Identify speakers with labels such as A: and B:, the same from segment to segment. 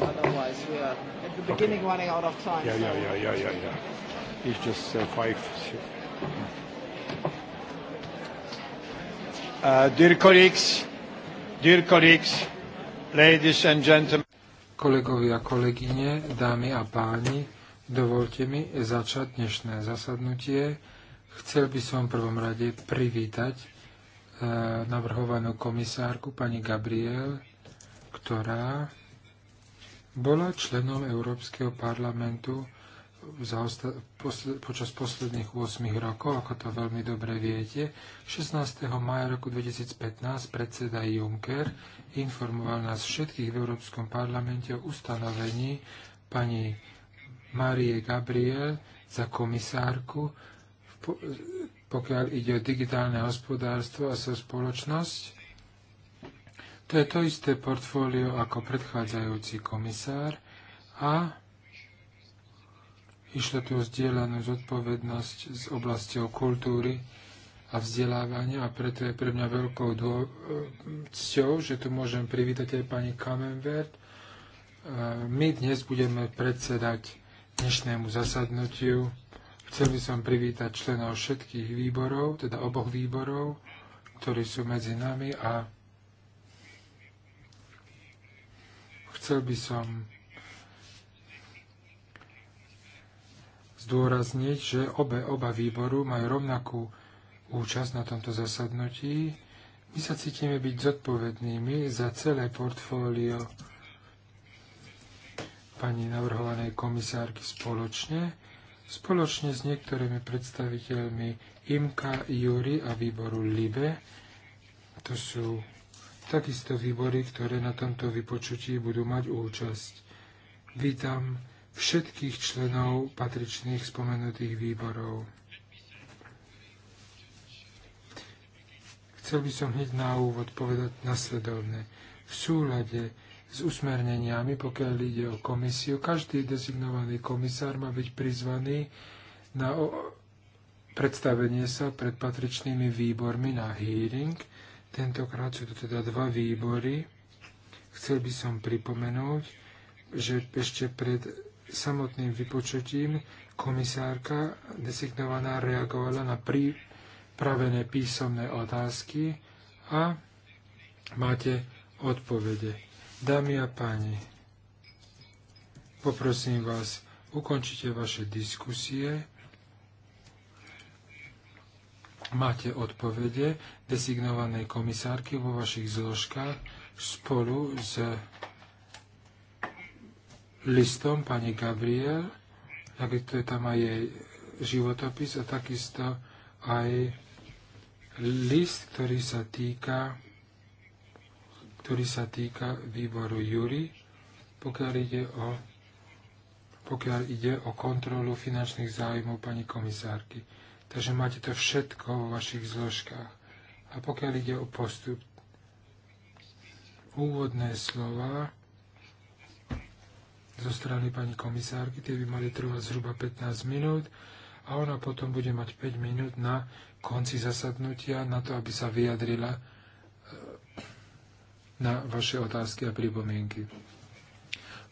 A: otherwise we are at the beginning okay. running out of time. Yeah, so. yeah, yeah, yeah, yeah,
B: yeah. It's just uh, five. Uh, dear colleagues, dear colleagues, ladies and gentlemen. Kolegovia, kolegyne, dámy a páni, dovolte mi začať dnešné zasadnutie. Chcel by som v prvom rade privítať uh, navrhovanú komisárku pani Gabriel, ktorá bola členom Európskeho parlamentu počas posledných 8 rokov, ako to veľmi dobre viete. 16. maja roku 2015 predseda Juncker informoval nás všetkých v Európskom parlamente o ustanovení pani Marie Gabriel za komisárku, pokiaľ ide o digitálne hospodárstvo a so spoločnosť to je to isté portfólio ako predchádzajúci komisár a išlo tu o zdieľanú zodpovednosť s oblasťou kultúry a vzdelávania a preto je pre mňa veľkou dô... cťou, že tu môžem privítať aj pani Kamenvert. E, my dnes budeme predsedať dnešnému zasadnutiu. Chcel by som privítať členov všetkých výborov, teda oboch výborov, ktorí sú medzi nami a Chcel by som zdôrazniť, že obe, oba výboru majú rovnakú účasť na tomto zasadnutí. My sa cítime byť zodpovednými za celé portfólio pani navrhovanej komisárky spoločne, spoločne s niektorými predstaviteľmi IMKA, Júri a výboru LIBE. To sú takisto výbory, ktoré na tomto vypočutí budú mať účasť. Vítam všetkých členov patričných spomenutých výborov. Chcel by som hneď na úvod povedať nasledovne. V súlade s usmerneniami, pokiaľ ide o komisiu, každý dezignovaný komisár má byť prizvaný na predstavenie sa pred patričnými výbormi na hearing – Tentokrát sú to teda dva výbory. Chcel by som pripomenúť, že ešte pred samotným vypočutím komisárka designovaná reagovala na pripravené písomné otázky a máte odpovede. Dámy a páni, poprosím vás, ukončite vaše diskusie Máte odpovede designovanej komisárky vo vašich zložkách spolu s listom pani Gabriel, to je tam aj jej životopis a takisto aj list, ktorý sa týka ktorý sa týka výboru Júri, pokiaľ ide o, pokiaľ ide o kontrolu finančných záujmov pani komisárky. Takže máte to všetko vo vašich zložkách. A pokiaľ ide o postup, úvodné slova zo strany pani komisárky, tie by mali trvať zhruba 15 minút a ona potom bude mať 5 minút na konci zasadnutia na to, aby sa vyjadrila e, na vaše otázky a pripomienky.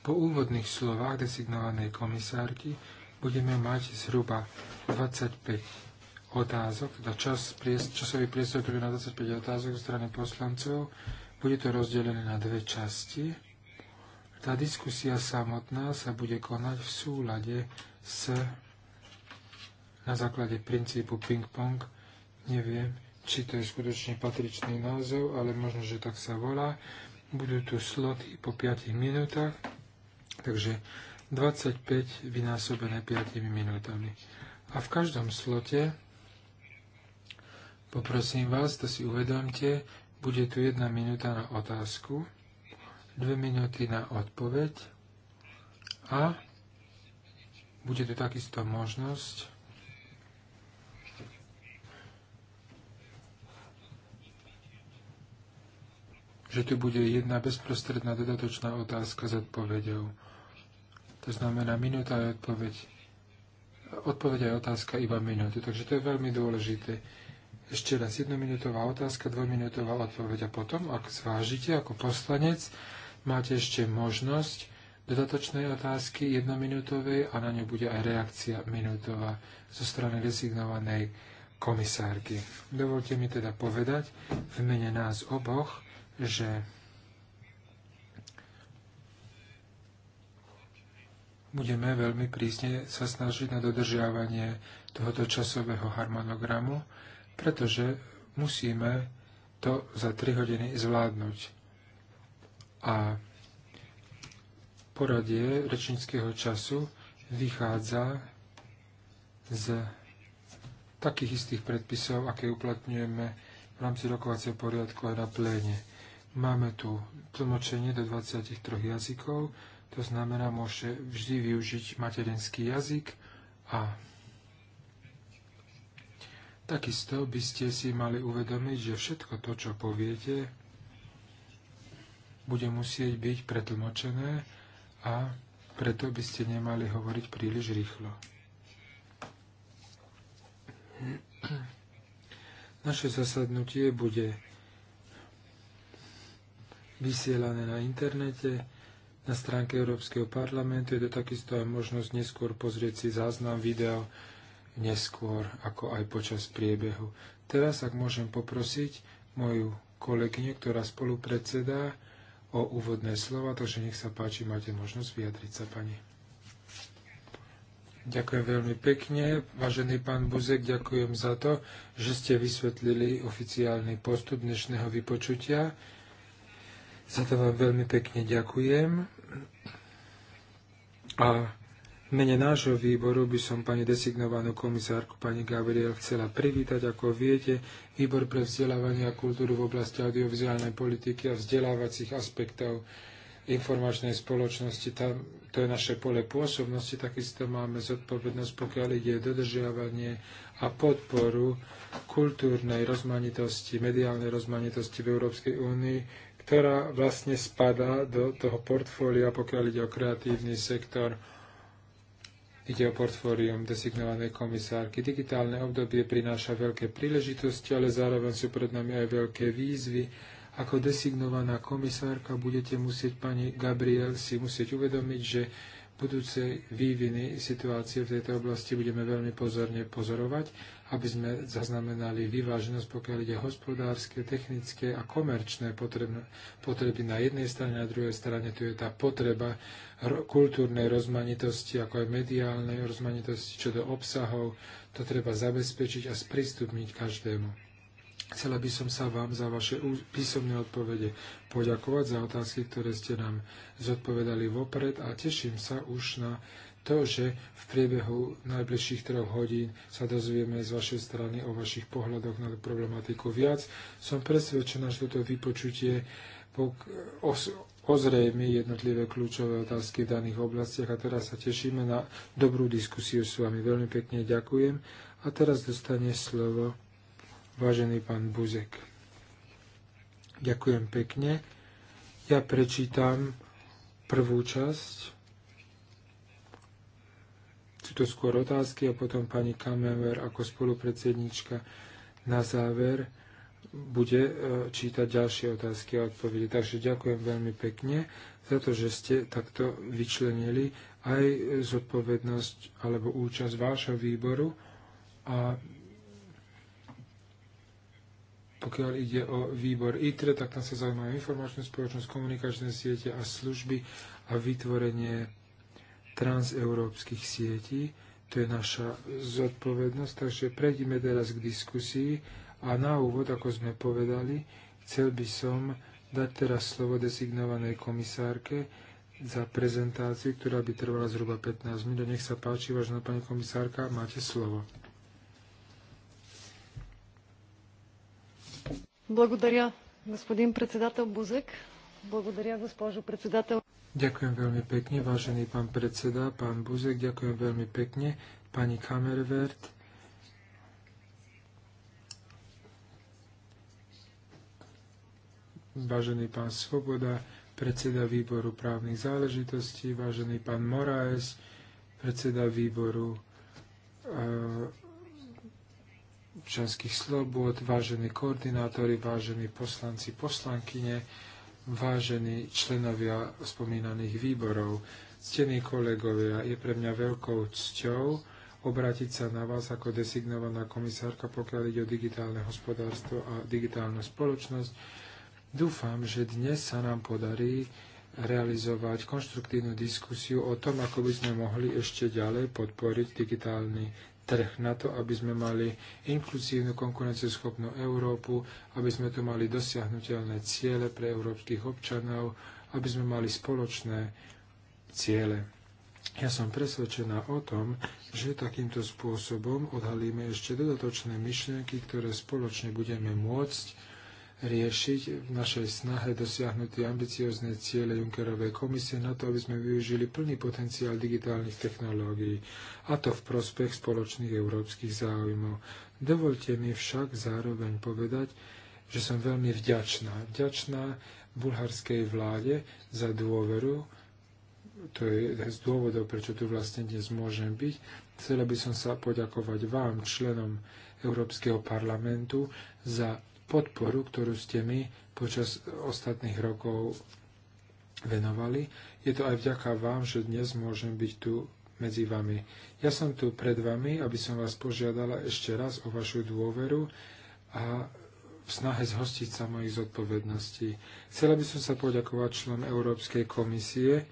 B: Po úvodných slovách designovanej komisárky budeme mať zhruba 25 otázok, teda čas, časový priestor, ktorý na 25 otázok zo strany poslancov. Bude to rozdelené na dve časti. Tá diskusia samotná sa bude konať v súlade s na základe princípu ping-pong. Neviem, či to je skutočne patričný názov, ale možno, že tak sa volá. Budú tu sloty po 5 minútach, takže 25 vynásobené 5 minútami. A v každom slote Poprosím vás, to si uvedomte, bude tu jedna minúta na otázku, dve minúty na odpoveď a bude tu takisto možnosť že tu bude jedna bezprostredná dodatočná otázka s odpovedou. To znamená minúta aj odpoveď. Odpoveď aj otázka iba minútu. Takže to je veľmi dôležité. Ešte raz jednominútová otázka, dvojminútová odpoveď a potom, ak zvážite ako poslanec, máte ešte možnosť dodatočnej otázky jednominútovej a na ňu bude aj reakcia minútová zo strany rezignovanej komisárky. Dovolte mi teda povedať v mene nás oboch, že budeme veľmi prísne sa snažiť na dodržiavanie tohoto časového harmonogramu pretože musíme to za 3 hodiny zvládnuť. A poradie rečníckého času vychádza z takých istých predpisov, aké uplatňujeme v rámci rokovacieho poriadku aj na pléne. Máme tu tlmočenie do 23 jazykov, to znamená, môžete vždy využiť materinský jazyk a Takisto by ste si mali uvedomiť, že všetko to, čo poviete, bude musieť byť pretlmočené a preto by ste nemali hovoriť príliš rýchlo. Naše zasadnutie bude vysielané na internete, na stránke Európskeho parlamentu. Je to takisto aj možnosť neskôr pozrieť si záznam video neskôr, ako aj počas priebehu. Teraz, ak môžem poprosiť moju kolegyňu, ktorá spolupredsedá, o úvodné slova, takže nech sa páči, máte možnosť vyjadriť sa, pani. Ďakujem veľmi pekne. Vážený pán Buzek, ďakujem za to, že ste vysvetlili oficiálny postup dnešného vypočutia. Za to vám veľmi pekne ďakujem. A mene nášho výboru by som pani designovanú komisárku pani Gabriel chcela privítať. Ako viete, výbor pre vzdelávanie a kultúru v oblasti audiovizuálnej politiky a vzdelávacích aspektov informačnej spoločnosti, tam, to je naše pole pôsobnosti, takisto máme zodpovednosť, pokiaľ ide o dodržiavanie a podporu kultúrnej rozmanitosti, mediálnej rozmanitosti v Európskej únii, ktorá vlastne spadá do toho portfólia, pokiaľ ide o kreatívny sektor Ide o portfórium designovanej komisárky. Digitálne obdobie prináša veľké príležitosti, ale zároveň sú pred nami aj veľké výzvy. Ako designovaná komisárka budete musieť, pani Gabriel, si musieť uvedomiť, že budúce výviny situácie v tejto oblasti budeme veľmi pozorne pozorovať aby sme zaznamenali vyváženosť, pokiaľ ide hospodárske, technické a komerčné potreby na jednej strane, a na druhej strane tu je tá potreba kultúrnej rozmanitosti, ako aj mediálnej rozmanitosti, čo do obsahov, to treba zabezpečiť a sprístupniť každému. Chcela by som sa vám za vaše písomné odpovede poďakovať, za otázky, ktoré ste nám zodpovedali vopred a teším sa už na to, že v priebehu najbližších troch hodín sa dozvieme z vašej strany o vašich pohľadoch na problematiku viac. Som presvedčená, že toto vypočutie ozrejme jednotlivé kľúčové otázky v daných oblastiach a teraz sa tešíme na dobrú diskusiu s vami. Veľmi pekne ďakujem a teraz dostane slovo vážený pán Buzek. Ďakujem pekne. Ja prečítam prvú časť sú to skôr otázky a potom pani Kamenver ako spolupredsednička na záver bude e, čítať ďalšie otázky a odpovede. Takže ďakujem veľmi pekne za to, že ste takto vyčlenili aj zodpovednosť alebo účasť vášho výboru a pokiaľ ide o výbor ITRE, tak tam sa zaujímajú informačnú spoločnosť, komunikačné siete a služby a vytvorenie transeurópskych sietí. To je naša zodpovednosť, takže prejdeme teraz k diskusii a na úvod, ako sme povedali, chcel by som dať teraz slovo dezignovanej komisárke za prezentáciu, ktorá by trvala zhruba 15 minút. Nech sa páči, vážená pani komisárka, máte slovo.
A: Благодаря, господин председател Бузек. Благодаря, госпожо председател.
B: Ďakujem veľmi pekne, vážený pán predseda, pán Buzek, ďakujem veľmi pekne, pani Kamervert. Vážený pán Svoboda, predseda výboru právnych záležitostí, vážený pán Moraes, predseda výboru občanských eh, slobod, vážení koordinátori, vážení poslanci, poslankyne, vážení členovia spomínaných výborov, ctení kolegovia, je pre mňa veľkou cťou obrátiť sa na vás ako designovaná komisárka, pokiaľ ide o digitálne hospodárstvo a digitálnu spoločnosť. Dúfam, že dnes sa nám podarí realizovať konštruktívnu diskusiu o tom, ako by sme mohli ešte ďalej podporiť digitálny trh na to, aby sme mali inkluzívnu konkurencieschopnú Európu, aby sme tu mali dosiahnutelné ciele pre európskych občanov, aby sme mali spoločné ciele. Ja som presvedčená o tom, že takýmto spôsobom odhalíme ešte dodatočné myšlienky, ktoré spoločne budeme môcť riešiť v našej snahe dosiahnuť tie ambiciozne ciele Junckerovej komisie na to, aby sme využili plný potenciál digitálnych technológií, a to v prospech spoločných európskych záujmov. Dovolte mi však zároveň povedať, že som veľmi vďačná. Vďačná bulharskej vláde za dôveru, to je z dôvodov, prečo tu vlastne dnes môžem byť. Chcela by som sa poďakovať vám, členom Európskeho parlamentu, za podporu, ktorú ste mi počas ostatných rokov venovali. Je to aj vďaka vám, že dnes môžem byť tu medzi vami. Ja som tu pred vami, aby som vás požiadala ešte raz o vašu dôveru a v snahe zhostiť sa mojich zodpovedností. Chcela by som sa poďakovať členom Európskej komisie,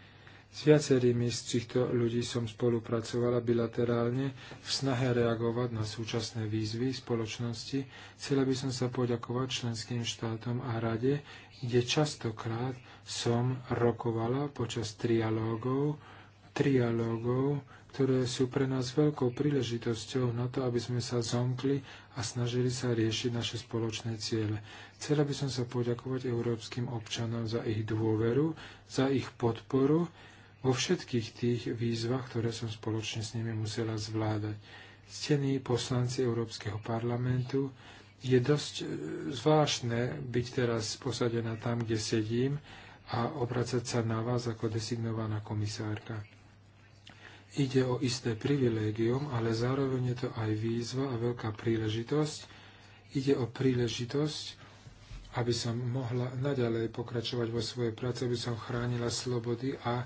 B: s viacerými z týchto ľudí som spolupracovala bilaterálne v snahe reagovať na súčasné výzvy spoločnosti. Chcela by som sa poďakovať členským štátom a rade, kde častokrát som rokovala počas trialógov, trialógov, ktoré sú pre nás veľkou príležitosťou na to, aby sme sa zomkli a snažili sa riešiť naše spoločné ciele. Chcela by som sa poďakovať európskym občanom za ich dôveru, za ich podporu, vo všetkých tých výzvach, ktoré som spoločne s nimi musela zvládať. Ctení poslanci Európskeho parlamentu, je dosť e, zvláštne byť teraz posadená tam, kde sedím a obracať sa na vás ako designovaná komisárka. Ide o isté privilégium, ale zároveň je to aj výzva a veľká príležitosť. Ide o príležitosť, aby som mohla naďalej pokračovať vo svojej práci, aby som chránila slobody a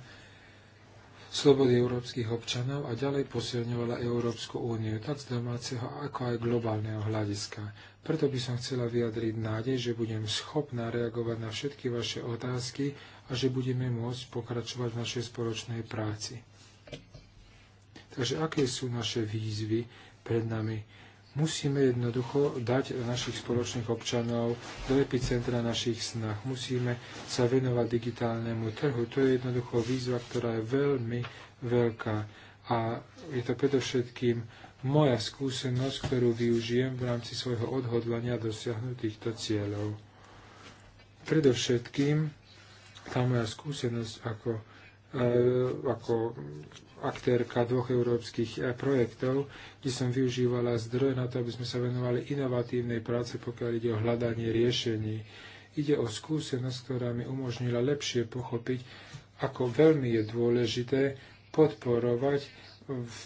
B: slobody európskych občanov a ďalej posilňovala Európsku úniu, tak z domáceho ako aj globálneho hľadiska. Preto by som chcela vyjadriť nádej, že budem schopná reagovať na všetky vaše otázky a že budeme môcť pokračovať v našej spoločnej práci. Takže aké sú naše výzvy pred nami? Musíme jednoducho dať našich spoločných občanov do epicentra našich snah. Musíme sa venovať digitálnemu trhu. To je jednoducho výzva, ktorá je veľmi veľká. A je to predovšetkým moja skúsenosť, ktorú využijem v rámci svojho odhodlania dosiahnuť týchto cieľov. Predovšetkým tá moja skúsenosť ako, e, ako aktérka dvoch európskych eh, projektov, kde som využívala zdroje na to, aby sme sa venovali inovatívnej práce, pokiaľ ide o hľadanie riešení. Ide o skúsenosť, ktorá mi umožnila lepšie pochopiť, ako veľmi je dôležité podporovať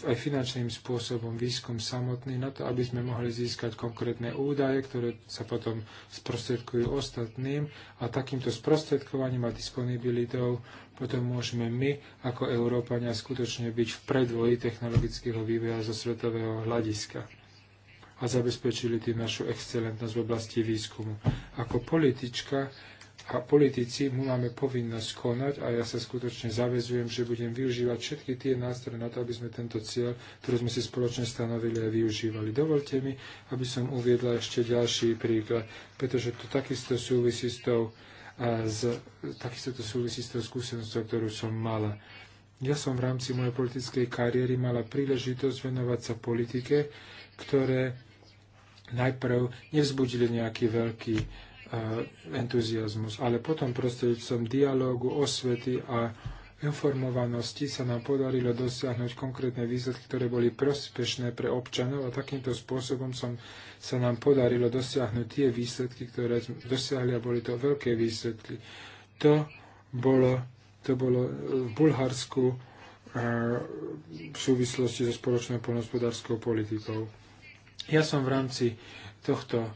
B: aj finančným spôsobom výskum samotný na to, aby sme mohli získať konkrétne údaje, ktoré sa potom sprostredkujú ostatným a takýmto sprostredkovaním a disponibilitou potom môžeme my ako Európania skutočne byť v predvoji technologického vývoja zo svetového hľadiska a zabezpečili tým našu excelentnosť v oblasti výskumu. Ako politička a politici mu máme povinnosť konať a ja sa skutočne zavezujem, že budem využívať všetky tie nástroje na to, aby sme tento cieľ, ktorý sme si spoločne stanovili a využívali. Dovolte mi, aby som uviedla ešte ďalší príklad, pretože to takisto súvisí s tou z, takisto to súvisí s tou skúsenosťou, ktorú som mala. Ja som v rámci mojej politickej kariéry mala príležitosť venovať sa politike, ktoré najprv nevzbudili nejaký veľký uh, entuziasmus, ale potom prostredníctvom dialógu, osvety a informovanosti sa nám podarilo dosiahnuť konkrétne výsledky, ktoré boli prospešné pre občanov a takýmto spôsobom som, sa nám podarilo dosiahnuť tie výsledky, ktoré dosiahli a boli to veľké výsledky. To bolo, to bolo e, v Bulharsku e, v súvislosti so spoločnou polnospodárskou politikou. Ja som v rámci tohto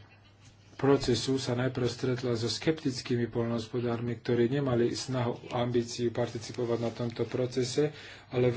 B: procesu sa najprv stretla so skeptickými polnohospodármi, ktorí nemali snahu, ambíciu participovať na tomto procese, ale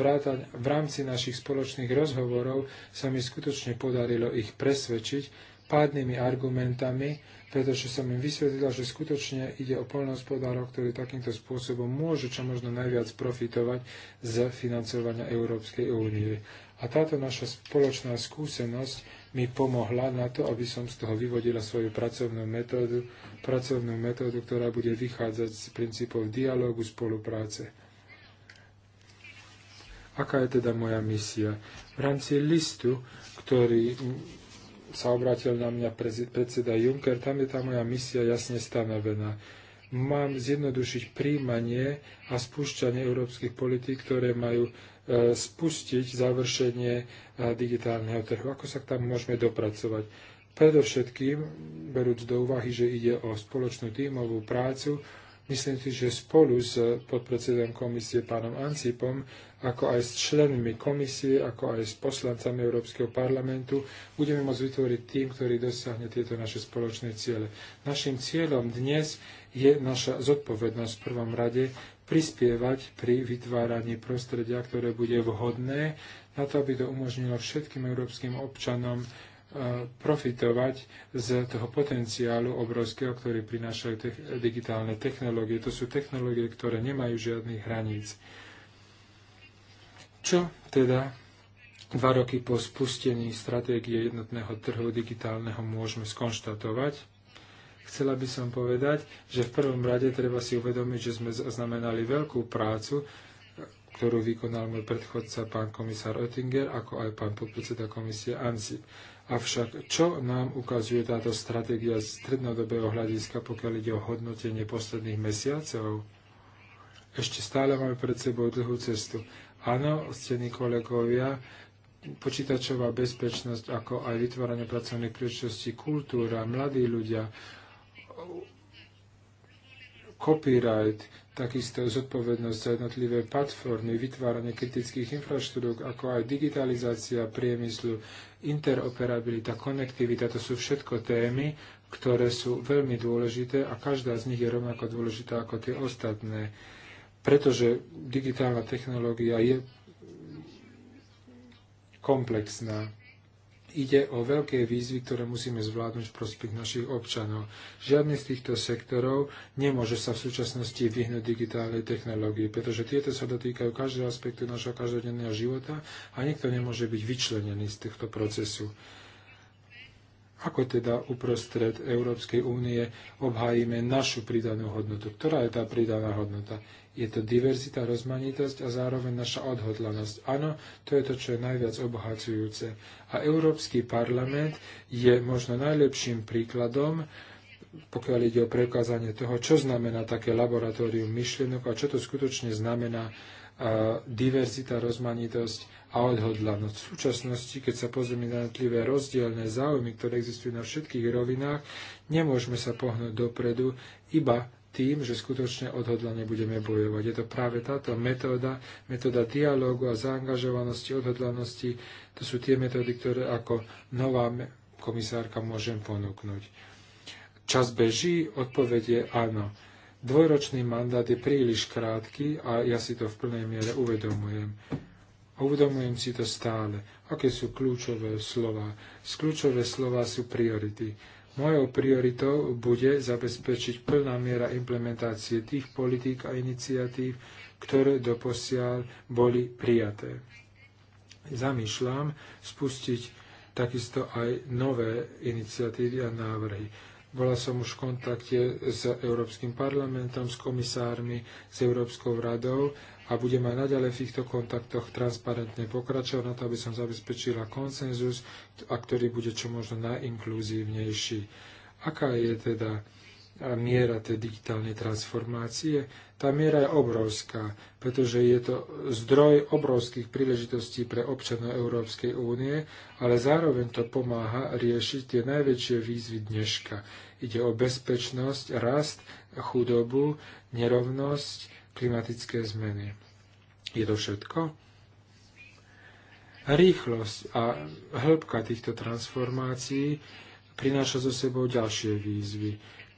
B: v rámci našich spoločných rozhovorov sa mi skutočne podarilo ich presvedčiť pádnymi argumentami, pretože som im vysvetlila, že skutočne ide o polnohospodárov, ktorí takýmto spôsobom môžu čo možno najviac profitovať z financovania Európskej únie. A táto naša spoločná skúsenosť mi pomohla na to, aby som z toho vyvodila svoju pracovnú metódu, pracovnú metódu, ktorá bude vychádzať z princípov dialógu, spolupráce. Aká je teda moja misia? V rámci listu, ktorý sa obrátil na mňa predseda Juncker, tam je tá moja misia jasne stanovená. Mám zjednodušiť príjmanie a spúšťanie európskych politík, ktoré majú E, spustiť završenie e, digitálneho trhu. Ako sa tam môžeme dopracovať? Predovšetkým, berúc do úvahy, že ide o spoločnú tímovú prácu, myslím si, že spolu s podpredsedom komisie pánom Ancipom, ako aj s členmi komisie, ako aj s poslancami Európskeho parlamentu, budeme môcť vytvoriť tým, ktorý dosiahne tieto naše spoločné ciele. Našim cieľom dnes je naša zodpovednosť v prvom rade prispievať pri vytváraní prostredia, ktoré bude vhodné na to, aby to umožnilo všetkým európskym občanom e, profitovať z toho potenciálu obrovského, ktorý prinášajú te- digitálne technológie. To sú technológie, ktoré nemajú žiadnych hraníc. Čo teda dva roky po spustení stratégie jednotného trhu digitálneho môžeme skonštatovať? Chcela by som povedať, že v prvom rade treba si uvedomiť, že sme zaznamenali veľkú prácu, ktorú vykonal môj predchodca pán komisár Oettinger, ako aj pán podpredseda komisie Ansi. Avšak čo nám ukazuje táto stratégia z strednodobého hľadiska, pokiaľ ide o hodnotenie posledných mesiacov? Ešte stále máme pred sebou dlhú cestu. Áno, stení kolegovia, počítačová bezpečnosť, ako aj vytváranie pracovných príležitostí, kultúra, mladí ľudia, copyright, takisto zodpovednosť za jednotlivé platformy, vytváranie kritických infraštruktúr, ako aj digitalizácia priemyslu, interoperabilita, konektivita, to sú všetko témy, ktoré sú veľmi dôležité a každá z nich je rovnako dôležitá ako tie ostatné, pretože digitálna technológia je komplexná ide o veľké výzvy, ktoré musíme zvládnuť v prospech našich občanov. Žiadny z týchto sektorov nemôže sa v súčasnosti vyhnúť digitálnej technológii, pretože tieto sa dotýkajú každého aspektu našho každodenného života a nikto nemôže byť vyčlenený z tohto procesu. Ako teda uprostred Európskej únie obhájime našu pridanú hodnotu? Ktorá je tá pridaná hodnota? Je to diverzita, rozmanitosť a zároveň naša odhodlanosť. Áno, to je to, čo je najviac obohacujúce. A Európsky parlament je možno najlepším príkladom, pokiaľ ide o prekázanie toho, čo znamená také laboratórium myšlienok a čo to skutočne znamená diverzita, rozmanitosť a odhodlanosť. V súčasnosti, keď sa pozrieme na jednotlivé rozdielne záujmy, ktoré existujú na všetkých rovinách, nemôžeme sa pohnúť dopredu iba tým, že skutočne odhodlane budeme bojovať. Je to práve táto metóda, metóda dialógu a zaangažovanosti, odhodlanosti. To sú tie metódy, ktoré ako nová komisárka môžem ponúknuť. Čas beží, odpoveď je áno. Dvojročný mandát je príliš krátky a ja si to v plnej miere uvedomujem. Uvedomujem si to stále. Aké sú kľúčové slova? Kľúčové slova sú priority Mojou prioritou bude zabezpečiť plná miera implementácie tých politík a iniciatív, ktoré doposiaľ boli prijaté. Zamýšľam spustiť takisto aj nové iniciatívy a návrhy. Bola som už v kontakte s Európskym parlamentom, s komisármi, s Európskou radou a budem aj naďalej v týchto kontaktoch transparentne pokračovať na to, aby som zabezpečila konsenzus, a ktorý bude čo možno najinkluzívnejší. Aká je teda miera tej digitálnej transformácie? Tá miera je obrovská, pretože je to zdroj obrovských príležitostí pre občanov Európskej únie, ale zároveň to pomáha riešiť tie najväčšie výzvy dneška. Ide o bezpečnosť, rast, chudobu, nerovnosť, klimatické zmeny. Je to všetko? Rýchlosť a hĺbka týchto transformácií prináša so sebou ďalšie výzvy.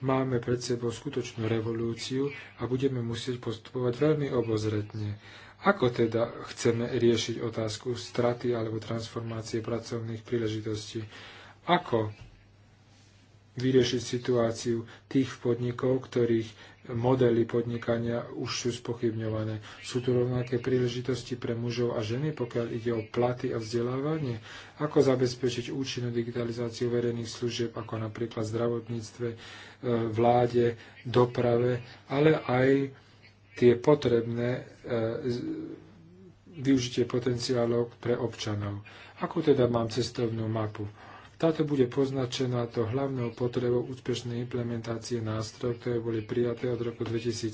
B: Máme pred sebou skutočnú revolúciu a budeme musieť postupovať veľmi obozretne. Ako teda chceme riešiť otázku straty alebo transformácie pracovných príležitostí? Ako vyriešiť situáciu tých podnikov, ktorých modely podnikania už sú spochybňované. Sú tu rovnaké príležitosti pre mužov a ženy, pokiaľ ide o platy a vzdelávanie? Ako zabezpečiť účinnú digitalizáciu verejných služieb, ako napríklad zdravotníctve, e, vláde, doprave, ale aj tie potrebné e, využitie potenciálov pre občanov. Ako teda mám cestovnú mapu? Táto bude poznačená to hlavnou potrebou úspešnej implementácie nástrojov, ktoré boli prijaté od roku 2015,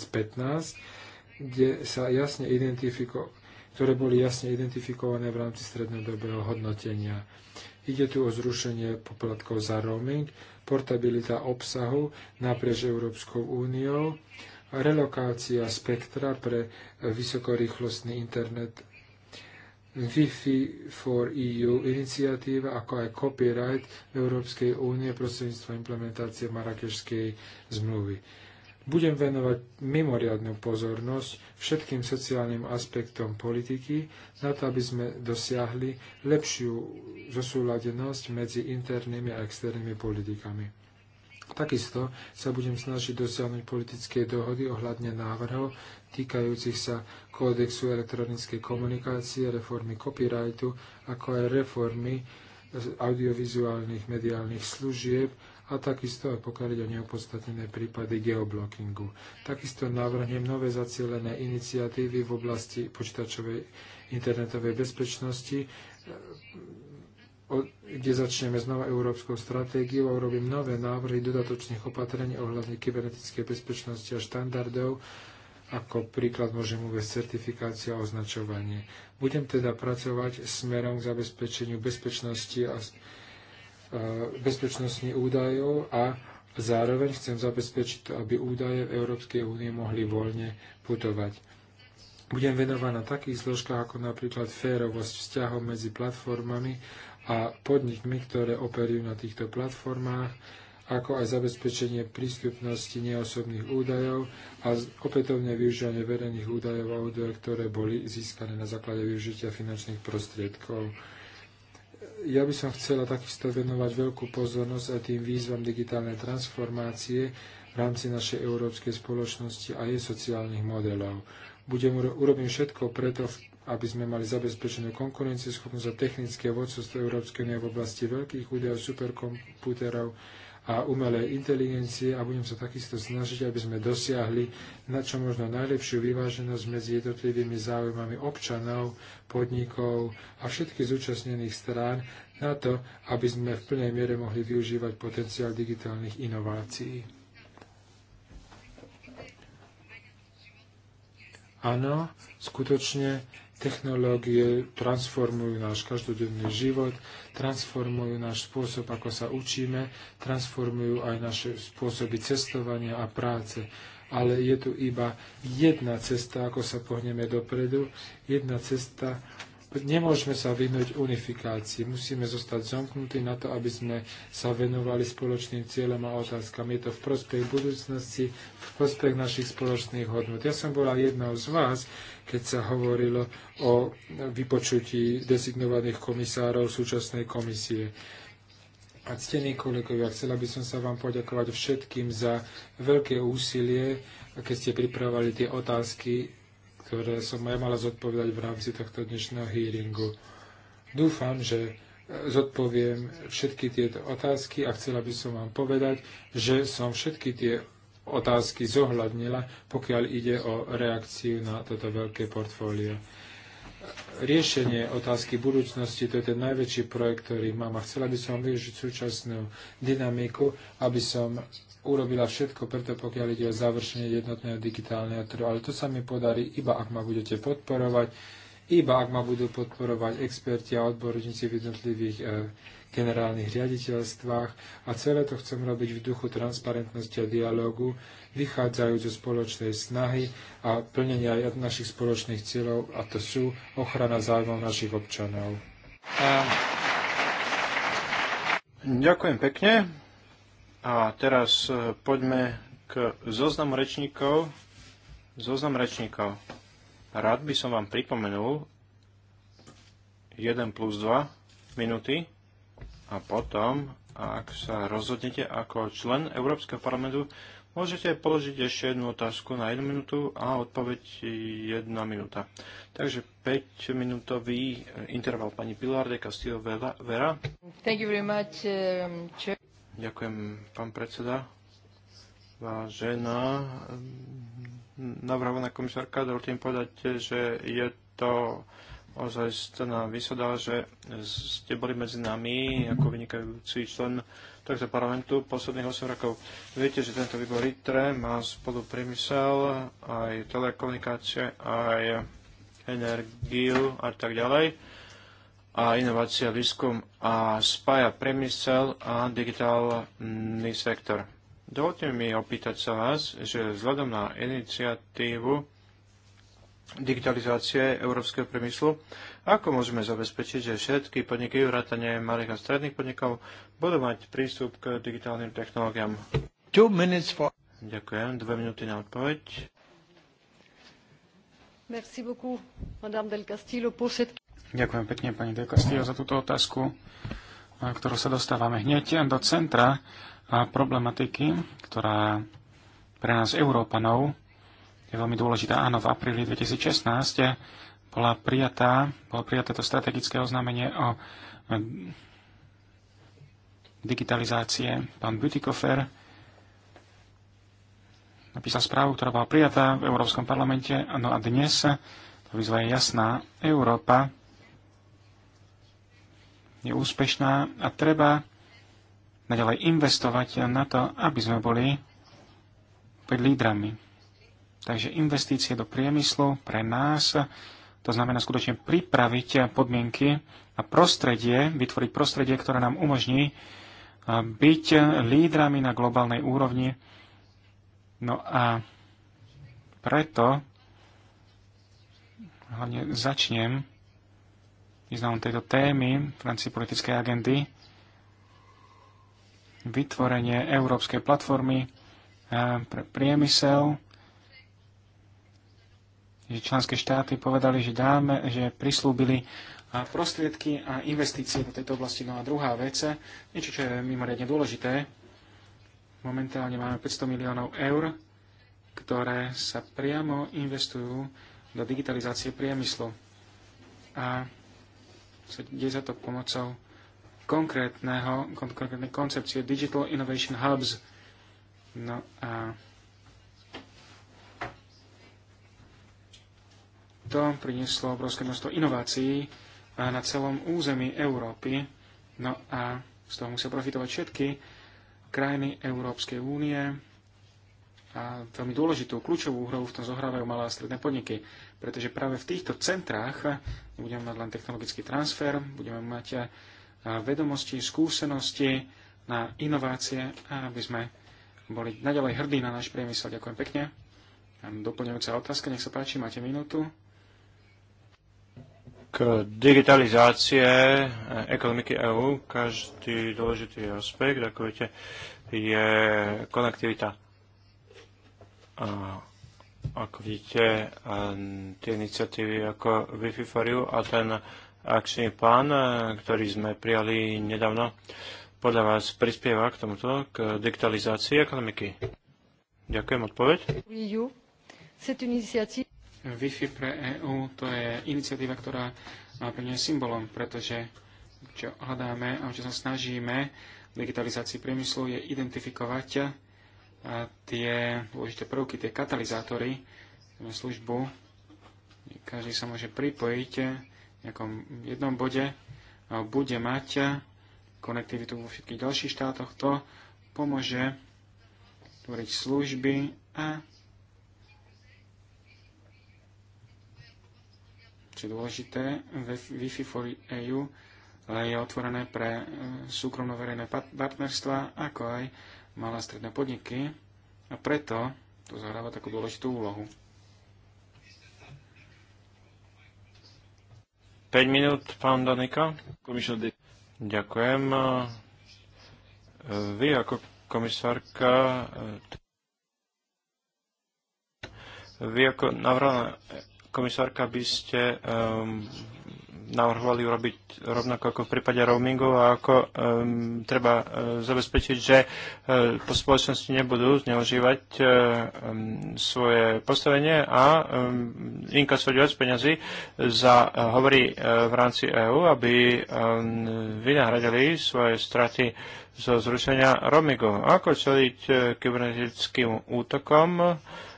B: kde sa jasne identifiko- ktoré boli jasne identifikované v rámci strednodobého hodnotenia. Ide tu o zrušenie poplatkov za roaming, portabilita obsahu naprieč Európskou úniou, relokácia spektra pre vysokorýchlostný internet Wi-Fi for EU iniciatíva, ako aj copyright Európskej únie prostredníctvom implementácie Marrakešskej zmluvy. Budem venovať mimoriadnú pozornosť všetkým sociálnym aspektom politiky, na to, aby sme dosiahli lepšiu zosúladenosť medzi internými a externými politikami. Takisto sa budem snažiť dosiahnuť politické dohody ohľadne návrhov týkajúcich sa kódexu elektronickej komunikácie, reformy copyrightu, ako aj reformy audiovizuálnych mediálnych služieb a takisto aj pokiaľ ide o neopodstatnené prípady geoblockingu. Takisto navrhnem nové zacielené iniciatívy v oblasti počítačovej internetovej bezpečnosti, kde začneme s novou európskou stratégiou a urobím nové návrhy dodatočných opatrení ohľadne kybernetickej bezpečnosti a štandardov, ako príklad môžem uvieť certifikácia a označovanie. Budem teda pracovať smerom k zabezpečeniu bezpečnosti a e, bezpečnosti údajov a zároveň chcem zabezpečiť, to, aby údaje v Európskej únie mohli voľne putovať. Budem venovať na takých zložkách ako napríklad férovosť vzťahov medzi platformami a podnikmi, ktoré operujú na týchto platformách, ako aj zabezpečenie prístupnosti neosobných údajov a opätovne využívanie verejných údajov a údajov, ktoré boli získané na základe využitia finančných prostriedkov. Ja by som chcela takisto venovať veľkú pozornosť aj tým výzvam digitálnej transformácie v rámci našej európskej spoločnosti a jej sociálnych modelov. Budem, urobím všetko preto aby sme mali zabezpečenú konkurencieschopnosť a technické vodcovstvo Európskej únie v oblasti veľkých údajov, superkomputerov a umelej inteligencie a budem sa takisto snažiť, aby sme dosiahli na čo možno najlepšiu vyváženosť medzi jednotlivými záujmami občanov, podnikov a všetkých zúčastnených strán na to, aby sme v plnej miere mohli využívať potenciál digitálnych inovácií. Áno, skutočne Technológie transformujú náš každodenný život, transformujú náš spôsob, ako sa učíme, transformujú aj naše spôsoby cestovania a práce. Ale je tu iba jedna cesta, ako sa pohneme dopredu, jedna cesta, nemôžeme sa vyhnúť unifikácii. Musíme zostať zomknutí na to, aby sme sa venovali spoločným cieľom a otázkam. Je to v prospech budúcnosti, v prospech našich spoločných hodnot. Ja som bola jednou z vás, keď sa hovorilo o vypočutí dezignovaných komisárov súčasnej komisie. A ctení kolegovia, chcela by som sa vám poďakovať všetkým za veľké úsilie, keď ste pripravovali tie otázky ktoré som aj mala zodpovedať v rámci tohto dnešného hearingu. Dúfam, že zodpoviem všetky tieto otázky a chcela by som vám povedať, že som všetky tie otázky zohľadnila, pokiaľ ide o reakciu na toto veľké portfólio riešenie otázky budúcnosti, to je ten najväčší projekt, ktorý mám a chcela by som využiť súčasnú dynamiku, aby som urobila všetko, preto pokiaľ ide o završenie jednotného digitálneho trhu. Ale to sa mi podarí, iba ak ma budete podporovať, iba ak ma budú podporovať experti a odborníci v jednotlivých eh, generálnych riaditeľstvách a celé to chcem robiť v duchu transparentnosti a dialogu, vychádzajú zo spoločnej snahy a plnenia aj našich spoločných cieľov, a to sú ochrana zájmov našich občanov. Ďakujem
C: pekne. A teraz e, poďme k zoznamu rečníkov. Zoznam rečníkov. Rád by som vám pripomenul 1 plus 2 minúty a potom, ak sa rozhodnete ako člen Európskeho parlamentu, môžete položiť ešte jednu otázku na jednu minútu a odpoveď jedna minúta. Takže 5-minútový interval pani Pilar de Castillo Vera.
B: Thank you very much, um,
C: Ďakujem, pán predseda. Vážená um, navrhovaná komisárka, dovolte mi povedať, že je to ozaj nám vysadal, že ste boli medzi nami ako vynikajúci člen tohto parlamentu posledných 8 rokov. Viete, že tento výbor ITRE má spolu priemysel, aj telekomunikácie, aj energiu a tak ďalej a inovácia, výskum a spája priemysel a digitálny sektor. Dovolte mi opýtať sa vás, že vzhľadom na iniciatívu digitalizácie európskeho priemyslu. Ako môžeme zabezpečiť, že všetky podniky, vrátane malých a stredných podnikov, budú mať prístup k digitálnym technológiám? For... Ďakujem. Dve minúty na odpoveď.
A: Merci beaucoup, Madame del Castillo, pour cette...
D: Ďakujem pekne, pani del Castillo, za túto otázku, ktorú sa dostávame hneď do centra problematiky, ktorá pre nás, Európanov, je veľmi dôležitá. Áno, v apríli 2016 bola prijatá, bolo prijaté to strategické oznámenie o e, digitalizácie. Pán Butikofer napísal správu, ktorá bola prijatá v Európskom parlamente. No a dnes, tá výzva je jasná, Európa je úspešná a treba naďalej investovať na to, aby sme boli pred lídrami Takže investície do priemyslu pre nás, to znamená skutočne pripraviť podmienky a prostredie, vytvoriť prostredie, ktoré nám umožní eh, byť lídrami na globálnej úrovni. No a preto hlavne začnem významom tejto témy v rámci politickej agendy vytvorenie európskej platformy eh, pre priemysel, že členské štáty povedali, že dáme, že prislúbili prostriedky a investície do tejto oblasti. No a druhá vec, niečo, čo je mimoriadne dôležité, momentálne máme 500 miliónov eur, ktoré sa priamo investujú do digitalizácie priemyslu. A deje za to pomocou konkrétneho, konkrétnej koncepcie Digital Innovation Hubs. No a To prinieslo obrovské množstvo inovácií na celom území Európy. No a z toho musia profitovať všetky krajiny Európskej únie. A veľmi dôležitú, kľúčovú úhrovu v tom zohrávajú malé a stredné podniky, pretože práve v týchto centrách budeme mať len technologický transfer, budeme mať vedomosti, skúsenosti na inovácie aby sme boli naďalej hrdí na náš priemysel. Ďakujem pekne. Doplňujúca otázka, nech sa páči, máte minútu
C: k digitalizácie ekonomiky EÚ každý dôležitý aspekt, ako viete, je konektivita. A ako vidíte, tie iniciatívy ako Wi-Fi for You a ten akčný plán, ktorý sme prijali nedávno, podľa vás prispieva k tomuto, k digitalizácii ekonomiky? Ďakujem, odpoveď. Wi-Fi pre EU, to je iniciatíva, ktorá
D: má pre mňa symbolom, pretože čo hľadáme a čo sa snažíme v digitalizácii priemyslu je identifikovať tie dôležité prvky, tie katalizátory, e, službu. Každý sa môže pripojiť e, v nejakom jednom bode a bude mať e, konektivitu vo všetkých ďalších štátoch. To pomôže tvoriť služby a ešte dôležité, Wi-Fi for EU je otvorené pre e, súkromno-verejné partnerstva, ako aj malé stredné podniky a preto to zahráva takú
C: dôležitú úlohu. 5 minút, pán Danika. Ďakujem. E, vy ako komisárka, e, vy ako navrhovaná komisárka, by ste um, navrhovali urobiť rovnako ako v prípade roamingu a ako um, treba uh, zabezpečiť, že uh, po spoločnosti nebudú zneužívať um, svoje postavenie a um, inkasovať viac peňazí za uh, hovory uh, v rámci EÚ, aby um, vynahradili svoje straty zo zrušenia roamingu. Ako čeliť uh, kybernetickým útokom? Uh,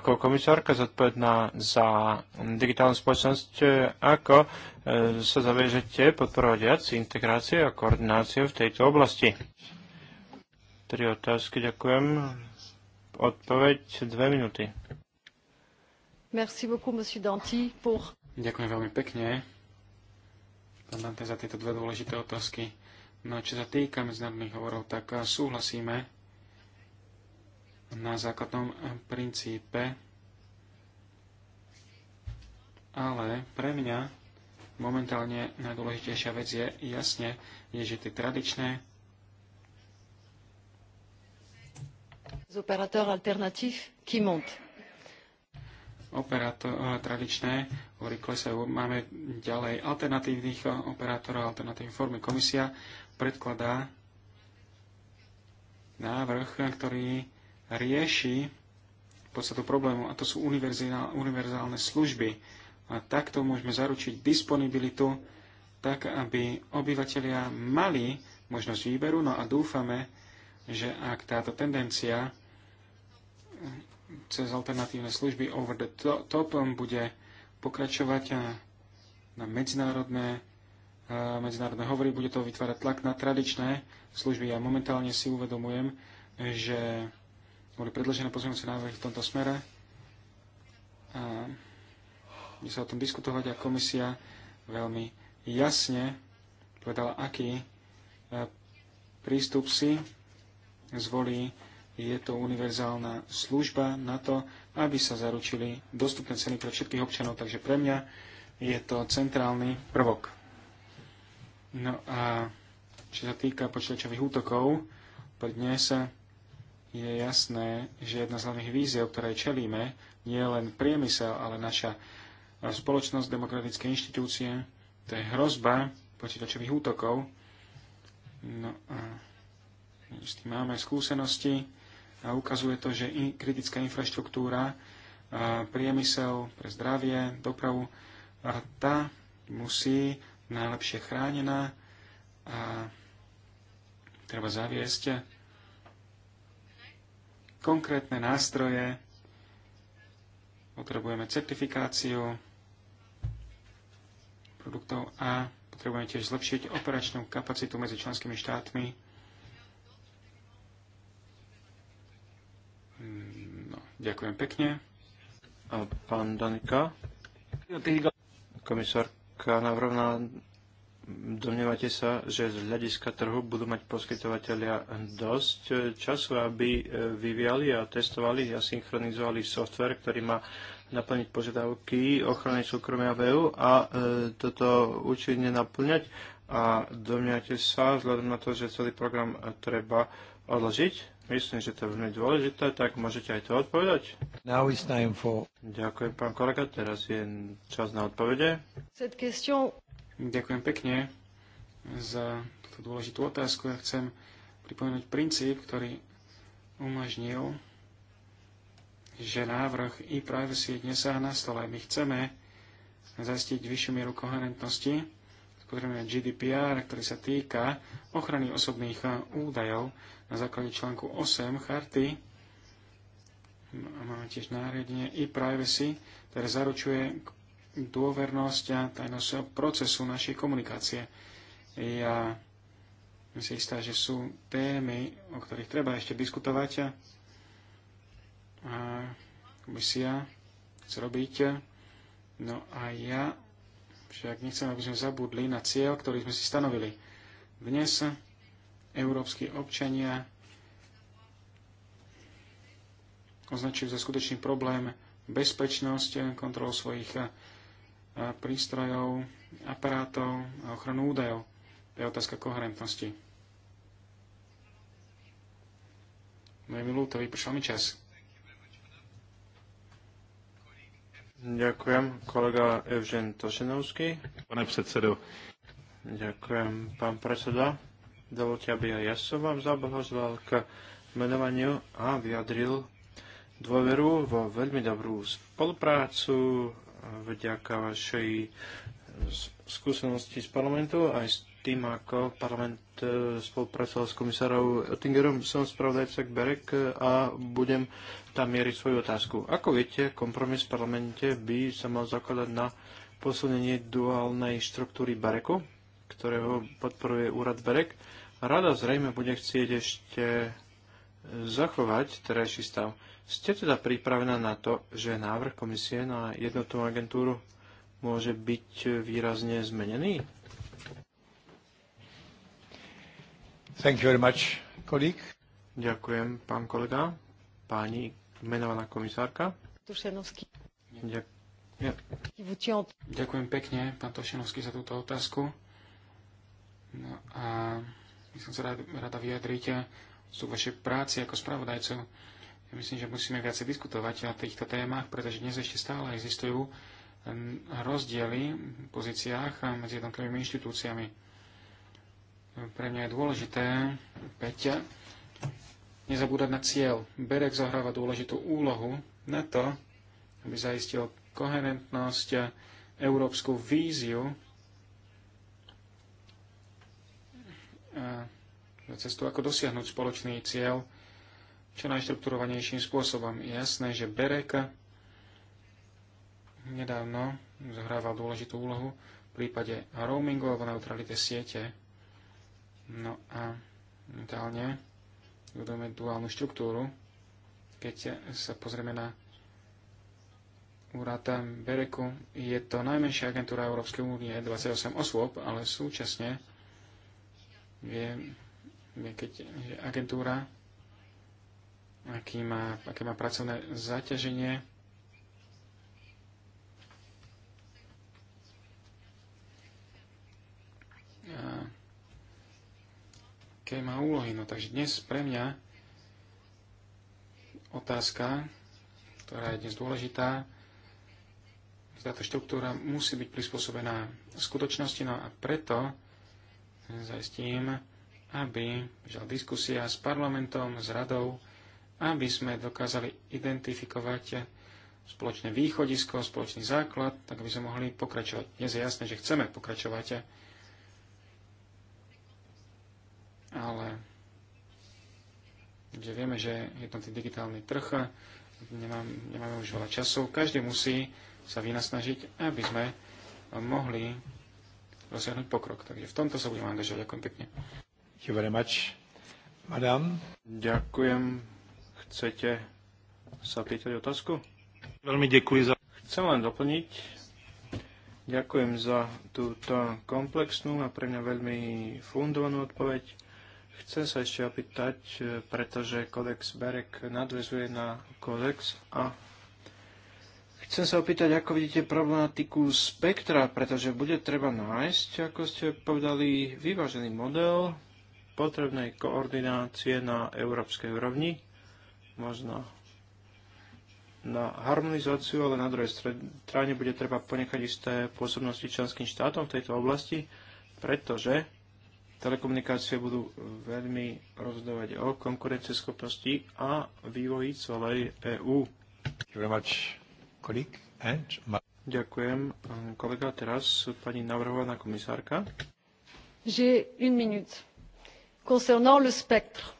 C: ako komisárka zodpovedná za digitálnu spoločnosť, e, ako e, sa zaviažete podporovať viac integrácie a koordináciu v tejto oblasti? Tri otázky, ďakujem. Odpoveď dve minúty.
A: Merci beaucoup, monsieur pour...
C: Ďakujem veľmi
D: pekne, pán Dante, za tieto dve dôležité otázky. No čo sa týka medzinárodných hovorov, tak e, súhlasíme, na základnom princípe, ale pre mňa momentálne najdôležitejšia vec je jasne, je, že tie tradičné
A: operátor alternatív, qui
D: Operátor, eh, tradičné hovorí klesajú. Máme ďalej alternatívnych eh, operátorov, alternatívne formy. Komisia predkladá návrh, ktorý rieši podstatu problému a to sú univerzálne služby. A takto môžeme zaručiť disponibilitu tak, aby obyvateľia mali možnosť výberu. No a dúfame, že ak táto tendencia eh, cez alternatívne služby over the top bude pokračovať eh, na medzinárodné eh, medzinárodné hovory, bude to vytvárať tlak na tradičné služby. Ja momentálne si uvedomujem, že boli predložené pozornosti návrhy v tomto smere. A bude sa o tom diskutovať a komisia veľmi jasne povedala, aký e, prístup si zvolí. Je to univerzálna služba na to, aby sa zaručili dostupné ceny pre všetkých občanov, takže pre mňa je to centrálny prvok. No a čo sa týka počítačových útokov, dnes je jasné, že jedna z hlavných víziev, ktoré čelíme, nie je len priemysel, ale naša spoločnosť, demokratické inštitúcie, to je hrozba počítačových útokov. No a s tým máme skúsenosti a ukazuje to, že in, kritická infraštruktúra, a priemysel pre zdravie, dopravu, a tá musí najlepšie chránená a treba zaviesť konkrétne nástroje, potrebujeme certifikáciu produktov a potrebujeme tiež zlepšiť operačnú kapacitu medzi členskými štátmi.
C: No, ďakujem pekne. Pán Danika, komisárka navrovná Domnievate sa, že z hľadiska trhu budú mať poskytovateľia dosť e, času, aby e, vyviali a testovali a synchronizovali software, ktorý má naplniť požiadavky ochrany súkromia v EU a e, toto účinne naplňať. A domniate sa, vzhľadom na to, že celý program treba odložiť, myslím, že to je veľmi dôležité, tak môžete aj to odpovedať. Now time for... Ďakujem, pán kolega, teraz je čas na odpovede.
A: Cette question
C: Ďakujem pekne za túto dôležitú otázku. Ja chcem
D: pripomenúť princíp, ktorý umožnil, že návrh e-privacy dnes sa na stole. My chceme zastiť vyššiu mieru koherentnosti. Potrebujeme GDPR, ktorý sa týka ochrany osobných eh, údajov na základe článku 8 charty. Máme tiež nariadenie e-privacy, ktoré zaručuje dôvernosť a tajnosť procesu našej komunikácie. Ja si istá, že sú témy, o ktorých treba ešte diskutovať a komisia chce robiť. No a ja však nechcem, aby sme zabudli na cieľ, ktorý sme si stanovili. Dnes európsky občania označujú za skutočný problém bezpečnosť, kontrolu svojich prístrojov, aparátov a ochranu údajov. To je otázka koherentnosti.
C: No je mi ľúto, vypršal mi čas. Ďakujem, kolega Evžen Tošenovský. Pane predsedo. Ďakujem, pán predseda. Dovolte, aby aj ja som vám zablahoželal k menovaniu a vyjadril dôveru vo veľmi dobrú spoluprácu vďaka vašej skúsenosti z parlamentu aj s tým, ako parlament e, spolupracoval s komisárom Oettingerom, som spravodajca Berek a budem tam mieriť svoju otázku. Ako viete, kompromis v parlamente by sa mal zakladať na posunenie duálnej štruktúry Bereku, ktorého podporuje úrad Berek. Rada zrejme bude chcieť ešte zachovať terajší stav. Ste teda pripravená na to, že návrh komisie na jednotnú agentúru môže byť výrazne zmenený? Thank you very much, colleague. Ďakujem, pán kolega. Páni menovaná komisárka. Tušenovský. Ďakujem. Ďakujem pekne,
D: pán Tošenovský, za túto otázku. No a my som sa rada vyjadriť sú vaše práci ako spravodajcov Myslím, že musíme viacej diskutovať o týchto témach, pretože dnes ešte stále existujú hm, rozdiely v pozíciách medzi jednotlivými inštitúciami. Pre mňa je dôležité, Peťa, nezabúdať na cieľ. Berek zohráva dôležitú úlohu na to, aby zaistil koherentnosť, a európsku víziu a cestu, ako dosiahnuť spoločný cieľ čo najštrukturovanejším spôsobom. Je jasné, že Berek nedávno zohrával dôležitú úlohu v prípade roamingu alebo neutralite siete. No a mentálne budeme duálnu štruktúru. Keď sa pozrieme na úrad Bereku, je to najmenšia agentúra Európskej únie, 28 osôb, ale súčasne je, je keď, že agentúra aký má, aké má pracovné zaťaženie. A aké má úlohy. No takže dnes pre mňa otázka, ktorá je dnes dôležitá, táto štruktúra musí byť prispôsobená skutočnosti, no a preto zajistím, aby žal diskusia s parlamentom, s radou, aby sme dokázali identifikovať spoločné východisko, spoločný základ, tak aby sme mohli pokračovať. Dnes je jasné, že chceme pokračovať, ale že vieme, že je tam ten digitálny trh, nemám, nemáme už veľa času, každý musí sa vynasnažiť, aby sme mohli
C: dosiahnuť pokrok. Takže v tomto sa budeme angažovať. Ďakujem pekne. Ďakujem Chcete sa pýtať otázku? Veľmi ďakujem za... Chcem len doplniť. Ďakujem za túto komplexnú a pre mňa veľmi fundovanú odpoveď. Chcem sa ešte opýtať, pretože kodex Berek nadvezuje na kodex a Chcem sa opýtať, ako vidíte problematiku spektra, pretože bude treba nájsť, ako ste povedali, vyvážený model potrebnej koordinácie na európskej úrovni možno na harmonizáciu, ale na druhej strane bude treba ponechať isté pôsobnosti členským štátom v tejto oblasti, pretože telekomunikácie budú veľmi rozhodovať o konkurencieschopnosti a vývoji celej EÚ. Ďakujem. Um, kolega, teraz pani navrhovaná komisárka.
A: J'ai une minute. Concernant le spectre,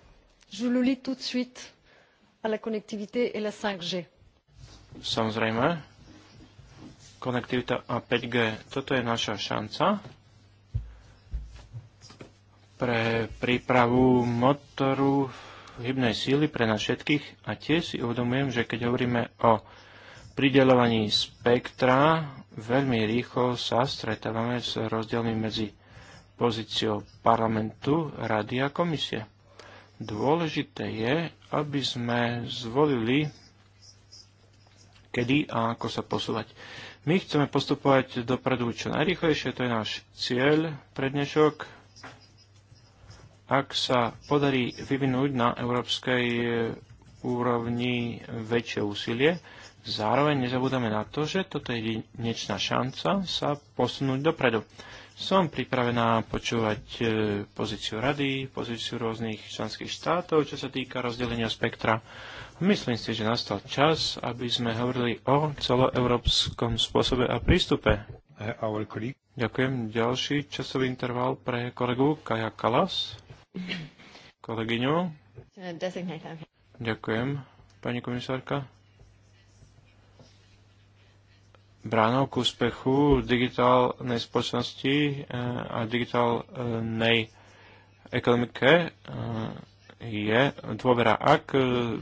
A: je le lis tout de suite à la connectivité et la 5G.
C: Samozrejme, konektivita a 5G, toto je naša šanca pre prípravu motoru hybnej síly pre nás všetkých a tiež si uvedomujem, že keď hovoríme o prideľovaní spektra, veľmi rýchlo sa stretávame s rozdielmi medzi pozíciou parlamentu, rady a komisie. Dôležité je, aby sme zvolili, kedy a ako sa posúvať. My chceme postupovať dopredu čo najrychlejšie, to je náš cieľ pre dnešok. Ak sa podarí vyvinúť na európskej e, úrovni väčšie úsilie, zároveň nezabúdame na to, že toto je jedinečná šanca sa posunúť dopredu. Som pripravená počúvať e, pozíciu rady, pozíciu rôznych členských štátov, čo sa týka rozdelenia spektra. Myslím si, že nastal čas, aby sme hovorili o celoeurópskom spôsobe a prístupe. Uh, Ďakujem. Ďalší časový interval pre kolegu Kaja Kalas. Kolegyňu. Ďakujem, pani komisárka bránou k úspechu digitálnej spoločnosti eh, a digitálnej ekonomike eh, je dôvera. Ak eh,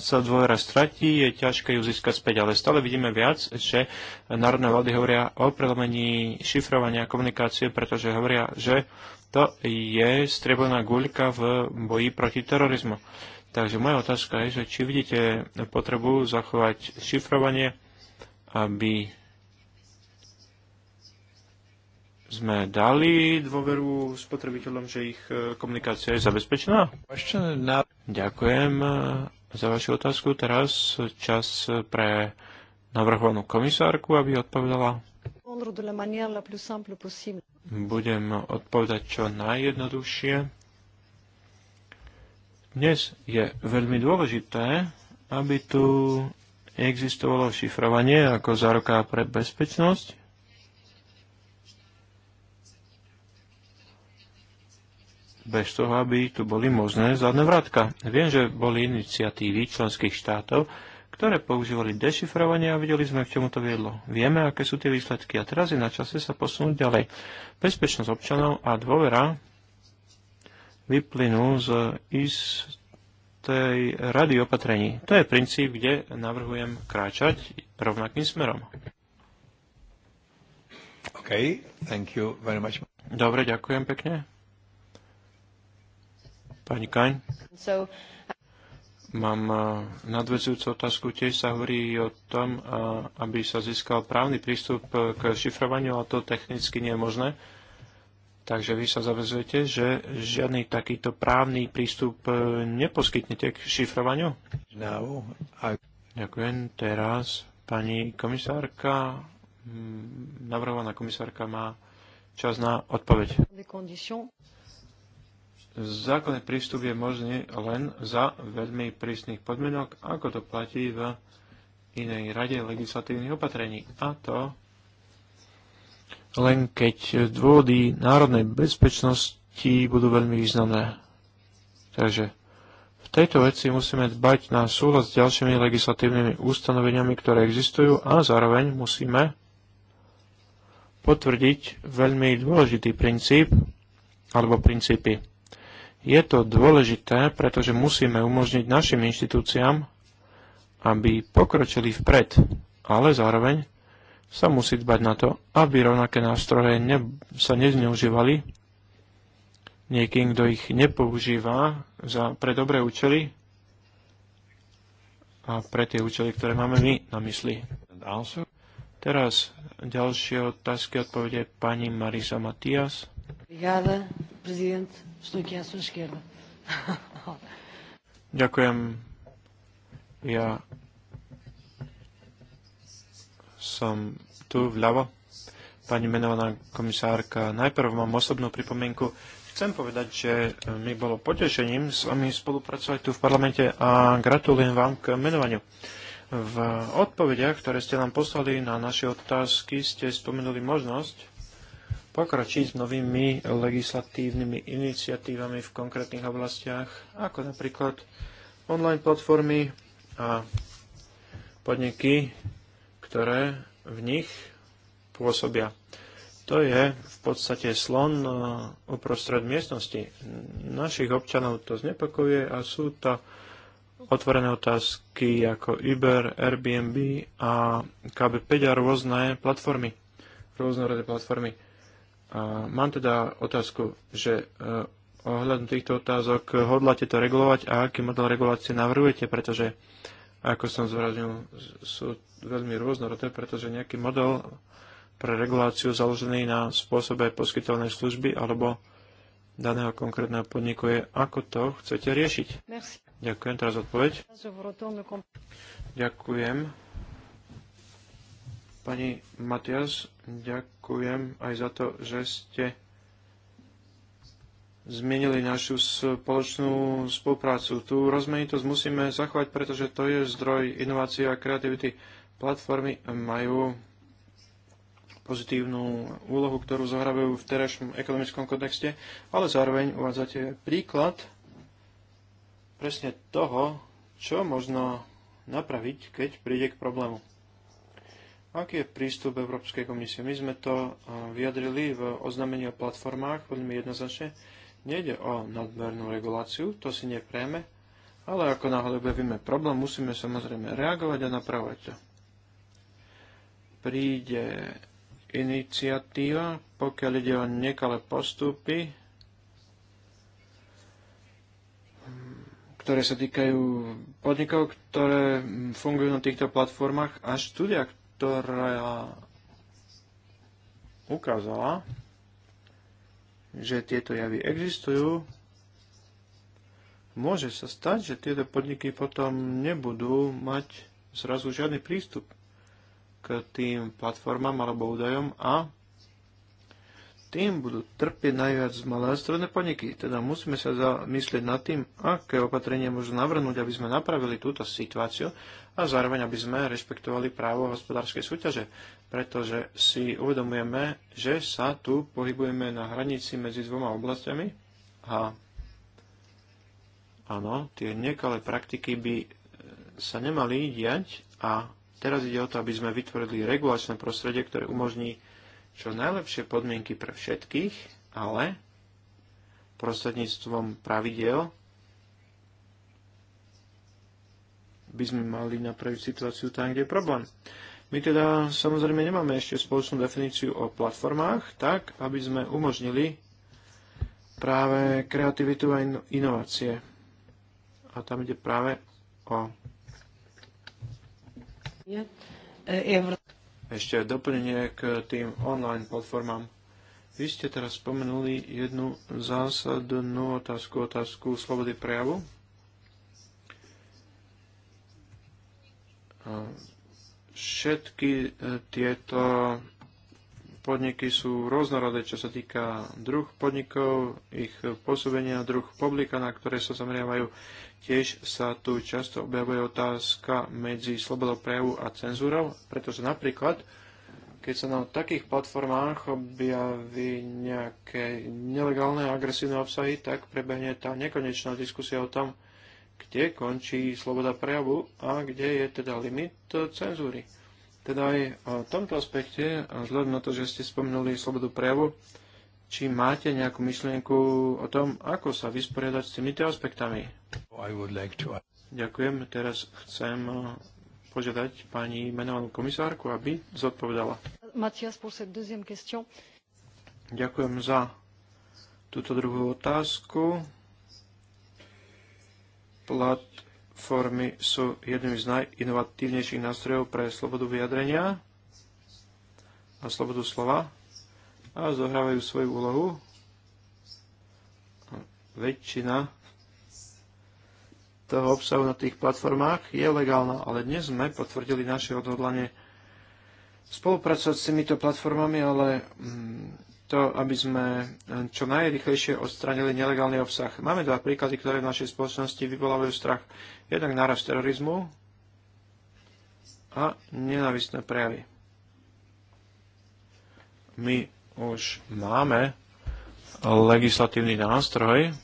C: sa dôvera stratí, je ťažké ju získať späť, ale stále vidíme viac, že národné vlády hovoria o prelomení šifrovania komunikácie, pretože hovoria, že to je strieborná guľka v boji proti terorizmu. Takže moja otázka je, že či vidíte potrebu zachovať šifrovanie aby sme dali dôveru spotrebiteľom, že ich e, komunikácia je zabezpečená? Ďakujem e, za vašu otázku. Teraz čas pre navrhovanú komisárku, aby odpovedala. Budem odpovedať čo najjednoduchšie. Dnes je veľmi dôležité, aby tu existovalo šifrovanie ako záruka pre bezpečnosť. bez toho, aby tu boli možné zadné vrátka. Viem, že boli iniciatívy členských štátov, ktoré používali dešifrovanie a videli sme, k čomu to viedlo. Vieme, aké sú tie výsledky a teraz je na čase sa posunúť ďalej. Bezpečnosť občanov a dôvera vyplynú z tej rady opatrení. To je princíp, kde navrhujem kráčať rovnakým smerom. OK, thank you very much. Dobre, ďakujem pekne. Pani Kaň. So, Mám e, nadvezujúcu otázku. Tiež sa hovorí o tom, e, aby sa získal právny prístup e, k šifrovaniu, ale to technicky nie je možné. Takže vy sa zavezujete, že žiadny takýto právny prístup e, neposkytnete k šifrovaniu? No, a... Ďakujem. Teraz pani komisárka, navrhovaná komisárka má čas na odpoveď. Zákonný prístup je možný len za veľmi prísnych podmienok, ako to platí v inej rade legislatívnych opatrení. A to len keď dôvody národnej bezpečnosti budú veľmi významné. Takže v tejto veci musíme dbať na súhlas s ďalšími legislatívnymi ustanoveniami, ktoré existujú a zároveň musíme potvrdiť veľmi dôležitý princíp alebo princípy. Je to dôležité, pretože musíme umožniť našim inštitúciám, aby pokročili vpred, ale zároveň sa musí dbať na to, aby rovnaké nástroje ne, sa nezneužívali niekým, kto ich nepoužíva za, pre dobré účely a pre tie účely, ktoré máme my na mysli. Teraz ďalšie otázky odpovede pani Marisa Matias. Ďakujem. Ja som tu vľavo. Pani menovaná komisárka, najprv mám osobnú pripomienku. Chcem povedať, že mi bolo potešením s vami spolupracovať tu v parlamente a gratulujem vám k menovaniu. V odpovediach, ktoré ste nám poslali na naše otázky, ste spomenuli možnosť pokročiť s novými legislatívnymi iniciatívami v konkrétnych oblastiach, ako napríklad online platformy a podniky, ktoré v nich pôsobia. To je v podstate slon no, uprostred miestnosti. Našich občanov to znepokojuje a sú to otvorené otázky ako Uber, Airbnb a KB5 a rôzne platformy, rôznorodé platformy. A mám teda otázku, že eh, ohľadom týchto otázok hodláte to regulovať a aký model regulácie navrhujete, pretože ako som zvraznil, sú veľmi rôznorodé, pretože nejaký model pre reguláciu založený na spôsobe poskytovanej služby alebo daného konkrétneho podniku je, ako to chcete riešiť. Merci. Ďakujem, teraz odpoveď. Ďakujem. Pani Matias, ďakujem aj za to, že ste zmenili našu spoločnú spoluprácu. Tú rozmenitosť musíme zachovať, pretože to je zdroj inovácie a kreativity. Platformy majú pozitívnu úlohu, ktorú zohrávajú v terajšom ekonomickom kontexte, ale zároveň uvádzate príklad presne toho, čo možno napraviť, keď príde k problému. Aký je prístup Európskej komisie? My sme to vyjadrili v oznámení o platformách, veľmi jednoznačne Nejde o nadmernú reguláciu, to si neprejeme, ale ako náhle objavíme problém, musíme samozrejme reagovať a napravovať to. Príde iniciatíva, pokiaľ ide o nekalé postupy, ktoré sa týkajú podnikov, ktoré fungujú na týchto platformách a štúdia, ktorá ukázala, že tieto javy existujú, môže sa stať, že tieto podniky potom nebudú mať zrazu žiadny prístup k tým platformám alebo údajom a tým budú trpieť najviac malé a stredné podniky. Teda musíme sa zamyslieť nad tým, aké opatrenie môžu navrhnúť, aby sme napravili túto situáciu a zároveň, aby sme rešpektovali právo hospodárskej súťaže. Pretože si uvedomujeme, že sa tu pohybujeme na hranici medzi dvoma oblastiami a áno, tie nekalé praktiky by e, sa nemali diať a teraz ide o to, aby sme vytvorili regulačné prostredie, ktoré umožní čo najlepšie podmienky pre všetkých, ale prostredníctvom pravidel by sme mali napraviť situáciu tam, kde je problém. My teda samozrejme nemáme ešte spoločnú definíciu o platformách, tak aby sme umožnili práve kreativitu a inovácie. A tam ide práve o e, ešte doplnenie k tým online platformám. Vy ste teraz spomenuli jednu zásadnú otázku, otázku slobody prejavu. Všetky e, tieto podniky sú rôznorodé, čo sa týka druh podnikov, ich pôsobenia, druh publika, na ktoré sa zameriavajú. Tiež sa tu často objavuje otázka medzi slobodou prejavu a cenzúrou, pretože napríklad, keď sa na takých platformách objaví nejaké nelegálne a agresívne obsahy, tak prebehne tá nekonečná diskusia o tom, kde končí sloboda prejavu a kde je teda limit cenzúry. Teda aj v tomto aspekte, vzhľadom na to, že ste spomenuli slobodu prejavu, či máte nejakú myšlienku o tom, ako sa vysporiadať s týmito aspektami? Ďakujem. Teraz chcem eh, požiadať pani menovanú komisárku, aby zodpovedala.
A: Matias, pour cette deuxième question.
C: Ďakujem za túto druhú otázku. Platformy sú jedným z najinovatívnejších nástrojov pre slobodu vyjadrenia a slobodu slova a zohrávajú svoju úlohu. Väčšina toho obsahu na tých platformách je legálna, ale dnes sme potvrdili naše odhodlanie spolupracovať s týmito platformami, ale mm, to, aby sme eh, čo najrychlejšie odstranili nelegálny obsah. Máme dva príklady, ktoré v našej spoločnosti vyvolávajú strach. Jednak nárast terorizmu a nenávistné prejavy. My už máme legislatívny nástroj,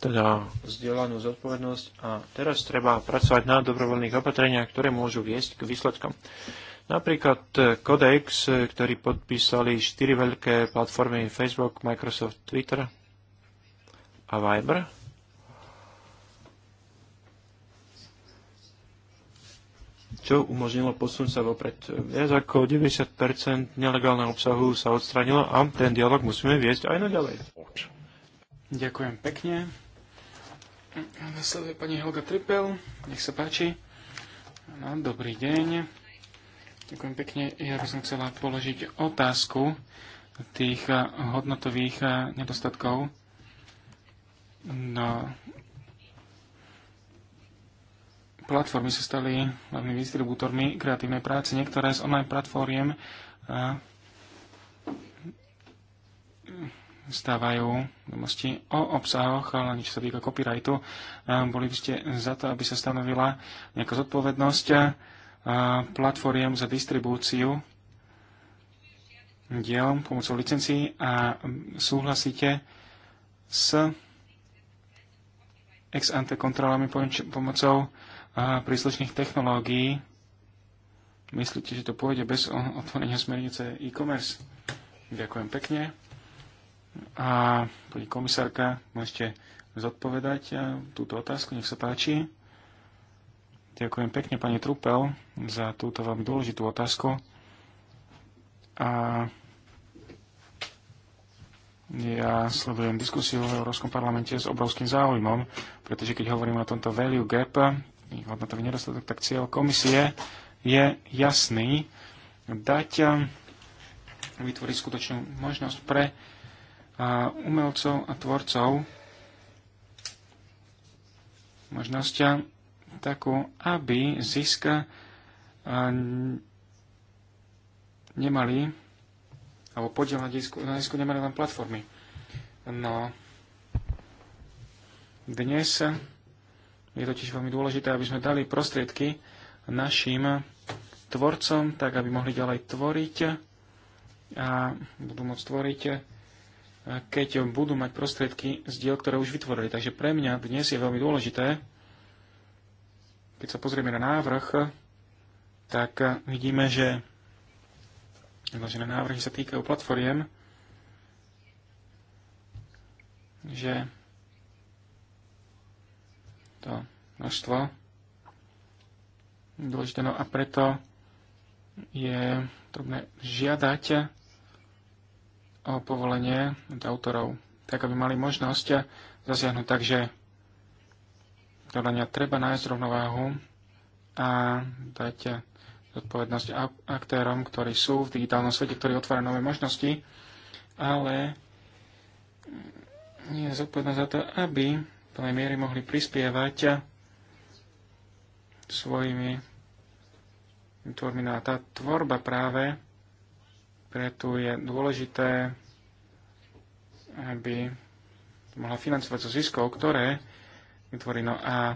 C: teda vzdielanú zodpovednosť a teraz treba pracovať na dobrovoľných opatreniach, ktoré môžu viesť k výsledkom. Napríklad e, Codex, e, ktorý podpísali štyri veľké platformy Facebook, Microsoft, Twitter a Viber. čo umožnilo posunúť sa vopred. Viac ako 90% nelegálneho obsahu sa odstranilo a ten dialog musíme viesť aj naďalej. Ďakujem
D: pekne. Nasleduje pani Helga Tripel, nech sa páči. No, dobrý deň. Ďakujem pekne. Ja by som chcela položiť otázku tých eh, hodnotových eh, nedostatkov. No, platformy sa stali hlavnými distribútormi kreatívnej práce. Niektoré z online platformiem eh, stávajú vedomosti o obsahoch, ale nič sa týka copyrightu. Boli by ste za to, aby sa stanovila nejaká zodpovednosť platformiem za distribúciu diel pomocou licencií a súhlasíte s ex ante kontrolami pomocou príslušných technológií. Myslíte, že to pôjde bez otvorenia smernice e-commerce? Ďakujem pekne. A pani komisárka, môžete zodpovedať e, túto otázku, nech sa páči. Ďakujem pekne pani Trupel za túto veľmi dôležitú otázku. A ja sledujem diskusiu v Európskom parlamente s obrovským záujmom, pretože keď hovorím o tomto value gap, hodnotový nedostatok, tak cieľ komisie je jasný dať e, vytvoriť skutočnú možnosť pre umelcov a tvorcov možnosť takú, aby zisk nemali alebo podiel na zisku, na zisku nemali len platformy. No dnes je totiž veľmi dôležité, aby sme dali prostriedky našim tvorcom, tak aby mohli ďalej tvoriť a budú môcť tvoriť keď budú mať prostriedky z diel, ktoré už vytvorili. Takže pre mňa dnes je veľmi dôležité, keď sa pozrieme na návrh, tak vidíme, že Vložené návrhy sa týkajú platformiem, že to množstvo dôležité. No a preto je trudné žiadať o povolenie od autorov, tak aby mali možnosť zasiahnuť. Takže podľa mňa treba nájsť rovnováhu a dať zodpovednosť aktérom, ktorí sú v digitálnom svete, ktorí otvárajú nové možnosti, ale je zodpovedná za to, aby v plnej miery mohli prispievať svojimi tvormi. No a tá tvorba práve preto je dôležité, aby mohla financovať zo so ziskov, ktoré vytvorí. No a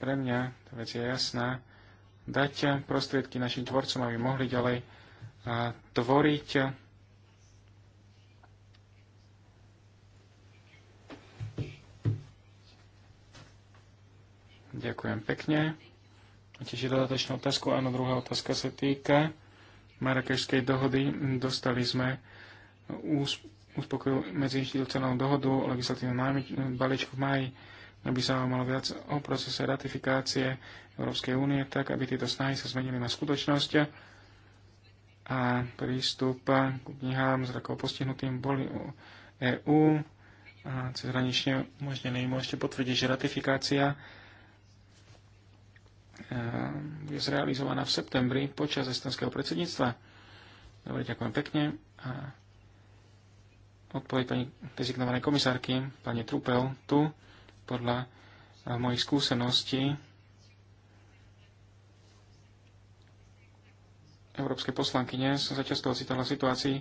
D: pre mňa tá vec je jasná. Dať prostriedky našim tvorcom, aby mohli ďalej tvoriť Ďakujem pekne. Tiež je dodatočnú otázku. Áno, druhá otázka sa týka Marrakešskej dohody. Dostali sme medzi medziinstitucionálnu dohodu o legislatívnom balíčku v maji, aby sa malo viac o procese ratifikácie Európskej únie, tak aby tieto snahy sa zmenili na skutočnosť a prístup k knihám z rakov postihnutým boli u EÚ a cezhranične umožnený. Môžete potvrdiť, že ratifikácia Eh, je zrealizovaná v septembri počas estonského predsedníctva. Dobre, ďakujem pekne. A odpoveď pani dezignovanej komisárky, pani Trupel, tu podľa eh, mojich skúseností európske poslankyne som sa často ocitala v situácii,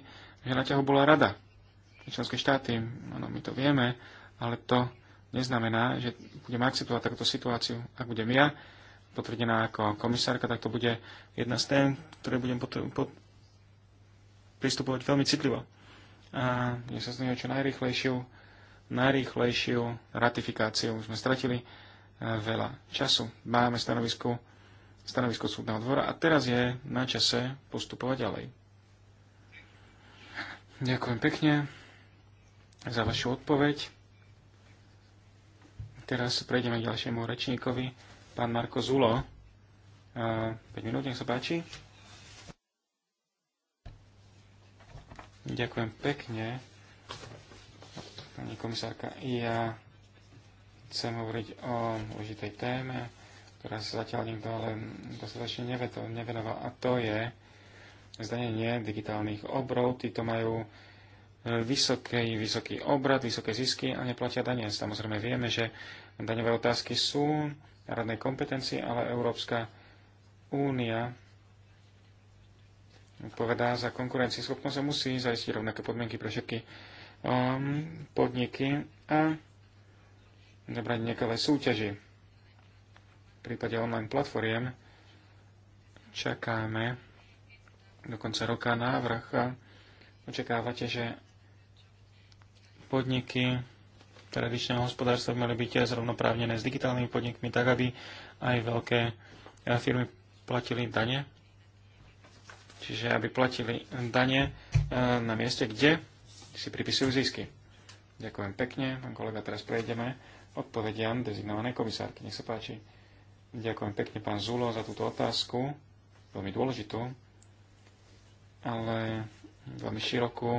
D: že na ťahu bola rada. Členské štáty, áno, my to vieme, ale to neznamená, že budeme akceptovať takúto situáciu. Ak budem ja, potvrdená ako komisárka, tak to bude jedna z tém, ktoré budem po, pristupovať veľmi citlivo. A je sa snažiť čo najrychlejšiu, najrychlejšiu ratifikáciu. Už sme stratili e, veľa času. Máme stanovisko, stanovisko súdneho dvora a teraz je na čase postupovať ďalej. Ďakujem pekne za vašu odpoveď. Teraz prejdeme k ďalšiemu rečníkovi Pán Marko Zulo, 5 e, minút, nech sa páči. Ďakujem pekne. Pani komisárka, ja chcem hovoriť o dôležitej téme, ktorá sa zatiaľ nikto ale dostatočne nevenoval, a to je zdanenie digitálnych obrov. Títo majú vysoký, vysoký obrad, vysoké zisky a neplatia dane. Samozrejme vieme, že daňové otázky sú národnej kompetencii, ale Európska únia povedá za konkurencieschopnosť a musí zaistiť rovnaké podmienky pre všetky um, podniky a zabrať nekalé súťaži. V prípade online platformiem čakáme do konca roka návrh a očakávate, že podniky tradičného hospodárstva by mali byť zrovnoprávnené s digitálnymi podnikmi, tak aby aj veľké eh, firmy platili dane. Čiže aby platili dane eh, na mieste, kde si pripisujú zisky. Ďakujem pekne, pán kolega, teraz prejdeme odpovediam dezignovanej komisárky. Nech sa páči. Ďakujem pekne, pán Zulo, za túto otázku, veľmi dôležitú, ale veľmi širokú,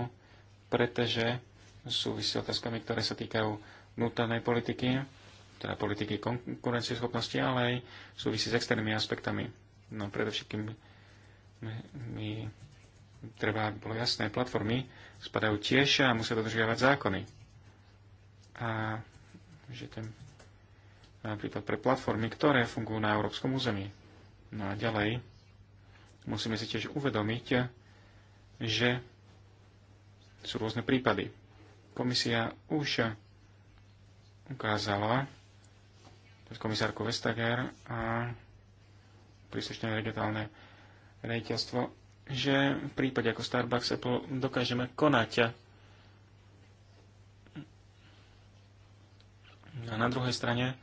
D: pretože súvisí otázkami, ktoré sa týkajú vnútornej politiky, teda politiky konkurencieschopnosti, ale aj súvisí s externými aspektami. No predovšetkým my treba, aby bolo jasné, platformy spadajú tiež a musia dodržiavať zákony. A že ten napríklad pre platformy, ktoré fungujú na európskom území. No a ďalej musíme si tiež uvedomiť, že sú rôzne prípady Komisia už ukázala s komisárku Vestager a príslušné regionálne rejiteľstvo, že v prípade ako Starbucks Apple dokážeme konať. A na druhej strane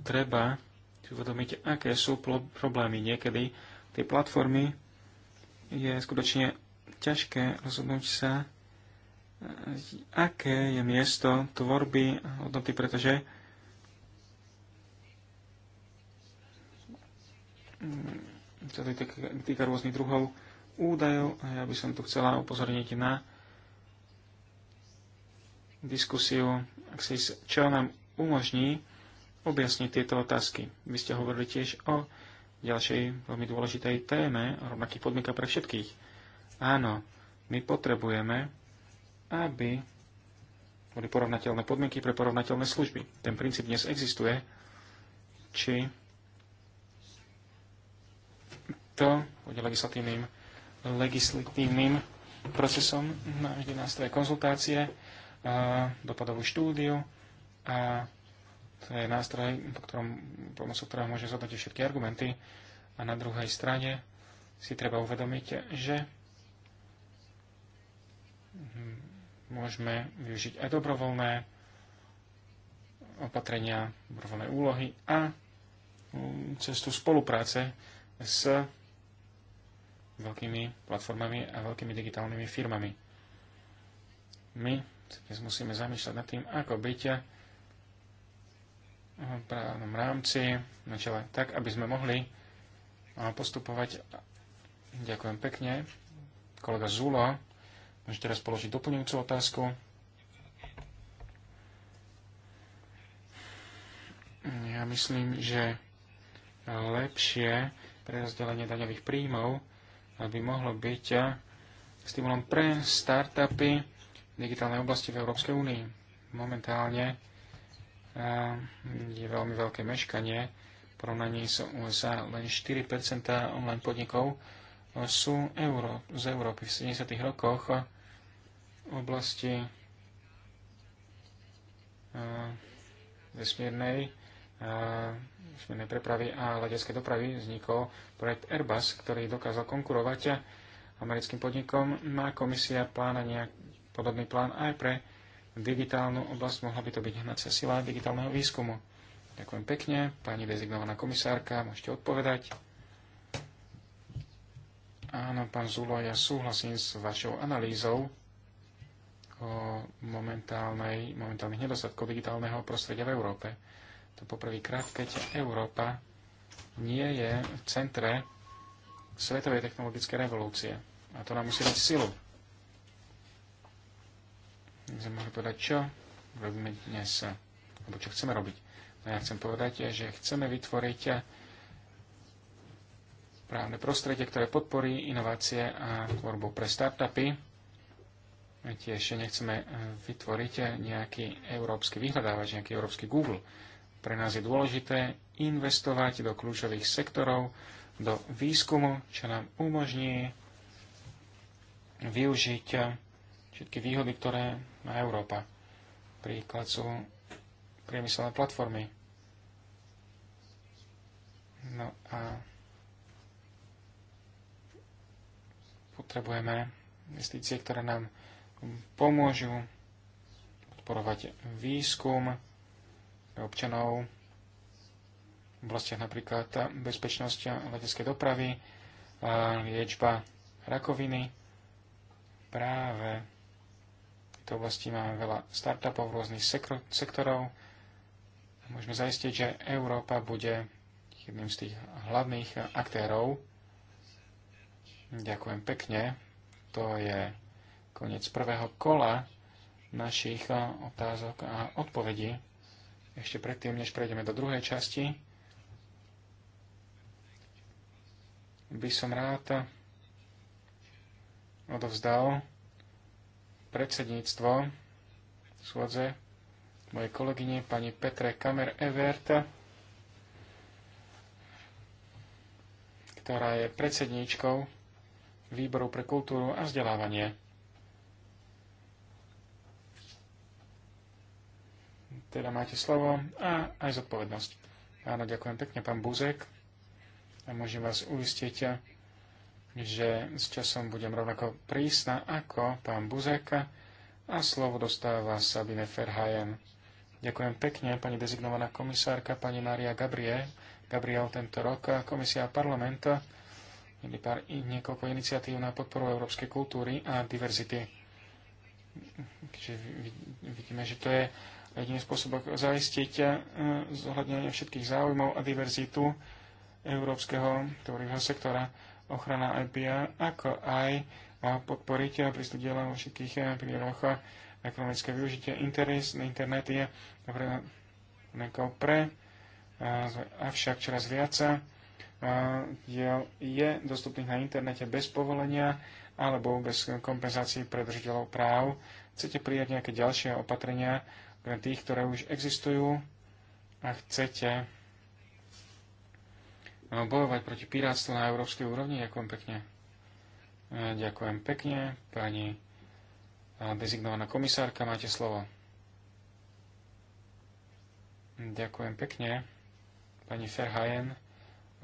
D: treba uvedomiť, aké sú problémy. Niekedy tie platformy je skutočne ťažké rozhodnúť sa, aké je miesto tvorby hodnoty, pretože mm, sa to týka, týka rôznych druhov údajov a ja by som tu chcela upozorniť na diskusiu, ak si, čo nám umožní objasniť tieto otázky. Vy ste hovorili tiež o ďalšej veľmi dôležitej téme, rovnakých podmienka pre všetkých. Áno, my potrebujeme aby boli porovnateľné podmienky pre porovnateľné služby. Ten princíp dnes existuje, či to bude legislatívnym, legislatívnym procesom na vždy nástroje konzultácie, a dopadovú štúdiu a to je nástroj, po ktorom, pomocou ktorého môže zhodnotiť všetky argumenty a na druhej strane si treba uvedomiť, že môžeme využiť aj dobrovoľné opatrenia, dobrovoľné úlohy a mm, cestu spolupráce s veľkými platformami a veľkými digitálnymi firmami. My dnes musíme zamýšľať nad tým, ako byť v právnom rámci na čele, tak, aby sme mohli postupovať. Ďakujem pekne. Kolega Zulo Môžete teraz položiť doplňujúcu otázku. Ja myslím, že lepšie pre rozdelenie daňových príjmov by mohlo byť stimulom pre startupy v digitálnej oblasti v Európskej únii. Momentálne je veľmi veľké meškanie v porovnaní s USA. Len 4 online podnikov sú euro, z Európy. V 70. rokoch oblasti e, vesmírnej, e, vesmírnej prepravy a leteckej dopravy vznikol projekt Airbus, ktorý dokázal konkurovať americkým podnikom. Má no komisia plána nejak podobný plán aj pre digitálnu oblasť. Mohla by to byť hnacia sila digitálneho výskumu. Ďakujem pekne. Pani dezignovaná komisárka, môžete odpovedať. Áno, pán Zulo, ja súhlasím s vašou analýzou o momentálnych nedostatkov digitálneho prostredia v Európe. To poprvýkrát, keď Európa nie je v centre svetovej technologické revolúcie. A to nám musí dať silu. My sme mohli povedať, čo robíme dnes, alebo čo chceme robiť. No ja chcem povedať, že chceme vytvoriť právne prostredie, ktoré podporí inovácie a tvorbu pre startupy, Tiež nechceme e, vytvoriť e, nejaký európsky vyhľadávač, nejaký európsky Google. Pre nás je dôležité investovať do kľúčových sektorov, do výskumu, čo nám umožní využiť e, všetky výhody, ktoré má Európa. Príklad sú priemyselné platformy. No a potrebujeme investície, ktoré nám pomôžu podporovať výskum občanov v oblastiach napríklad bezpečnosť leteckej dopravy, liečba rakoviny. Práve v tejto oblasti máme veľa startupov rôznych sektorov. Môžeme zaistiť, že Európa bude jedným z tých hlavných aktérov. Ďakujem pekne. To je koniec prvého kola našich eh, otázok a odpovedí. Ešte predtým, než prejdeme do druhej časti, by som rád odovzdal predsedníctvo schôdze mojej kolegyne pani Petre Kamer Evert, ktorá je predsedníčkou Výboru pre kultúru a vzdelávanie teda máte slovo a aj zodpovednosť. Áno, ďakujem pekne, pán Buzek. A môžem vás uistiť, že s časom budem rovnako prísna ako pán Buzek a slovo dostáva Sabine Ferhajen. Ďakujem pekne, pani dezignovaná komisárka, pani Mária Gabriel. Gabriel tento rok komisia a parlament pár, niekoľko iniciatív na podporu európskej kultúry a diverzity. vidíme, že to je jediný spôsob, ako zaistiť e, zohľadňovanie všetkých záujmov a diverzitu európskeho tvorivého sektora. Ochrana IPA, ako aj e, podporiť a prístup diela vo všetkých e, prírodoch a ekonomické využitie. Interes, internet je nejako pre, avšak čoraz viac diel je dostupných na internete bez povolenia alebo bez kompenzácií pre držiteľov práv. Chcete prijať nejaké ďalšie opatrenia, pre tých, ktoré už existujú a chcete eh, bojovať proti pirátstvu na európskej úrovni. Ďakujem pekne. Eh, ďakujem pekne, pani eh, dezignovaná komisárka, máte slovo. Ďakujem pekne, pani Ferhajen,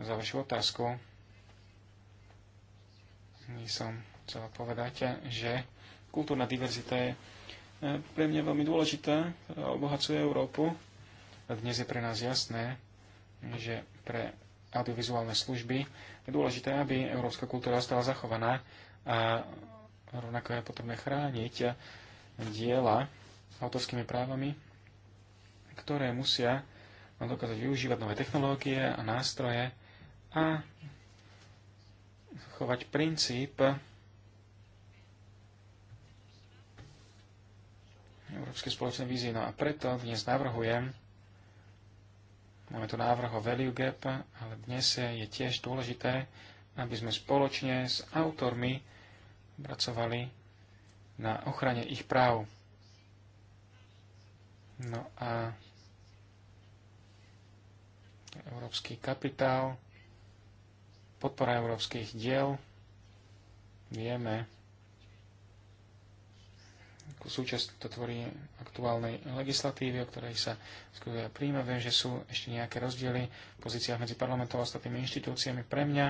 D: za vašu otázku. My Som chcela povedať, že kultúrna diverzita je pre mňa veľmi dôležitá, ktorá obohacuje Európu. Dnes je pre nás jasné, že pre audiovizuálne služby je dôležité, aby európska kultúra stala zachovaná a rovnako je potrebné chrániť diela autorskými právami, ktoré musia dokázať využívať nové technológie a nástroje a chovať princíp Európske spoločné vízie. No a preto dnes navrhujem, máme tu návrh o value gap, ale dnes je tiež dôležité, aby sme spoločne s autormi pracovali na ochrane ich práv. No a európsky kapitál, podpora európskych diel, vieme, ako súčasť to tvorí aktuálnej legislatívy, o ktorej sa skôr príjme. Viem, že sú ešte nejaké rozdiely v pozíciách medzi parlamentom a ostatnými inštitúciami. Pre mňa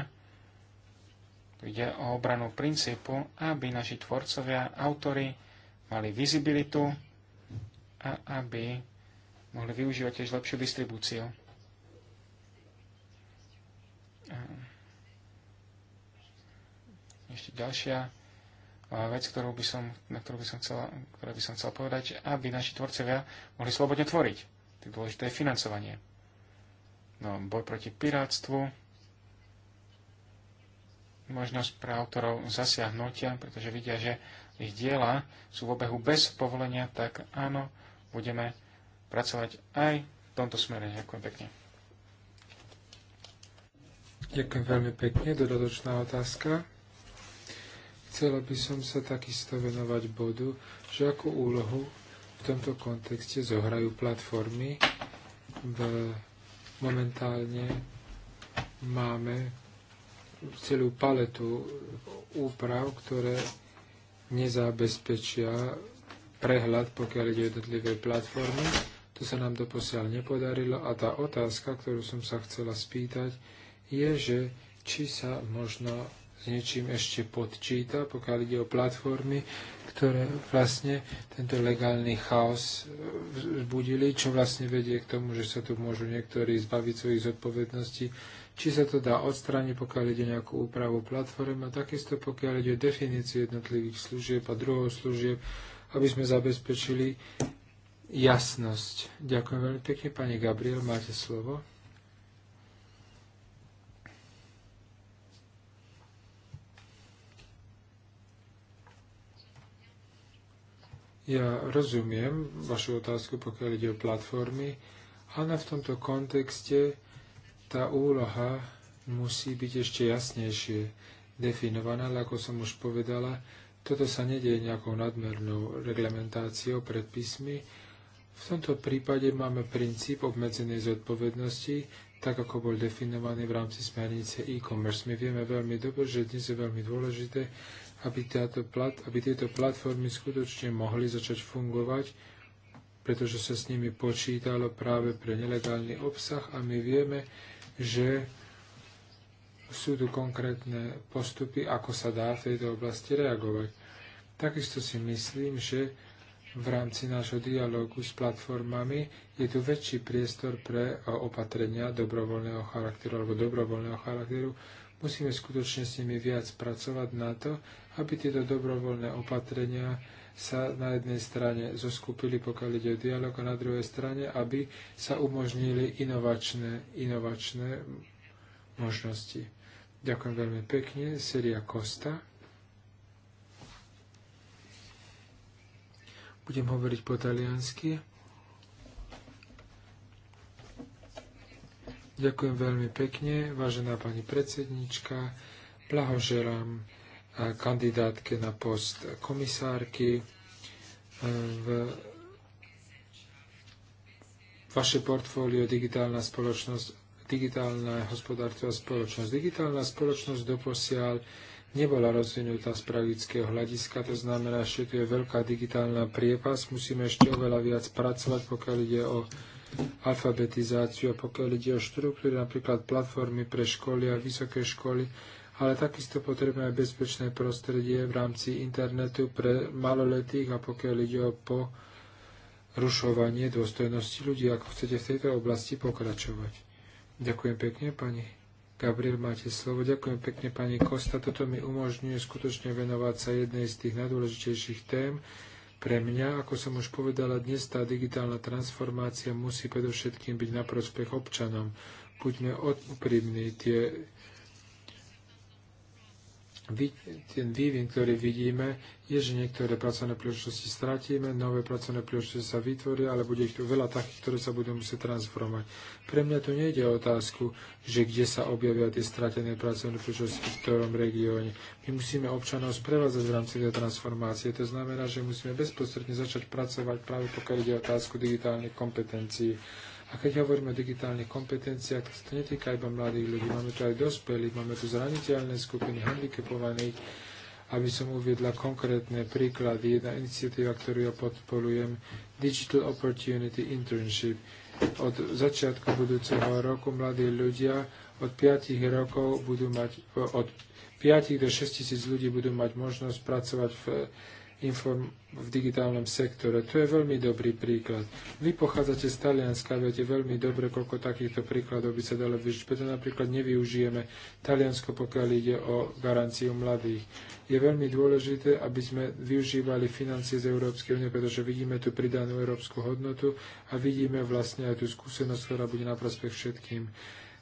D: ide o obranu princípu, aby naši tvorcovia, autory mali vizibilitu a aby mohli využívať tiež lepšiu distribúciu. Ešte ďalšia vec, ktorú by som, na ktorú by som chcela, ktoré by som chcel povedať, aby naši tvorcovia mohli slobodne tvoriť. Tak dôležité je financovanie. No, boj proti pirátstvu, možnosť pre autorov zasiahnutia, pretože vidia, že ich diela sú v obehu bez povolenia, tak áno, budeme pracovať aj v tomto smere. Ďakujem pekne.
B: Ďakujem veľmi pekne. Dodatočná otázka. Chcela by som sa takisto venovať bodu, že akú úlohu v tomto kontexte zohrajú platformy. V, momentálne máme celú paletu úprav, ktoré nezabezpečia prehľad, pokiaľ ide jednotlivé platformy. To sa nám doposiaľ nepodarilo a tá otázka, ktorú som sa chcela spýtať, je, že či sa možno s niečím ešte podčíta, pokiaľ ide o platformy, ktoré vlastne tento legálny chaos e, vzbudili, čo vlastne vedie k tomu, že sa tu môžu niektorí zbaviť svojich zodpovedností, či sa to dá odstrániť, pokiaľ ide nejakú úpravu platform a takisto pokiaľ ide o definíciu jednotlivých služieb a druhov služieb, aby sme zabezpečili jasnosť. Ďakujem veľmi pekne, pani Gabriel, máte slovo. Ja rozumiem vašu otázku, pokiaľ ide o platformy. Áno, v tomto kontexte tá úloha musí byť ešte jasnejšie definovaná, ale ako som už povedala, toto sa nedieje nejakou nadmernou reglementáciou predpismi. V tomto prípade máme princíp obmedzenej zodpovednosti, tak ako bol definovaný v rámci smernice e-commerce. My vieme veľmi dobre, že dnes je veľmi dôležité aby, táto plat, aby tieto platformy skutočne mohli začať fungovať, pretože sa s nimi počítalo práve pre nelegálny obsah a my vieme, že sú tu konkrétne postupy, ako sa dá v tejto oblasti reagovať. Takisto si myslím, že v rámci nášho dialógu s platformami je tu väčší priestor pre opatrenia dobrovoľného charakteru alebo dobrovoľného charakteru. Musíme skutočne s nimi viac pracovať na to, aby tieto dobrovoľné opatrenia sa na jednej strane zoskupili, pokiaľ ide o dialog, a na druhej strane, aby sa umožnili inovačné, inovačné možnosti. Ďakujem veľmi pekne. Seria Kosta. Budem hovoriť po taliansky. Ďakujem veľmi pekne, vážená pani predsednička. Blahoželám kandidátke na post komisárky. E, v vaše portfólio digitálna spoločnosť, digitálne hospodárstvo a spoločnosť. Digitálna spoločnosť doposiaľ nebola rozvinutá z pravického hľadiska, to znamená, že tu je veľká digitálna priepas, musíme ešte oveľa viac pracovať, pokiaľ ide o alfabetizáciu a pokiaľ ide o štruktúry, napríklad platformy pre školy a vysoké školy, ale takisto potrebujeme bezpečné prostredie v rámci internetu pre maloletých a pokiaľ ide o porušovanie dôstojnosti ľudí, ako chcete v tejto oblasti pokračovať. Ďakujem pekne, pani Gabriel, máte slovo. Ďakujem pekne, pani Kosta. Toto mi umožňuje skutočne venovať sa jednej z tých najdôležitejších tém, pre mňa, ako som už povedala, dnes tá digitálna transformácia musí predovšetkým byť na prospech občanom. Buďme úprimní, tie ten vývin, ktorý vidíme, je, že niektoré pracovné príležitosti stratíme, nové pracovné príležitosti sa vytvoria, ale bude ich tu veľa takých, ktoré sa budú musieť transformovať. Pre mňa to nejde o otázku, že kde sa objavia tie stratené pracovné príležitosti v ktorom regióne. My musíme občanov sprevádzať v rámci tej transformácie. To znamená, že musíme bezprostredne začať pracovať práve pokiaľ ide o otázku digitálnych kompetencií a keď hovoríme o digitálnych kompetenciách, tak sa to netýka iba mladých ľudí. Máme tu aj dospelých, máme tu zraniteľné skupiny handicapovaných. Aby som uviedla konkrétne príklady, jedna iniciatíva, ktorú ja podporujem, Digital Opportunity Internship. Od začiatku budúceho roku mladí ľudia od 5 rokov budú mať, od 5 do 6 tisíc ľudí budú mať možnosť pracovať v inform- v digitálnom sektore. To je veľmi dobrý príklad. Vy pochádzate z Talianska, viete veľmi dobre, koľko takýchto príkladov by sa dalo vyžiť. Preto napríklad nevyužijeme Taliansko, pokiaľ ide o garanciu mladých. Je veľmi dôležité, aby sme využívali financie z Európskej únie, pretože vidíme tú pridanú európsku hodnotu a vidíme vlastne aj tú skúsenosť, ktorá bude na prospech všetkým.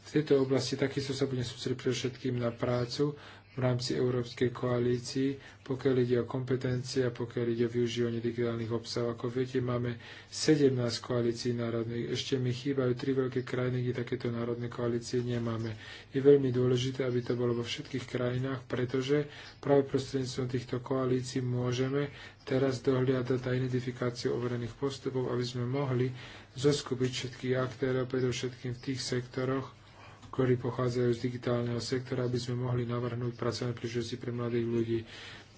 B: V tejto oblasti takisto sa budem sústrediť predovšetkým na prácu rámci Európskej koalícii, pokiaľ ide o kompetencie a pokiaľ ide o využívanie digitálnych obsahov. Ako viete, máme 17 koalícií národných. Ešte mi chýbajú tri veľké krajiny, kde takéto národné koalície nemáme. Je veľmi dôležité, aby to bolo vo všetkých krajinách, pretože práve prostredníctvom týchto koalícií môžeme teraz dohliadať na identifikáciu overených postupov, aby sme mohli zoskupiť všetkých aktérov, predovšetkým v tých sektoroch, ktorí pochádzajú z digitálneho sektora, aby sme mohli navrhnúť pracovné príležitosti pre mladých ľudí.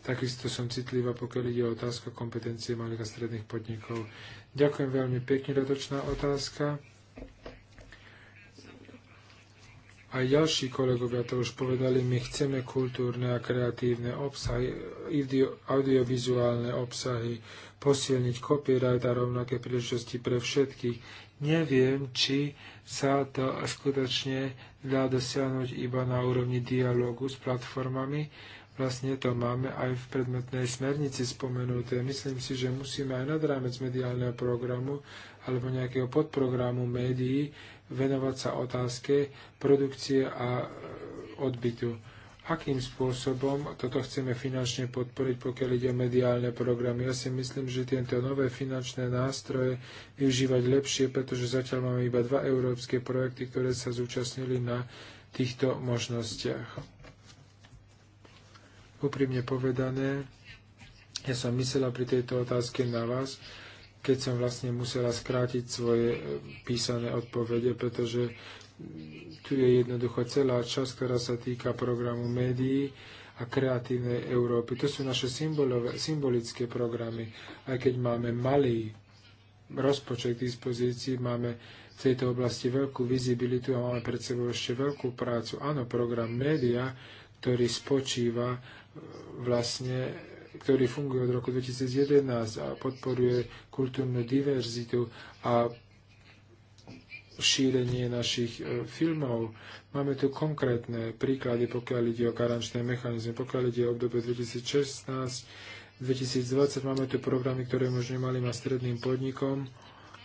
B: Takisto som citlivá, pokiaľ ide o otázku kompetencie malých a stredných podnikov. Ďakujem veľmi pekne, dotočná otázka. Aj ďalší kolegovia to už povedali, my chceme kultúrne a kreatívne obsahy, audiovizuálne obsahy, posilniť copyright a rovnaké príležitosti pre všetkých neviem, či sa to skutočne dá dosiahnuť iba na úrovni dialogu s platformami. Vlastne to máme aj v predmetnej smernici spomenuté. Myslím si, že musíme aj nad rámec mediálneho programu alebo nejakého podprogramu médií venovať sa otázke produkcie a odbytu akým spôsobom toto chceme finančne podporiť, pokiaľ ide o mediálne programy. Ja si myslím, že tieto nové finančné nástroje využívať lepšie, pretože zatiaľ máme iba dva európske projekty, ktoré sa zúčastnili na týchto možnostiach. Úprimne povedané, ja som myslela pri tejto otázke na vás, keď som vlastne musela skrátiť svoje eh, písané odpovede, pretože tu je jednoducho celá časť, ktorá sa týka programu médií a kreatívnej Európy. To sú naše symbolové, symbolické programy. Aj keď máme malý rozpočet k dispozícii, máme v tejto oblasti veľkú vizibilitu a máme pred sebou ešte veľkú prácu. Áno, program média, ktorý spočíva e, vlastne ktorý funguje od roku 2011 a podporuje kultúrnu diverzitu a šírenie našich e, filmov. Máme tu konkrétne príklady, pokiaľ ide o garančné mechanizmy, pokiaľ ide o obdobie 2016, 2020 máme tu programy, ktoré možno mali ma stredným podnikom,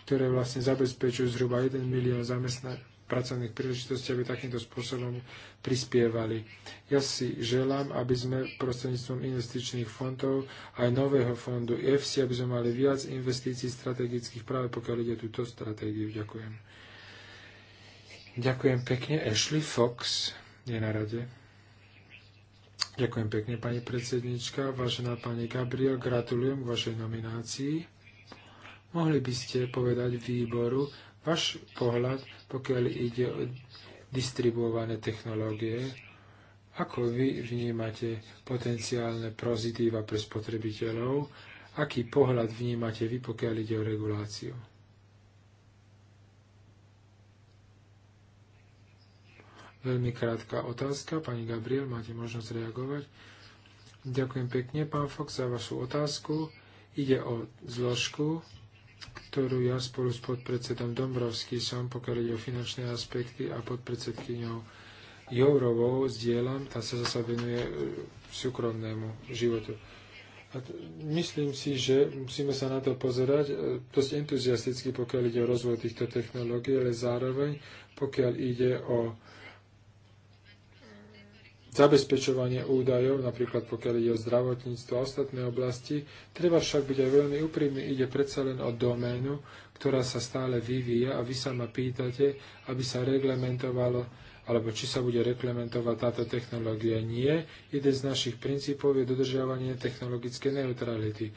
B: ktoré vlastne zabezpečujú zhruba 1 milión zamestnaných pracovných príležitostí, aby takýmto spôsobom prispievali. Ja si želám, aby sme prostredníctvom investičných fondov aj nového fondu EFSI, aby sme mali viac investícií strategických práve pokiaľ ide túto stratégiu. Ďakujem. Ďakujem pekne. Ashley Fox je na rade. Ďakujem pekne, pani predsednička. Vážená pani Gabriel, gratulujem k vašej nominácii. Mohli by ste povedať výboru váš pohľad, pokiaľ ide o distribuované technológie, ako vy vnímate potenciálne pozitíva pre spotrebiteľov? Aký pohľad vnímate vy, pokiaľ ide o reguláciu? Veľmi krátka otázka. Pani Gabriel, máte možnosť reagovať. Ďakujem pekne, pán Fox, za vašu otázku. Ide o zložku, ktorú ja spolu s podpredsedom Dombrovský som, pokiaľ ide o finančné aspekty a podpredsedkyňou Jourovou zdieľam, tá sa zasa venuje e, súkromnému životu. A myslím si, že musíme sa na to pozerať e, dosť entuziasticky, pokiaľ ide o rozvoj týchto technológií, ale zároveň, pokiaľ ide o zabezpečovanie údajov, napríklad pokiaľ ide o zdravotníctvo a ostatné oblasti. Treba však byť aj veľmi úprimný, ide predsa len o doménu, ktorá sa stále vyvíja a vy sa ma pýtate, aby sa reglementovalo alebo či sa bude reklementovať táto technológia. Nie. Jeden z našich princípov je dodržiavanie technologickej neutrality.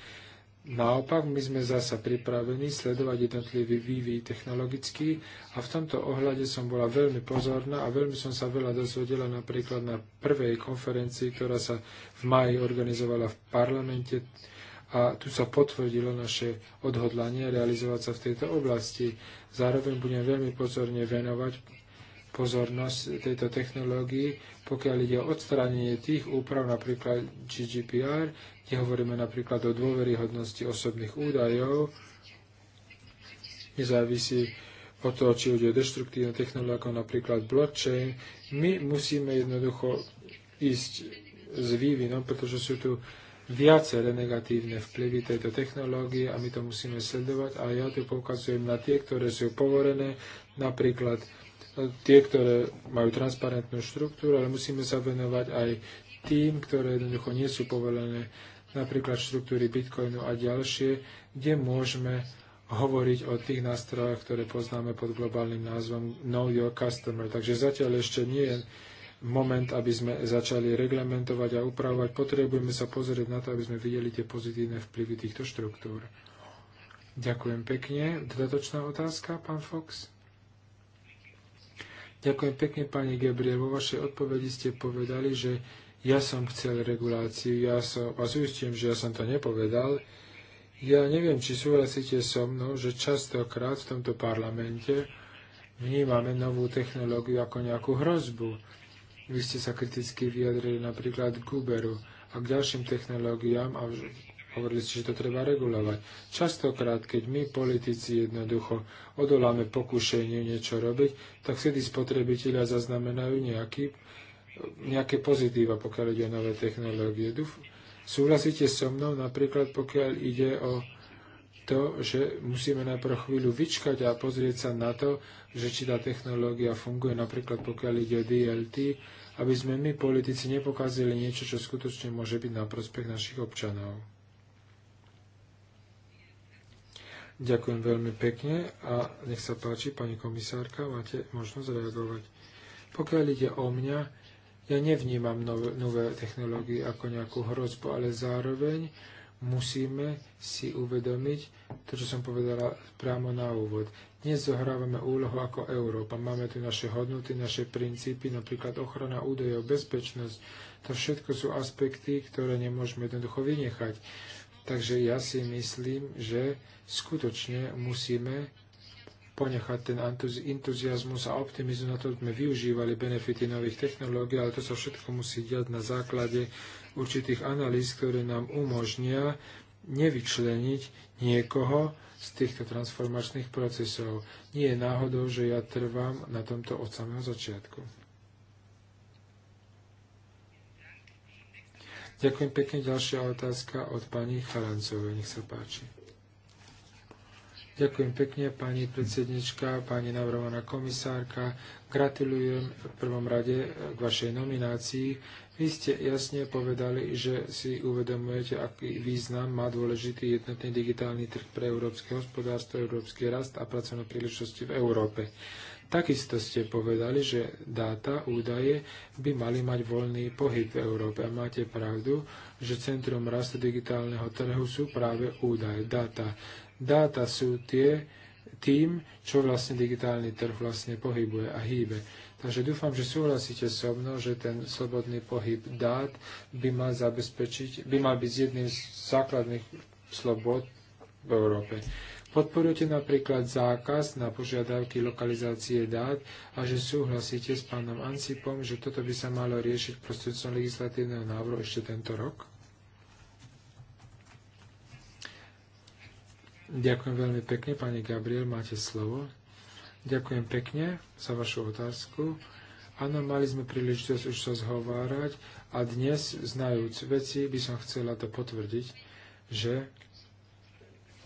B: Naopak, my sme zasa pripravení sledovať jednotlivý vývoj technologický a v tomto ohľade som bola veľmi pozorná a veľmi som sa veľa dozvedela napríklad na prvej konferencii, ktorá sa v maji organizovala v parlamente a tu sa potvrdilo naše odhodlanie realizovať sa v tejto oblasti. Zároveň budem veľmi pozorne venovať pozornosť tejto technológii, pokiaľ ide o odstránenie tých úprav, napríklad GDPR, kde hovoríme napríklad o dôveryhodnosti osobných údajov, nezávisí o to, či ide o destruktívne technológie, ako napríklad blockchain, my musíme jednoducho ísť s vývinom, pretože sú tu viaceré negatívne vplyvy tejto technológie a my to musíme sledovať a ja tu poukazujem na tie, ktoré sú povorené, napríklad tie, ktoré majú transparentnú štruktúru, ale musíme sa venovať aj tým, ktoré jednoducho nie sú povolené, napríklad štruktúry Bitcoinu a ďalšie, kde môžeme hovoriť o tých nástrojoch, ktoré poznáme pod globálnym názvom Know Your Customer. Takže zatiaľ ešte nie je moment, aby sme začali reglementovať a upravovať. Potrebujeme sa pozrieť na to, aby sme videli tie pozitívne vplyvy týchto štruktúr. Ďakujem pekne. Dodatočná otázka, pán Fox? Ďakujem pekne, pani Gabriel. Vo vašej odpovedi ste povedali, že ja som chcel reguláciu, ja som, vás uistím, že ja som to nepovedal. Ja neviem, či súhlasíte so mnou, že častokrát v tomto parlamente vnímame novú technológiu ako nejakú hrozbu. Vy ste sa kriticky vyjadrili napríklad k Uberu a k ďalším technológiám a Hovorili ste, že to treba regulovať. Častokrát, keď my politici jednoducho odoláme pokušenie niečo robiť, tak vtedy spotrebitelia zaznamenajú nejaký, nejaké pozitíva, pokiaľ ide o nové technológie. Súhlasíte so mnou napríklad, pokiaľ ide o to, že musíme najprv chvíľu vyčkať a pozrieť sa na to, že či tá technológia funguje, napríklad pokiaľ ide o DLT, aby sme my, politici, nepokazili niečo, čo skutočne môže byť na prospech našich občanov. Ďakujem veľmi pekne a nech sa páči, pani komisárka, máte možnosť reagovať. Pokiaľ ide o mňa, ja nevnímam nové, nové technológie ako nejakú hrozbu, ale zároveň musíme si uvedomiť to, čo som povedala priamo na úvod. Dnes zohrávame úlohu ako Európa. Máme tu naše hodnoty, naše princípy, napríklad ochrana údajov, bezpečnosť. To všetko sú aspekty, ktoré nemôžeme jednoducho vynechať Takže ja si myslím, že skutočne musíme ponechať ten entuziasmus a optimizmus na to, aby sme využívali benefity nových technológií, ale to sa všetko musí diať na základe určitých analýz, ktoré nám umožnia nevyčleniť niekoho z týchto transformačných procesov. Nie je náhodou, že ja trvám na tomto od samého začiatku. Ďakujem pekne. Ďalšia otázka od pani Charancovej. Nech sa páči. Ďakujem pekne, pani predsednička, pani navrhovaná komisárka. Gratulujem v prvom rade k vašej nominácii. Vy ste jasne povedali, že si uvedomujete, aký význam má dôležitý jednotný digitálny trh pre európske hospodárstvo, európsky rast a pracovné príležitosti v Európe. Takisto ste povedali, že dáta, údaje by mali mať voľný pohyb v Európe. A máte pravdu, že centrum rastu digitálneho trhu sú práve údaje, dáta. Dáta sú tie, tým, čo vlastne digitálny trh vlastne pohybuje a hýbe. Takže dúfam, že súhlasíte so mnou, že ten slobodný pohyb dát by mal zabezpečiť, by mal byť jedným z základných slobod v Európe. Podporujete napríklad zákaz na požiadavky lokalizácie dát a že súhlasíte s pánom Ancipom, že toto by sa malo riešiť prostredstvom legislatívneho návrhu ešte tento rok? Ďakujem veľmi pekne, pani Gabriel, máte slovo. Ďakujem pekne za vašu otázku. Áno, mali sme príležitosť už sa zhovárať a dnes, znajúc veci, by som chcela to potvrdiť, že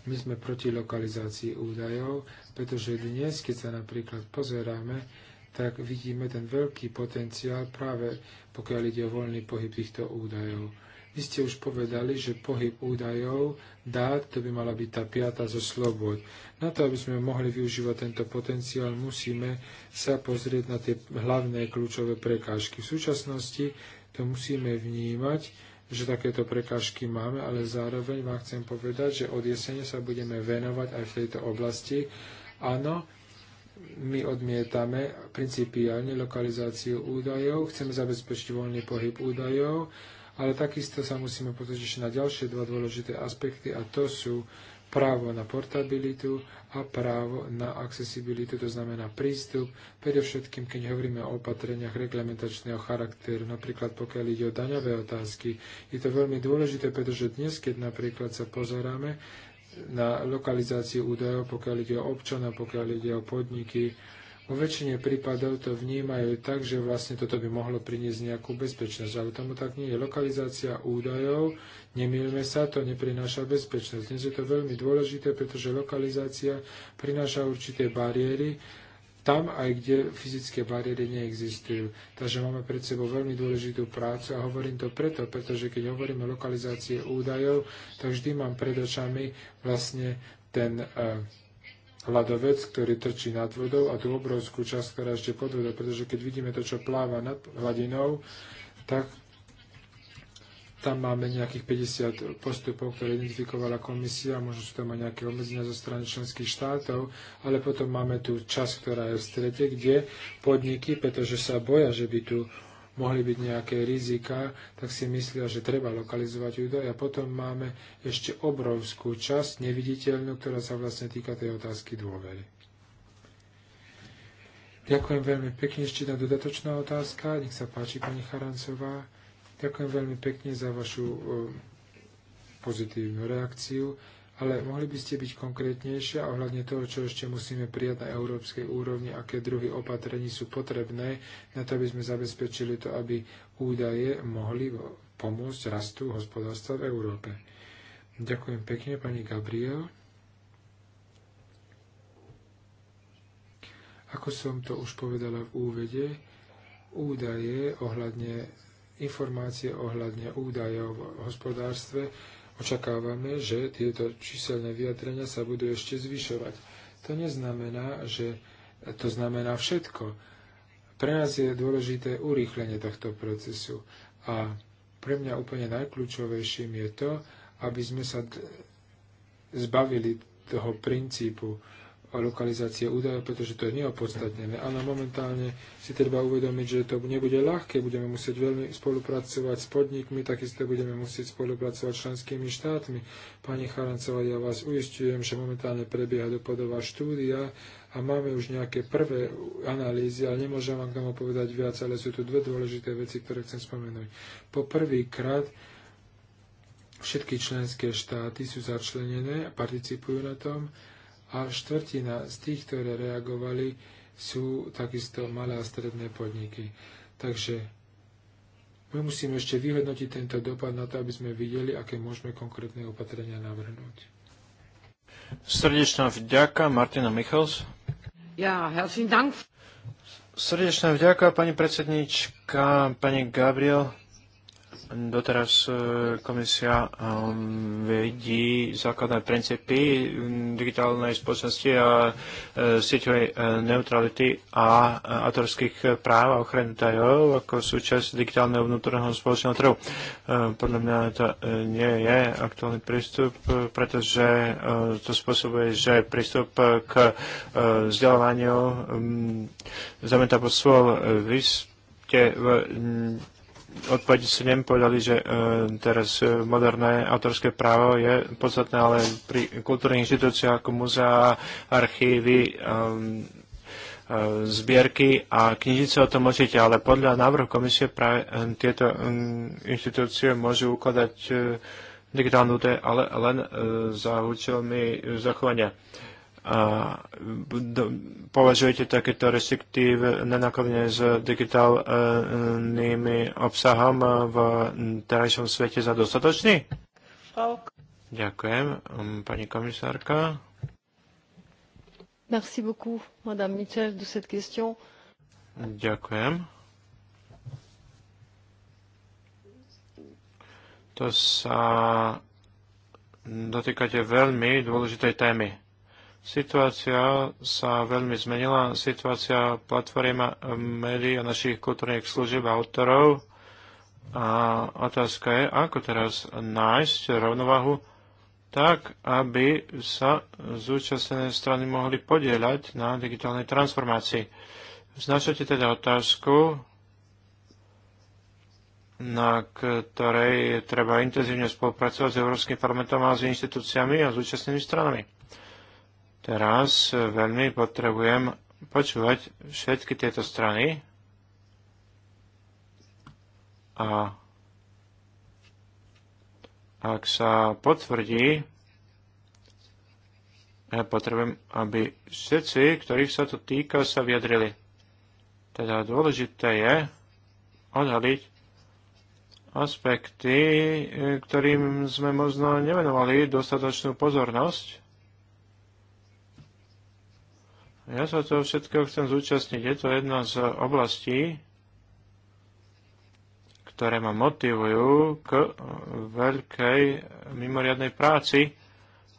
B: my sme proti lokalizácii údajov, pretože dnes, keď sa napríklad pozeráme, tak vidíme ten veľký potenciál práve pokiaľ ide o voľný pohyb týchto údajov. Vy ste už povedali, že pohyb údajov, dát, to by mala byť tá piata zo slobod. Na to, aby sme mohli využívať tento potenciál, musíme sa pozrieť na tie hlavné kľúčové prekážky. V súčasnosti to musíme vnímať že takéto prekážky máme, ale zároveň vám chcem povedať, že od jesene sa budeme venovať aj v tejto oblasti. Áno, my odmietame principiálne lokalizáciu údajov, chceme zabezpečiť voľný pohyb údajov, ale takisto sa musíme pozrieť na ďalšie dva dôležité aspekty a to sú právo na portabilitu a právo na accesibilitu, to znamená prístup, predovšetkým keď hovoríme o opatreniach reglementačného charakteru, napríklad pokiaľ ide o daňové otázky. Je to veľmi dôležité, pretože dnes, keď napríklad sa pozeráme na lokalizáciu údajov, pokiaľ ide o občana, pokiaľ ide o podniky, vo väčšine prípadov to vnímajú tak, že vlastne toto by mohlo priniesť nejakú bezpečnosť, ale tomu tak nie je. Lokalizácia údajov, nemýlme sa, to neprináša bezpečnosť. Dnes je to veľmi dôležité, pretože lokalizácia prináša určité bariéry, tam aj kde fyzické bariéry neexistujú. Takže máme pred sebou veľmi dôležitú prácu a hovorím to preto, pretože keď hovoríme o lokalizácii údajov, tak vždy mám pred očami vlastne ten uh, hladovec, ktorý trčí nad vodou a tú obrovskú časť, ktorá ešte pod vodou, pretože keď vidíme to, čo pláva nad hladinou, tak tam máme nejakých 50 postupov, ktoré identifikovala komisia, možno sú tam aj nejaké obmedzenia zo strany členských štátov, ale potom máme tú časť, ktorá je v strede, kde podniky, pretože sa boja, že by tu mohli byť nejaké rizika, tak si myslia, že treba lokalizovať údaj. A potom máme ešte obrovskú časť neviditeľnú, ktorá sa vlastne týka tej otázky dôvery. Ďakujem veľmi pekne. Ešte jedna dodatočná otázka. Nech sa páči, pani Charancová. Ďakujem veľmi pekne za vašu eh, pozitívnu reakciu ale mohli by ste byť konkrétnejšie ohľadne toho, čo ešte musíme prijať na európskej úrovni, aké druhy opatrení sú potrebné na to, aby sme zabezpečili to, aby údaje mohli pomôcť rastu hospodárstva v Európe. Ďakujem pekne, pani Gabriel. Ako som to už povedala v úvede, údaje ohľadne informácie ohľadne údajov v hospodárstve Očakávame, že tieto číselné vyjadrenia sa budú ešte zvyšovať. To neznamená, že to znamená všetko. Pre nás je dôležité urýchlenie tohto procesu. A pre mňa úplne najkľúčovejším je to, aby sme sa zbavili toho princípu a lokalizácie údajov, pretože to je neopodstatnené. Ale momentálne si treba uvedomiť, že to nebude ľahké. Budeme musieť veľmi spolupracovať s podnikmi, takisto budeme musieť spolupracovať s členskými štátmi. Pani Charancová, ja vás uistujem, že momentálne prebieha dopadová štúdia a máme už nejaké prvé analýzy, ale nemôžem vám k tomu povedať viac, ale sú tu dve dôležité veci, ktoré chcem spomenúť. Po prvýkrát všetky členské štáty sú začlenené a participujú na tom a štvrtina z tých, ktoré reagovali, sú takisto malé a stredné podniky. Takže my musíme ešte vyhodnotiť tento dopad na to, aby sme videli, aké môžeme konkrétne opatrenia navrhnúť.
C: Srdečná vďaka, Martina Michals. Ja, herzlichen Dank. Srdečná vďaka, pani predsednička, pani Gabriel. Doteraz e, komisia e, vedí základné princípy digitálnej spoločnosti a e, sieťovej neutrality a autorských práv a ochrany tajov ako súčasť digitálneho vnútorného spoločného trhu. Podľa mňa to nie je aktuálny prístup, pretože to spôsobuje, že prístup k vzdelávaniu zameta pod v odpovedi 7 povedali, že e, teraz e, moderné autorské právo je podstatné, ale pri kultúrnych inštitúciách ako muzea, archívy, e, zbierky a knižnice o tom môžete, ale podľa návrhu komisie práve tieto inštitúcie môžu ukladať digitálne údaje, ale len za účelmi zachovania považujete takéto restriktívne nakladanie s digitálnymi obsahom v terajšom svete za dostatočný? Ďakujem, um, pani komisárka.
A: Merci beaucoup, madame Mitchell, de cette question.
C: Ďakujem. To sa dotýkate veľmi dôležitej témy Situácia sa veľmi zmenila. Situácia platform médií a našich kultúrnych služieb a autorov. A otázka je, ako teraz nájsť rovnovahu tak, aby sa zúčastnené strany mohli podielať na digitálnej transformácii. Znašate teda otázku, na ktorej treba intenzívne spolupracovať s Európskym parlamentom a s inštitúciami a zúčastnenými stranami. Teraz veľmi potrebujem počúvať všetky tieto strany a ak sa potvrdí, ja potrebujem, aby všetci, ktorých sa to týka, sa vyjadrili. Teda dôležité je odhaliť aspekty, ktorým sme možno nevenovali dostatočnú pozornosť ja sa toho všetkého chcem zúčastniť. Je to jedna z oblastí, ktoré ma motivujú k veľkej mimoriadnej práci,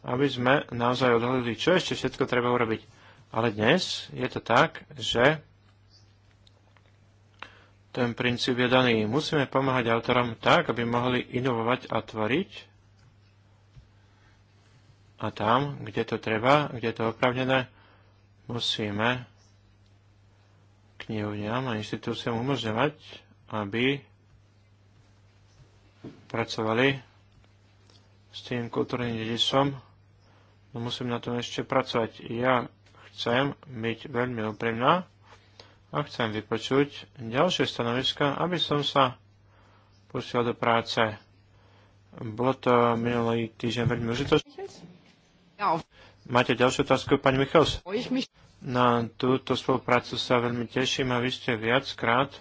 C: aby sme naozaj odhodili, čo ešte všetko treba urobiť. Ale dnes je to tak, že ten princíp je daný. Musíme pomáhať autorom tak, aby mohli inovovať a tvoriť. A tam, kde to treba, kde je to opravnené, musíme knihovňam a inštitúciám umožňovať, aby pracovali s tým kultúrnym dedičstvom, no musím na tom ešte pracovať. Ja chcem byť veľmi úprimná a chcem vypočuť ďalšie stanoviska, aby som sa pustil do práce. Bolo to minulý týždeň veľmi užitočné. Máte ďalšiu otázku, pani Michals? Na túto spoluprácu sa veľmi teším a vy ste viackrát eh,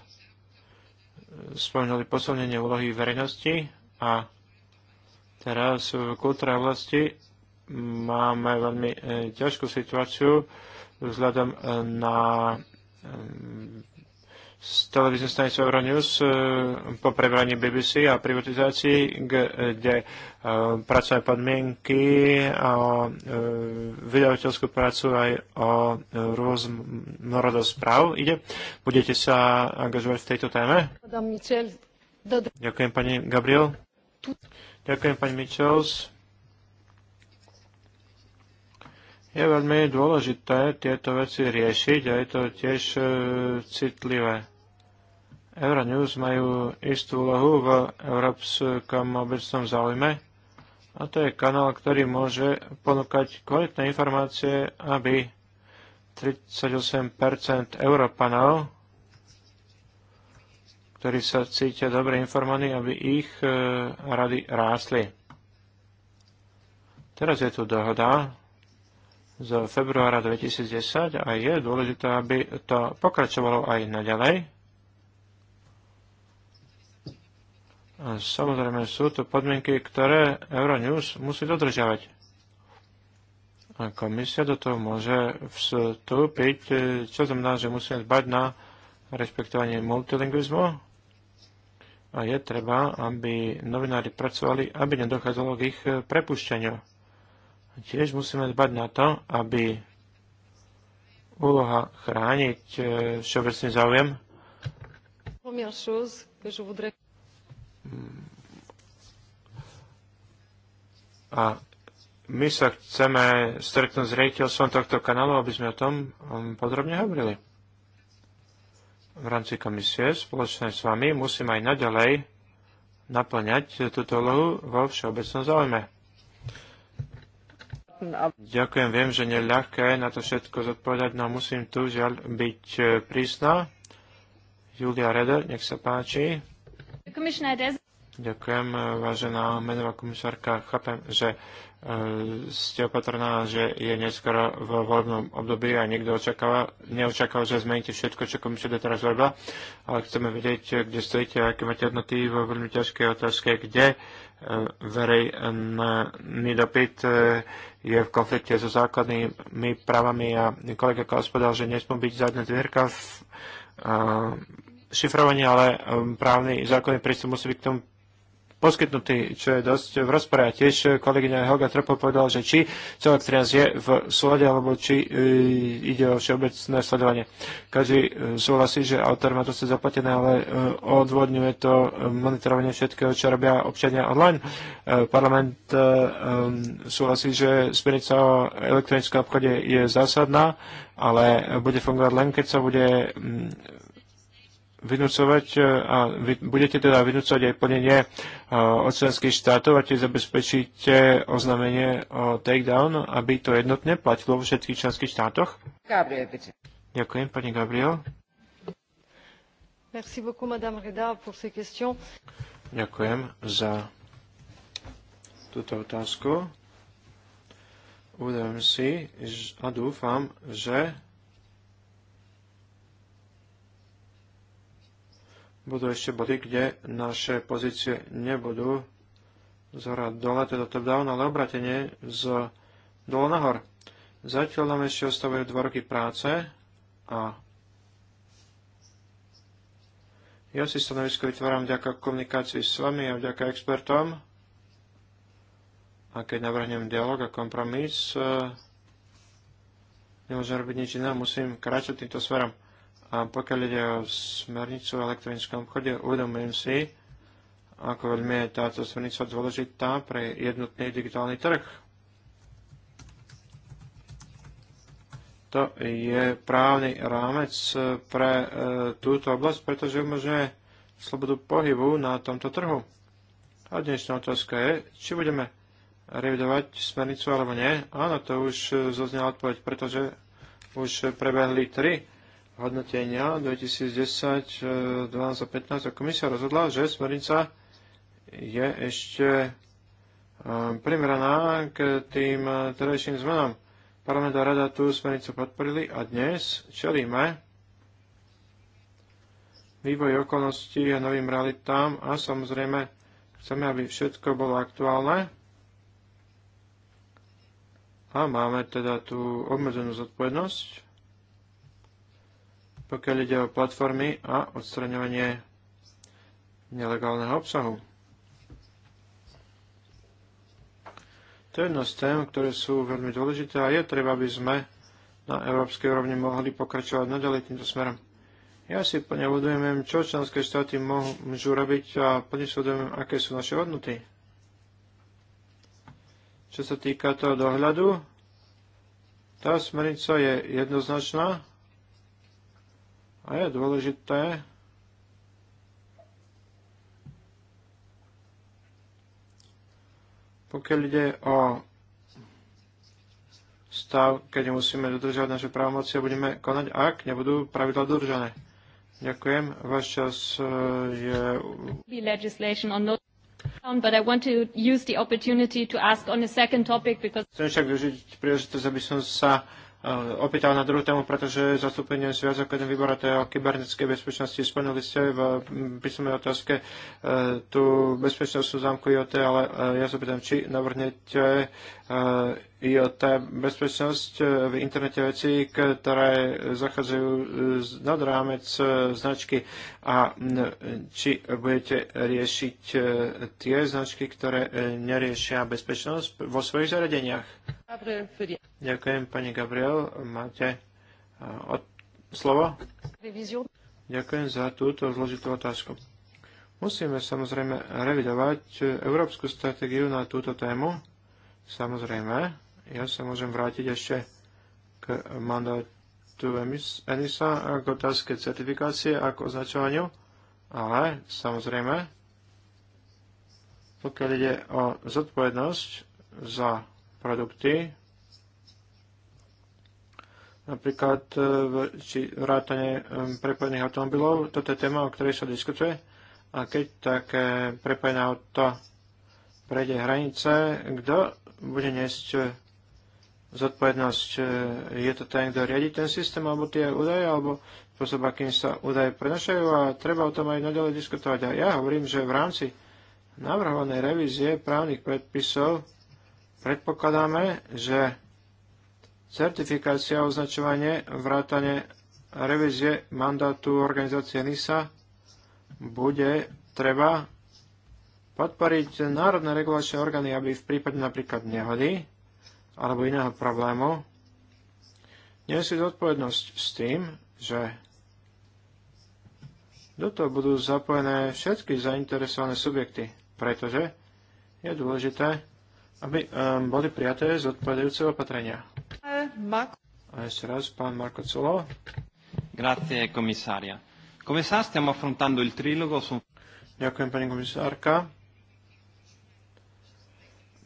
C: spomínali posilnenie úlohy verejnosti a teraz v kultúre oblasti máme veľmi eh, ťažkú situáciu vzhľadom eh, na z televíznej stanice Euronews e, po prebraní BBC a privatizácii, kde e, pracujú podmienky a e, vydavateľskú prácu aj o rôznorodosť správ ide. Budete sa angažovať v tejto téme? Ďakujem pani Gabriel. Ďakujem pani Michels. je veľmi dôležité tieto veci riešiť a je to tiež citlivé. Euronews majú istú úlohu v európskom obecnom záujme a to je kanál, ktorý môže ponúkať kvalitné informácie, aby 38% Európanov, ktorí sa cítia dobre informovaní, aby ich e, rady rástli. Teraz je tu dohoda z februára 2010 a je dôležité, aby to pokračovalo aj naďalej Samozrejme, sú to podmienky, ktoré Euronews musí dodržiavať. A komisia do toho môže vstúpiť, e, čo znamená, že musíme dbať na rešpektovanie multilingvizmu a je treba, aby novinári pracovali, aby nedochádzalo k ich e, prepušťaniu. Tiež musíme dbať na to, aby úloha chrániť e, všeobecný záujem a my sa chceme stretnúť s riaditeľstvom tohto kanálu, aby sme o tom um, podrobne hovorili. V rámci komisie spoločne s vami musím aj naďalej naplňať túto lohu vo všeobecnom záujme. Ďakujem, viem, že neľahké na to všetko zodpovedať, no musím tu žiaľ byť e, prísna. Julia Reder, nech sa páči.
A: Ďakujem,
C: e, vážená menová komisárka. Chápem, že e, ste opatrná, že je neskoro v voľbnom období a niekto očakáva, neočakáva, že zmeníte všetko, čo komisia doteraz robila, ale chceme vedieť, kde stojíte aké máte hodnoty vo veľmi ťažkej otázke, kde e, verejný dopyt je v konflikte so základnými právami a kolega Klaus povedal, že nesmú byť zadné dvierka v šifrovanie, ale um, právny zákonný prístup musí byť k tomu poskytnutý, čo je dosť v rozpore. A tiež kolegyňa Helga Trepo povedala, že či celok 13 je v súlade, alebo či e, ide o všeobecné sledovanie. Každý e, súhlasí, že autor má to sa zaplatené, ale e, odvodňuje to e, monitorovanie všetkého, čo robia občania online. E, parlament e, e, súhlasí, že smernica o elektronickom obchode je zásadná, ale bude fungovať len, keď sa bude vynúcovať e, a vy, budete teda vynúcovať aj plnenie e, od členských štátov a tiež zabezpečíte oznámenie o uh, takedown, aby to jednotne platilo vo všetkých členských štátoch?
A: Gabriel, bitte.
C: Ďakujem, pani Gabriel.
A: Merci beaucoup, madame Reda, pour ces questions.
C: Ďakujem za túto otázku. Uvedomujem si a dúfam, že budú ešte body, kde naše pozície nebudú z hora dole, teda top down, ale obratenie z dole nahor. Zatiaľ nám ešte ostávajú 2 roky práce a ja si stanovisko vytváram vďaka komunikácii s vami a vďaka expertom. A keď navrhnem dialog a kompromis, eh, nemôžem robiť nič iné, musím kráčať týmto smerom. A pokiaľ ide o smernicu v elektronickom obchode, uvedomujem si, ako veľmi je táto smernica dôležitá pre jednotný digitálny trh. To je právny rámec pre e, túto oblasť, pretože umožňuje slobodu pohybu na tomto trhu. A dnešná otázka je, či budeme revidovať smernicu alebo nie. Áno, to už e, zoznala odpoveď, pretože už prebehli tri hodnotenia 2010, 12 eh, a 15 a komisia rozhodla, že smernica je ešte eh, primeraná k tým eh, terajším zmenám. Parlament a rada tú smernicu podporili a dnes čelíme vývoj okolností a novým realitám a samozrejme chceme, aby všetko bolo aktuálne. A máme teda tú obmedzenú zodpovednosť pokiaľ ide o platformy a odstraňovanie nelegálneho obsahu. To je jedna z tém, ktoré sú veľmi dôležité a je treba, aby sme na európskej úrovni mohli pokračovať nadalej týmto smerom. Ja si plne uvedomujem, čo členské štáty môžu robiť a plne si uvedomujem, aké sú naše hodnoty. Čo sa týka toho dohľadu, tá smernica je jednoznačná a je dôležité, pokiaľ ide o stav, keď musíme dodržať naše právomoci a budeme konať, ak nebudú pravidla dodržané. Ďakujem. Váš čas eh, je... Chcem však využiť príležitosť, aby som sa Eh, opýtal na druhú tému, pretože zastúpenie z viac výbora to je o kybernetickej bezpečnosti. Splnili ste v písomnej otázke eh, tú bezpečnosť sú zámku IoT, ale eh, ja sa pýtam, či navrhnete IoT bezpečnosť v internete vecí, ktoré zachádzajú nad rámec značky a či budete riešiť tie značky, ktoré neriešia bezpečnosť vo svojich zariadeniach. Ďakujem, pani Gabriel. Máte eh, od... slovo? Ďakujem za túto zložitú otázku. Musíme samozrejme revidovať európsku stratégiu na túto tému. Samozrejme, ja sa môžem vrátiť ešte k mandátu ENISA, k otázke certifikácie a k označovaniu, ale samozrejme, pokiaľ ide o zodpovednosť za produkty, napríklad e, či e, prepojených automobilov. Toto je téma, o ktorej sa diskutuje. A keď tak prepojené auto prejde hranice, kto bude niesť e, zodpovednosť? Je to ten, kto riadi ten systém, alebo tie údaje, alebo spôsob, akým sa údaje prenašajú a treba o tom aj naďalej diskutovať. A ja hovorím, že v rámci navrhovanej revízie právnych predpisov predpokladáme, že certifikácia a označovanie vrátane revízie mandátu organizácie NISA bude treba podporiť národné regulačné orgány, aby v prípade napríklad nehody alebo iného problému nesli zodpovednosť s tým, že do toho budú zapojené všetky zainteresované subjekty, pretože je dôležité, aby um, boli prijaté zodpovedajúce opatrenia.
A: A
C: ešte raz pán Marko Colo. Grazie, komisária. Come sa stiamo affrontando il trilogo su... Ďakujem, pani komisárka.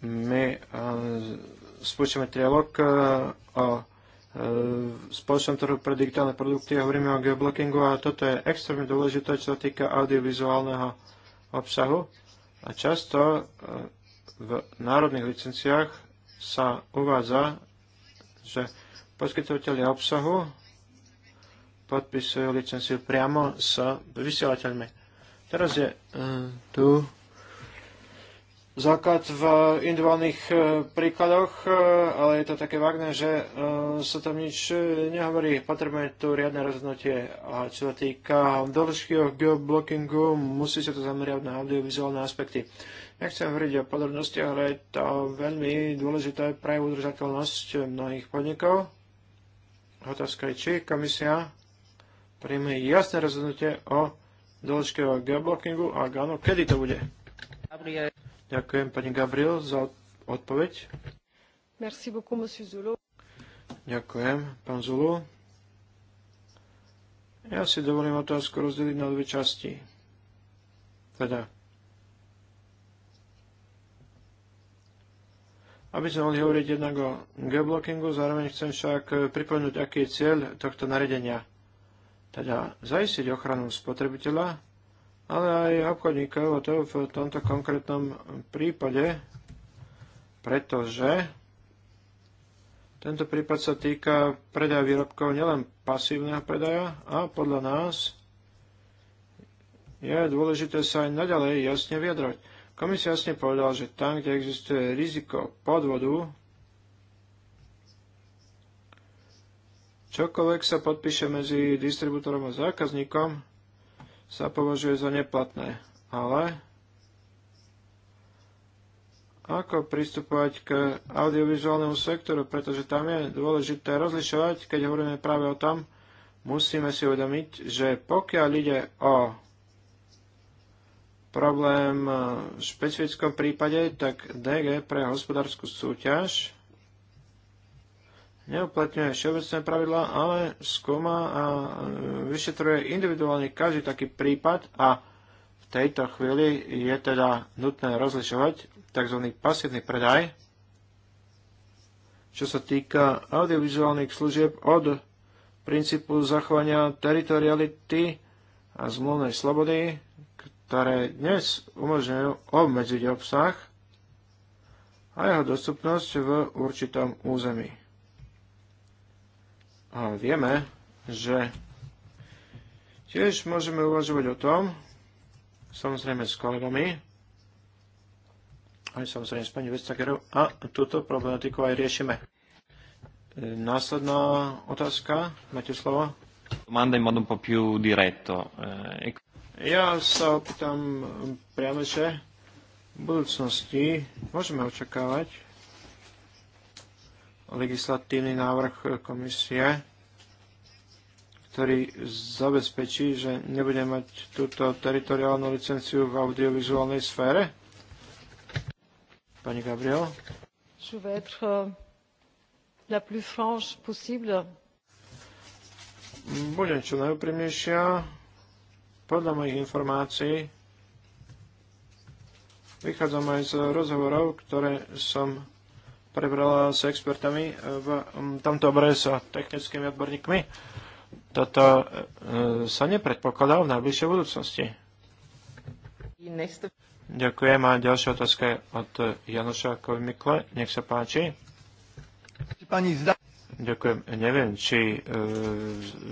C: My uh, spúšťame trilog uh, eh, o uh, spoločnom trhu pre digitálne produkty a hovoríme o geoblockingu a toto je extrémne dôležité, čo sa týka audiovizuálneho obsahu. A často eh, v národných licenciách sa uvádza, že poskytovateľi obsahu podpisujú licenciu priamo s vysielateľmi. Teraz je e, tu základ v individuálnych e, príkladoch, e, ale je to také vágne, že sa tam nič nehovorí. Potrebujeme tu riadne rozhodnutie. A čo sa týka dlhšieho geoblockingu, musí sa to zameriať na audiovizuálne aspekty. Nechcem hovoriť o podrobnosti ale je to veľmi dôležité pre udržateľnosť mnohých podnikov. Otázka je, či komisia príjme jasné rozhodnutie o dĺžke o geoblockingu a áno, kedy to bude? Gabriel. Ďakujem pani Gabriel za odpoveď.
A: Merci beaucoup, monsieur Zulu.
C: Ďakujem, pán Zulu. Ja si dovolím otázku rozdeliť na dve časti. Teda, Aby sme mohli hovoriť jednak o geoblockingu, zároveň chcem však eh, pripomenúť, aký je cieľ tohto nariadenia. Teda zajistiť ochranu spotrebiteľa, ale aj obchodníkov, a to v tomto konkrétnom prípade, pretože tento prípad sa týka predaja výrobkov nielen pasívneho predaja a podľa nás je dôležité sa aj naďalej jasne vyjadrať. Komisia jasne povedala, že tam, kde existuje riziko podvodu, čokoľvek sa podpíše medzi distribútorom a zákazníkom, sa považuje za neplatné. Ale ako pristupovať k audiovizuálnemu sektoru, pretože tam je dôležité rozlišovať, keď hovoríme práve o tom, musíme si uvedomiť, že pokiaľ ide o problém v špecifickom prípade, tak DG pre hospodárskú súťaž neuplatňuje všeobecné pravidlá, ale skúma a e, vyšetruje individuálne každý taký prípad a v tejto chvíli je teda nutné rozlišovať tzv. pasívny predaj, čo sa týka audiovizuálnych služieb od princípu zachovania teritoriality a zmluvnej slobody, ktoré dnes umožňujú obmedziť obsah a jeho dostupnosť v určitom území. A vieme, že tiež môžeme uvažovať o tom, samozrejme s kolegami, aj samozrejme s pani Vestagerov, a túto problematiku aj riešime. Následná otázka, máte slovo. Domanda in modo un po' più diretto. Eh, ja sa opýtam um, priame, že v budúcnosti môžeme očakávať legislatívny návrh komisie, ktorý zabezpečí, že nebude mať túto teritoriálnu licenciu v audiovizuálnej sfére? Pani Gabriel?
A: Je vais être euh, la plus franche
C: possible. Budem čo najúprimnejšia podľa mojich informácií vychádzam aj z rozhovorov, ktoré som prebral s expertami v tomto obore s technickými odborníkmi. Toto e, sa nepredpokladá v najbližšej budúcnosti. Ďakujem a ďalšia otázka je od Janoša Kovimikle. Nech sa páči. Pani zda... Ďakujem. Neviem, či e,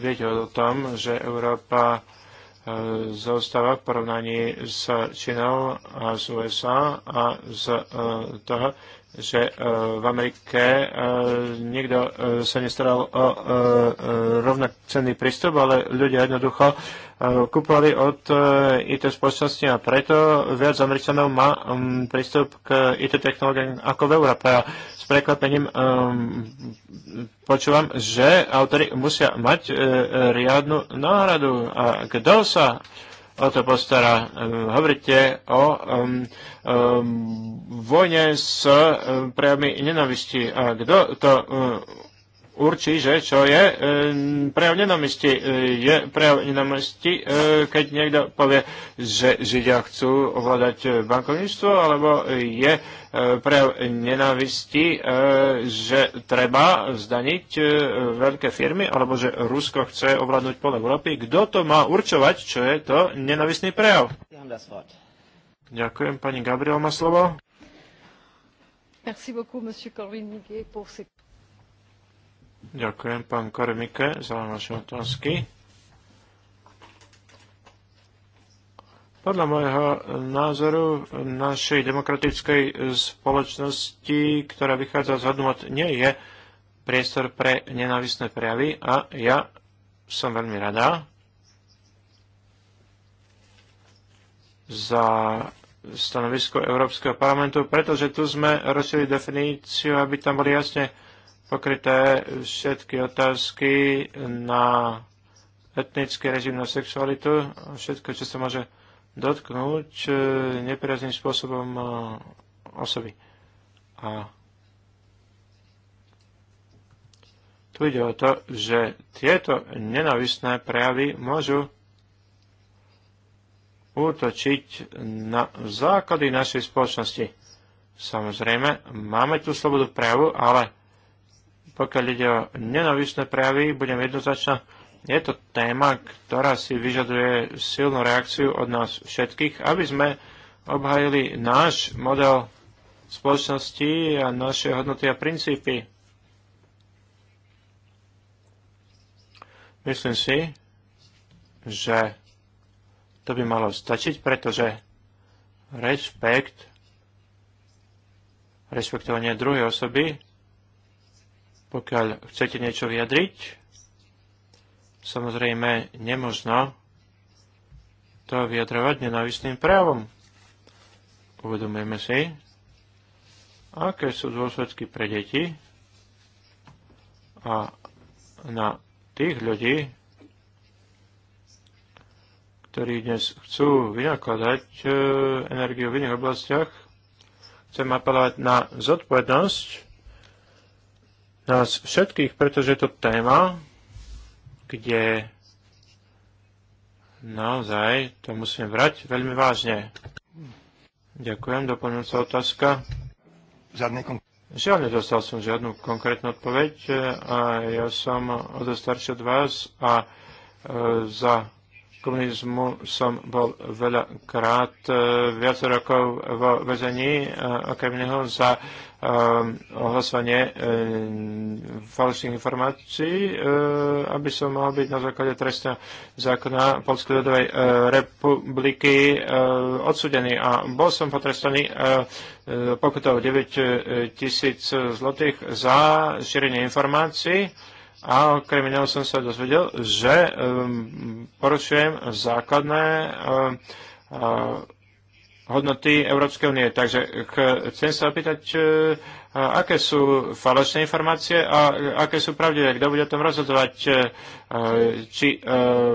C: viete o tom, že Európa E, zostáva v porovnaní s Čínou a s USA a z e, toho, že e, v Amerike e, nikto e, sa nestaral o rovnocenný prístup, ale ľudia jednoducho kúpali od IT spoločnosti a preto viac Američanov má prístup k IT technológiám ako v Európe. A s prekvapením počúvam, že autory musia mať riadnu náhradu. A kto sa o to postará. E, Hovoríte o um, um, vojne s um, prejavmi nenavisti. A kto to um, určí, že čo je e, prejav nenávisti. E, je prejav nenávisti, e, keď niekto povie, že Židia chcú ovládať e, bankovníctvo, alebo je e, prejav nenávisti, e, že treba zdaniť e, veľké firmy, alebo že Rusko chce ovládnuť pol Európy. Kto to má určovať, čo je to nenávistný prejav? Ďakujem, pani Gabriel má slovo.
A: Merci beaucoup, monsieur corvin pour ces...
C: Ďakujem, pán Karmike za vaše otázky. Podľa môjho názoru našej demokratickej spoločnosti, ktorá vychádza z hodnot, nie je priestor pre nenávisné prejavy a ja som veľmi rada za stanovisko Európskeho parlamentu, pretože tu sme rozšili definíciu, aby tam boli jasne pokryté všetky otázky na etnický režim, na sexualitu, všetko, čo sa môže dotknúť e, nepriazným spôsobom e, osoby. A tu ide o to, že tieto nenavisné prejavy môžu útočiť na základy našej spoločnosti. Samozrejme, máme tu slobodu prejavu, ale pokiaľ ide o nenavisné prejavy, budem jednoznačná. Je to téma, ktorá si vyžaduje silnú reakciu od nás všetkých, aby sme obhajili náš model spoločnosti a naše hodnoty a princípy. Myslím si, že to by malo stačiť, pretože rešpekt, rešpektovanie druhej osoby pokiaľ chcete niečo vyjadriť, samozrejme nemožno to vyjadrovať nenávistným právom. Uvedomujeme si, aké sú dôsledky pre deti a na tých ľudí, ktorí dnes chcú vynakladať eh, energiu v iných oblastiach, chcem apelovať na zodpovednosť nás všetkých, pretože je to téma, kde naozaj to musíme brať veľmi vážne. Ďakujem, doplňujúca otázka. Žiadne kon- Žiaľ, nedostal som žiadnu konkrétnu odpoveď a ja som odostarčil od vás a e, za komunizmu som bol veľakrát e, viac rokov vo vezení, e, okrem neho za e, ohlasovanie falošných informácií, aby som mohol byť na základe trestného zákona Polskej ľudovej republiky odsudený. A bol som potrestaný pokutou 9 tisíc zlotých za šírenie informácií a okrem iného som sa dozvedel, že um, porušujem základné uh, uh, hodnoty Európskej únie. Takže chcem sa opýtať, aké sú falošné informácie a aké sú pravdivé. Kto bude o tom rozhodovať? Či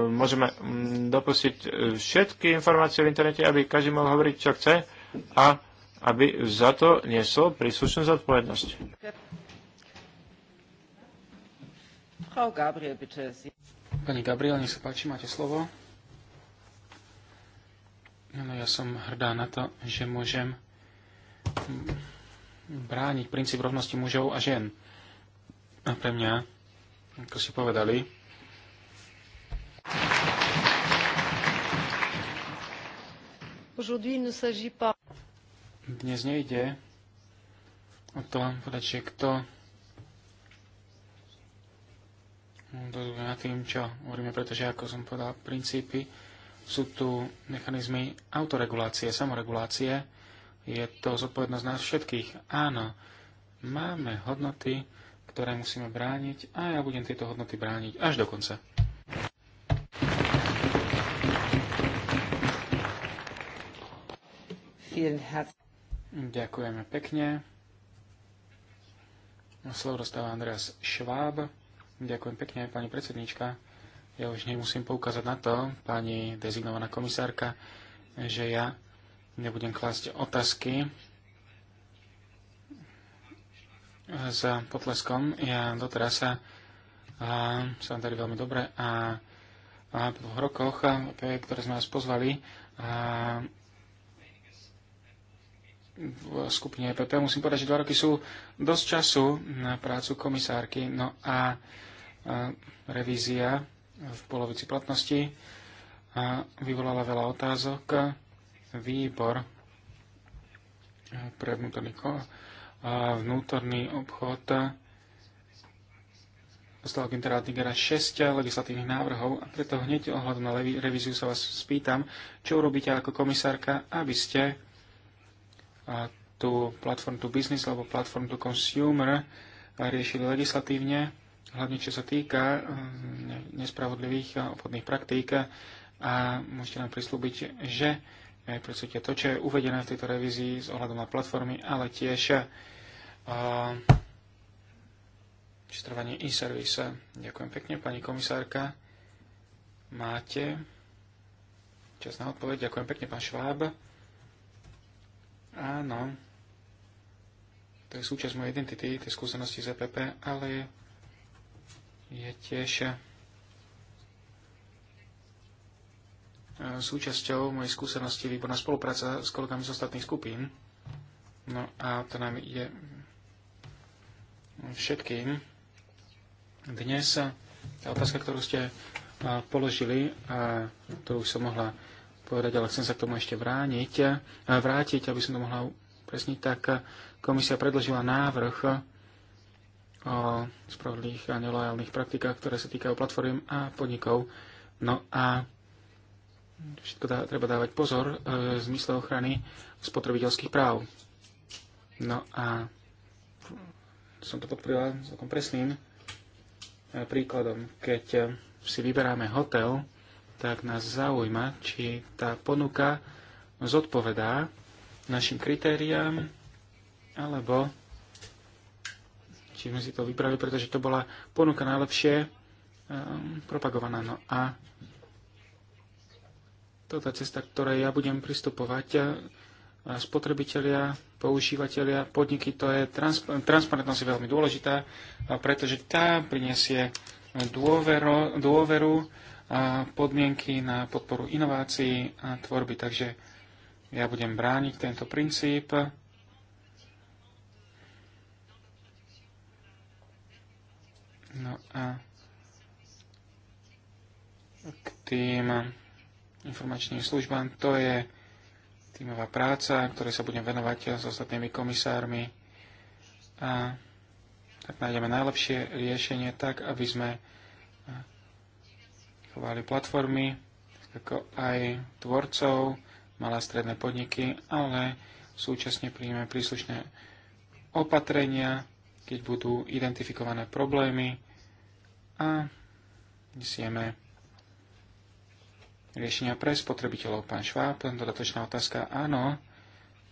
C: môžeme mm, dopustiť všetky informácie v internete, aby každý mohol hovoriť, čo chce a aby za to niesol príslušnú zodpovednosť.
A: Frau Gabriel, bitte.
D: Pani Gabriel, nech sa páči, máte slovo. No, ja som hrdá na to, že môžem brániť princíp rovnosti mužov a žien. A pre mňa, ako si povedali, dnes nejde o to povedať, že kto dozoruje nad tým, čo hovoríme, pretože, ako som povedal, princípy sú tu mechanizmy autoregulácie, samoregulácie. Je to zodpovednosť nás všetkých. Áno, máme hodnoty, ktoré musíme brániť a ja budem tieto hodnoty brániť až do konca. Ďakujeme pekne. Slovo dostáva Andreas Schwab. Ďakujem pekne, pani predsednička. Ja už nemusím poukázať na to, pani dezignovaná komisárka, že ja nebudem klásť otázky s potleskom. Ja doteraz sa a, darí veľmi dobre a, a po dvoch rokoch, a, ktoré sme vás pozvali, a, v skupine EPP. Musím povedať, že dva roky sú dosť času na prácu komisárky. No a revízia v polovici platnosti a vyvolala veľa otázok. Výbor pre vnútorný, vnútorný obchod dostal k Interátigera 6 legislatívnych návrhov a preto hneď ohľadom na revíziu sa vás spýtam, čo urobíte ako komisárka, aby ste tú platform to business alebo platform to consumer riešili legislatívne hlavne čo sa týka mm, nespravodlivých obchodných praktík a môžete nám prislúbiť, že eh, presúďte to, čo je uvedené v tejto revízii s ohľadom na platformy, ale tiež čistrovanie eh, e-service. Ďakujem pekne, pani komisárka. Máte čas na odpoveď. Ďakujem pekne, pán Šváb. Áno. To je súčasť mojej identity, tie skúsenosti z EPP, ale je tiež eh, súčasťou mojej skúsenosti výborná spolupráca s kolegami z ostatných skupín. No a to nám ide všetkým. Dnes eh, tá otázka, ktorú ste eh, položili, a ktorú som mohla povedať, ale chcem sa k tomu ešte vrániť, vrátiť, aby som to mohla presniť, tak komisia predložila návrh o spravodlých a nelojálnych praktikách, ktoré sa týkajú platform a podnikov. No a všetko dá, treba dávať pozor e, v zmysle ochrany spotrebiteľských práv. No a som to podporila celkom presným e, príkladom. Keď e, si vyberáme hotel, tak nás zaujíma, či tá ponuka zodpovedá našim kritériám, alebo či sme si to vybrali, pretože to bola ponuka najlepšie ehm, propagovaná. No a to tá cesta, ktorej ja budem pristupovať, spotrebitelia, používateľia, podniky, to je transp- transparentnosť je veľmi dôležitá, pretože tá prinesie dôvero, dôveru a podmienky na podporu inovácií a tvorby. Takže ja budem brániť tento princíp No a
B: k tým
D: informačným službám to je tímová práca, ktoré sa budem venovať s ostatnými komisármi a tak nájdeme najlepšie riešenie tak, aby sme chovali platformy, ako aj tvorcov, malé a stredné podniky, ale súčasne príjme príslušné opatrenia, keď budú identifikované problémy a nesieme riešenia pre spotrebiteľov. Pán Šváb, dodatočná otázka. Áno,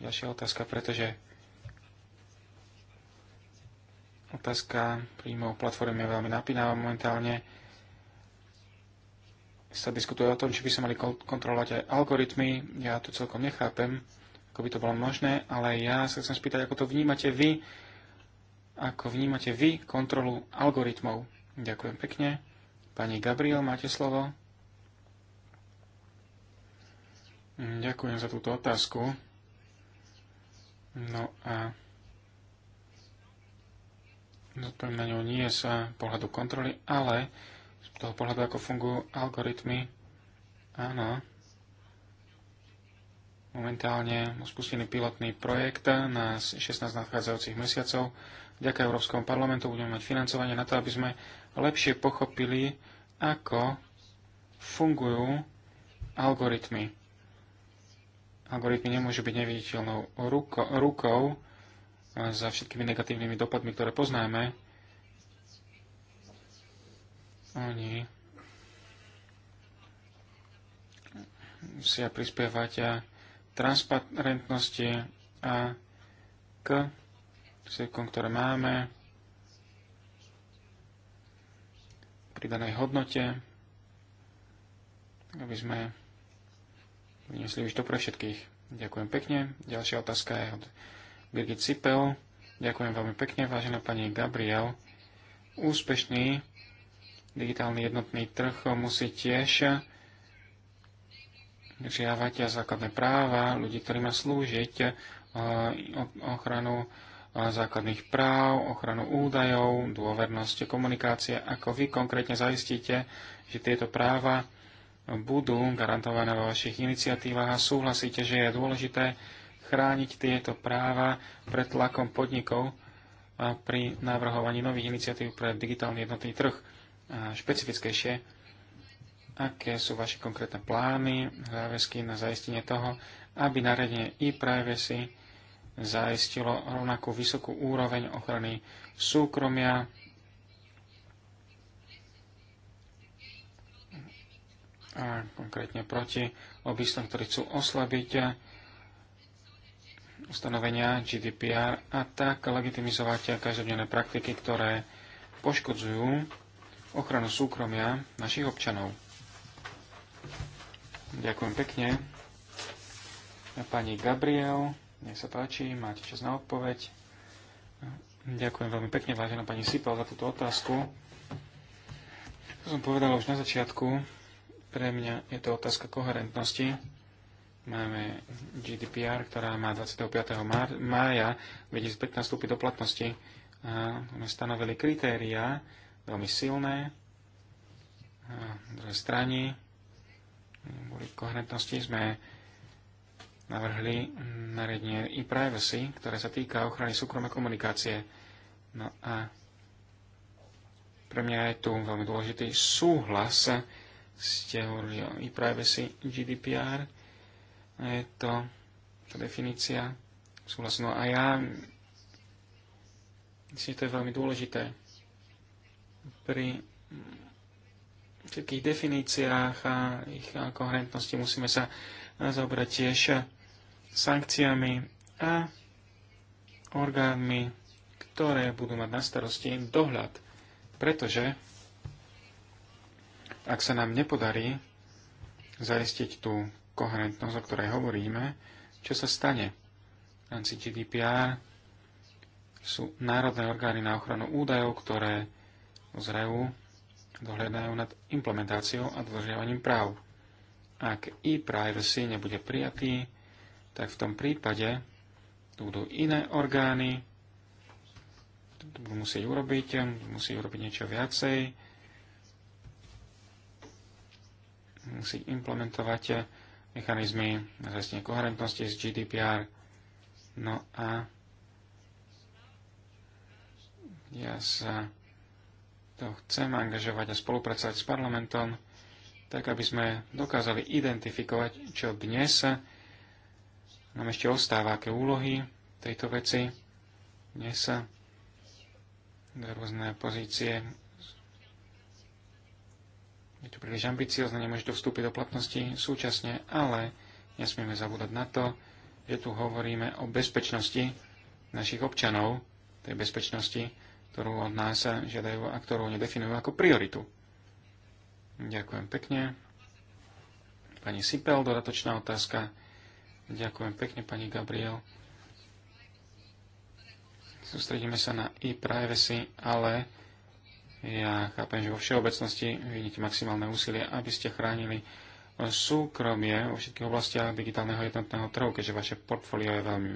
D: ďalšia otázka, pretože otázka o platforme je veľmi napínavá momentálne. Sa diskutuje o tom, či by sa mali kontrolovať aj algoritmy. Ja to celkom nechápem, ako by to bolo možné, ale ja sa chcem spýtať, ako to vnímate vy, ako vnímate vy kontrolu algoritmov? Ďakujem pekne. Pani Gabriel, máte slovo. Mm, Ďakujem za túto otázku. No a zodpoviem na ňu nie z pohľadu kontroly, ale z toho pohľadu, ako fungujú algoritmy. Áno. Momentálne spustený pilotný projekt na 16 nadchádzajúcich mesiacov Vďaka Európskom parlamentu budeme mať financovanie na to, aby sme lepšie pochopili, ako fungujú algoritmy. Algoritmy nemôžu byť neviditeľnou ruko, rukou eh, za všetkými negatívnymi dopadmi, ktoré poznáme. Oni musia prispievať a eh, transparentnosti a k cirkom, ktoré máme, pridanej hodnote, aby sme vyniesli už to pre všetkých. Ďakujem pekne. Ďalšia otázka je od Birgit Cipel. Ďakujem veľmi pekne, vážená pani Gabriel. Úspešný digitálny jednotný trh musí tiež žiavať základné práva ľudí, ktorí má slúžiť eh, ochranu základných práv, ochranu údajov, dôvernosť komunikácie, ako vy konkrétne zaistíte, že tieto práva budú garantované vo vašich iniciatívach a súhlasíte, že je dôležité chrániť tieto práva pred tlakom podnikov pri navrhovaní nových iniciatív pre digitálny jednotný trh. A špecifickejšie, aké sú vaše konkrétne plány, záväzky na zaistenie toho, aby nariadenie e-privacy zaistilo rovnakú vysokú úroveň ochrany súkromia, a konkrétne proti lobbystom, ktorí chcú oslabiť ustanovenia GDPR a tak legitimizovať každodenné praktiky, ktoré poškodzujú ochranu súkromia našich občanov. Ďakujem pekne. Pani Gabriel. Nech sa páči, máte čas na odpoveď. Ďakujem veľmi pekne, vážená pani Sipal, za túto otázku. To som povedal už na začiatku. Pre mňa je to otázka koherentnosti. Máme GDPR, ktorá má 25. mája 2015 vstúpiť do platnosti. A sme stanovili kritéria, veľmi silné. na druhej strane, kvôli koherentnosti sme navrhli nariadenie e-privacy, ktoré sa týka ochrany súkromnej komunikácie. No a pre mňa je tu veľmi dôležitý súhlas ste hovorili o e-privacy, GDPR. A je to tá definícia súhlasnú. No a ja myslím, že to je veľmi dôležité. Pri všetkých definíciách a ich koherentnosti musíme sa zaoberať tiež sankciami a orgánmi, ktoré budú mať na starosti dohľad. Pretože ak sa nám nepodarí zaistiť tú koherentnosť, o ktorej hovoríme, čo sa stane? V rámci GDPR sú národné orgány na ochranu údajov, ktoré zrejú, dohľadajú nad implementáciou a dodržiavaním práv. Ak e-privacy nebude prijatý, tak v tom prípade to budú iné orgány, to budú musieť urobiť, musí urobiť niečo viacej, musí implementovať mechanizmy na zastenie koherentnosti z GDPR. No a ja sa to chcem angažovať a spolupracovať s parlamentom, tak aby sme dokázali identifikovať, čo dnes sa nám ešte ostáva, aké úlohy tejto veci. Dnes sa rôzne pozície je to príliš ambiciozne, nemôže to vstúpiť do platnosti súčasne, ale nesmieme zabúdať na to, že tu hovoríme o bezpečnosti našich občanov, tej bezpečnosti, ktorú od nás sa žiadajú a ktorú definujú ako prioritu. Ďakujem pekne. Pani Sipel, dodatočná otázka. Ďakujem pekne, pani Gabriel. Sústredíme sa na e-privacy, ale ja chápem, že vo všeobecnosti vidíte maximálne úsilie, aby ste chránili súkromie vo všetkých oblastiach digitálneho jednotného trhu, keďže vaše portfólio je veľmi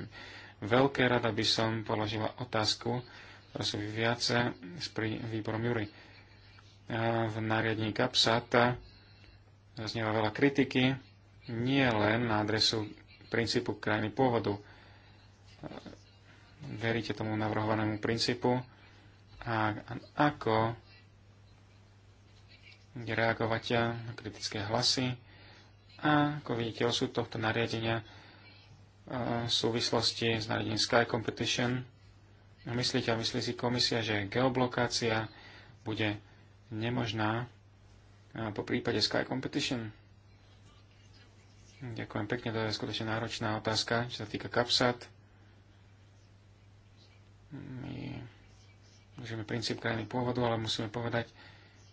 D: veľké. Rada by som položila otázku, prosím, sú viace s výborom Jury. V nariadení CAPSAT zaznieva veľa kritiky, nie len na adresu princípu krajiny pôvodu. Veríte tomu navrhovanému princípu? A ako reagovať na kritické hlasy? A ako vidíte osud tohto nariadenia e, v súvislosti s nariadením Sky Competition? No, myslíte a myslí si komisia, že geoblokácia bude nemožná e, po prípade Sky Competition? Ďakujem pekne, to je skutočne náročná otázka, čo sa týka kapsat. My držíme princíp krajiny pôvodu, ale musíme povedať,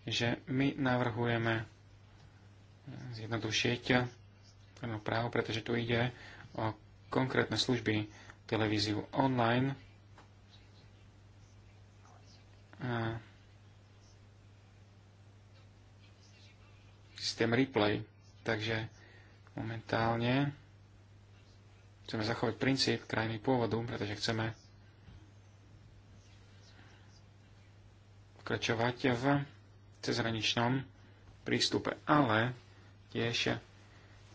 D: že my navrhujeme zjednodušiť právo, pretože tu ide o konkrétne služby televíziu online. A systém replay. Takže momentálne chceme zachovať princíp krajiny pôvodu, pretože chceme pokračovať v cezhraničnom prístupe. Ale tiež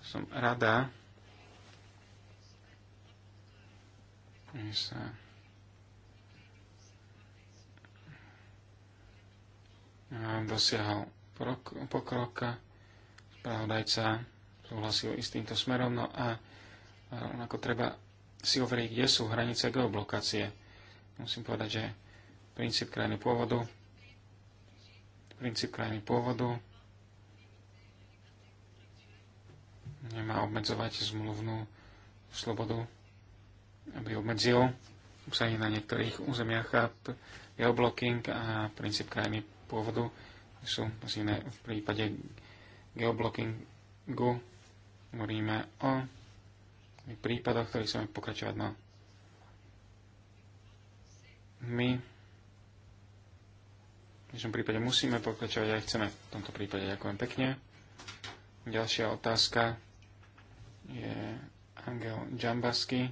D: som rada, že sa dosiahol pokrok spravodajca súhlasil s týmto smerom. No a ako treba si overiť, kde sú hranice geoblokácie. Musím povedať, že princíp krajiny pôvodu princíp krajiny pôvodu nemá obmedzovať zmluvnú slobodu, aby obmedzil obsahy na niektorých územiach a geoblocking a princíp krajiny pôvodu sú iné v prípade geoblockingu hovoríme o prípadoch, ktorých sa pokračovať. mal. No, my v našom prípade musíme pokračovať aj chceme v tomto prípade. Ďakujem pekne. Ďalšia otázka je Angel Džambasky.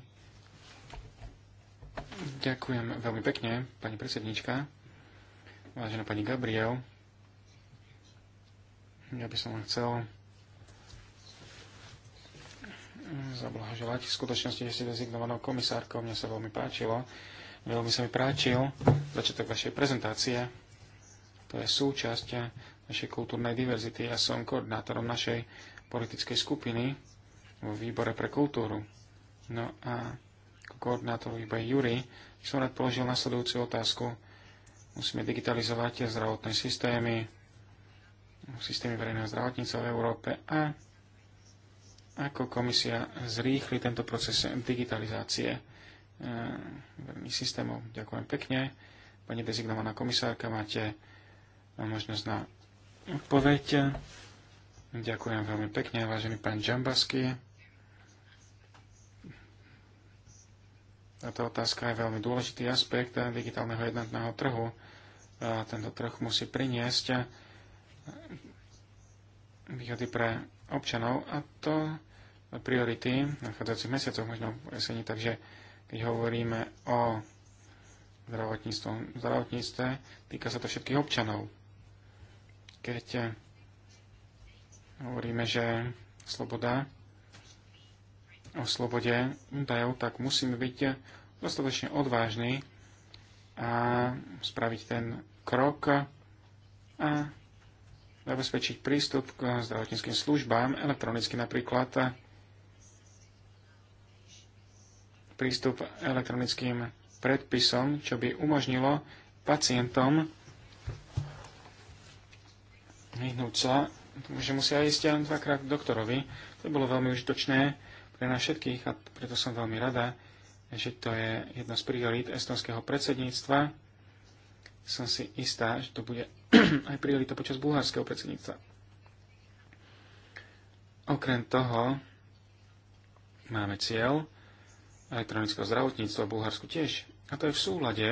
D: Ďakujem veľmi pekne, pani predsednička. Vážená pani Gabriel, ja by som chcel zablahoželať v skutočnosti, že ste dezignovanou komisárkou. Mne sa veľmi páčilo. Veľmi sa mi páčil začiatok vašej prezentácie. To je súčasť našej kultúrnej diverzity. Ja som koordinátorom našej politickej skupiny v výbore pre kultúru. No a ako koordinátor výbore Juri som rád položil nasledujúcu otázku. Musíme digitalizovať zdravotné systémy, systémy verejného zdravotníca v Európe a ako komisia zrýchli tento proces digitalizácie eh, verejných systémov. Ďakujem pekne. Pani dezignovaná komisárka, máte eh, možnosť na odpoveď. Ďakujem veľmi pekne, vážený pán Džambasky. Táto otázka je veľmi dôležitý aspekt eh, digitálneho jednotného trhu. Tento trh musí priniesť výhody pre občanov a to priority v nachádzajúcich mesiacoch, možno v jeseni, takže keď hovoríme o zdravotníctve, týka sa to všetkých občanov. Keď hovoríme, že sloboda o slobode údajov, tak musíme byť dostatočne odvážni a spraviť ten krok a zabezpečiť prístup k zdravotníckým službám, elektronicky napríklad prístup elektronickým predpisom, čo by umožnilo pacientom vyhnúť sa, že musia ísť dvakrát k doktorovi. To bolo veľmi užitočné pre nás všetkých a preto som veľmi rada, že to je jedna z priorít estonského predsedníctva. Som si istá, že to bude aj to počas bulharského predsedníctva. Okrem toho máme cieľ elektronického zdravotníctva v Bulharsku tiež. A to je v súlade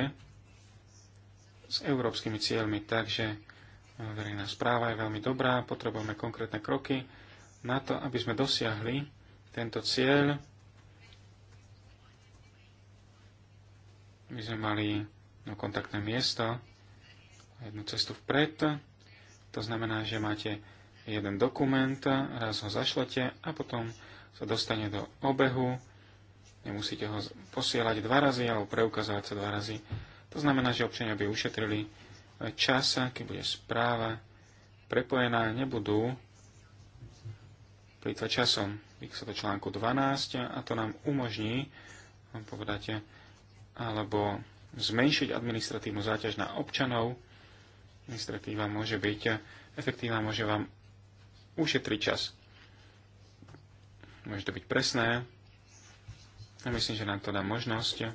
D: s európskymi cieľmi, takže verejná správa je veľmi dobrá, potrebujeme konkrétne kroky na to, aby sme dosiahli tento cieľ. My sme mali no, kontaktné miesto, jednu cestu vpred. To znamená, že máte jeden dokument, raz ho zašlete a potom sa dostane do obehu. Nemusíte ho posielať dva razy alebo preukazovať sa dva razy. To znamená, že občania by ušetrili e, čas, keď bude správa prepojená, nebudú plýtvať časom. Vy sa do článku 12 a to nám umožní, povedať, alebo zmenšiť administratívnu záťaž na občanov, administratíva môže byť efektívna, môže vám ušetriť čas. Môže to byť presné. Ja myslím, že nám to dá možnosť eh,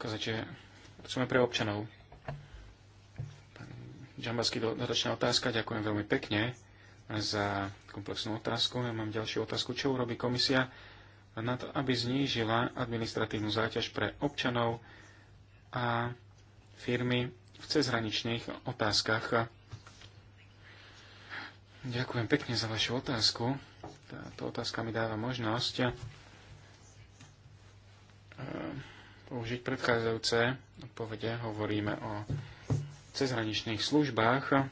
D: ukázať, že chceme pre občanov. Pán Džambaský, dodatočná otázka. Ďakujem veľmi pekne za komplexnú otázku. Ja mám ďalšiu otázku. Čo urobí komisia? na to, aby znížila administratívnu záťaž pre občanov a firmy v cezhraničných otázkach. Ďakujem pekne za vašu otázku. Táto otázka mi dáva možnosť eh, použiť predchádzajúce odpovede. Hovoríme o cezhraničných službách,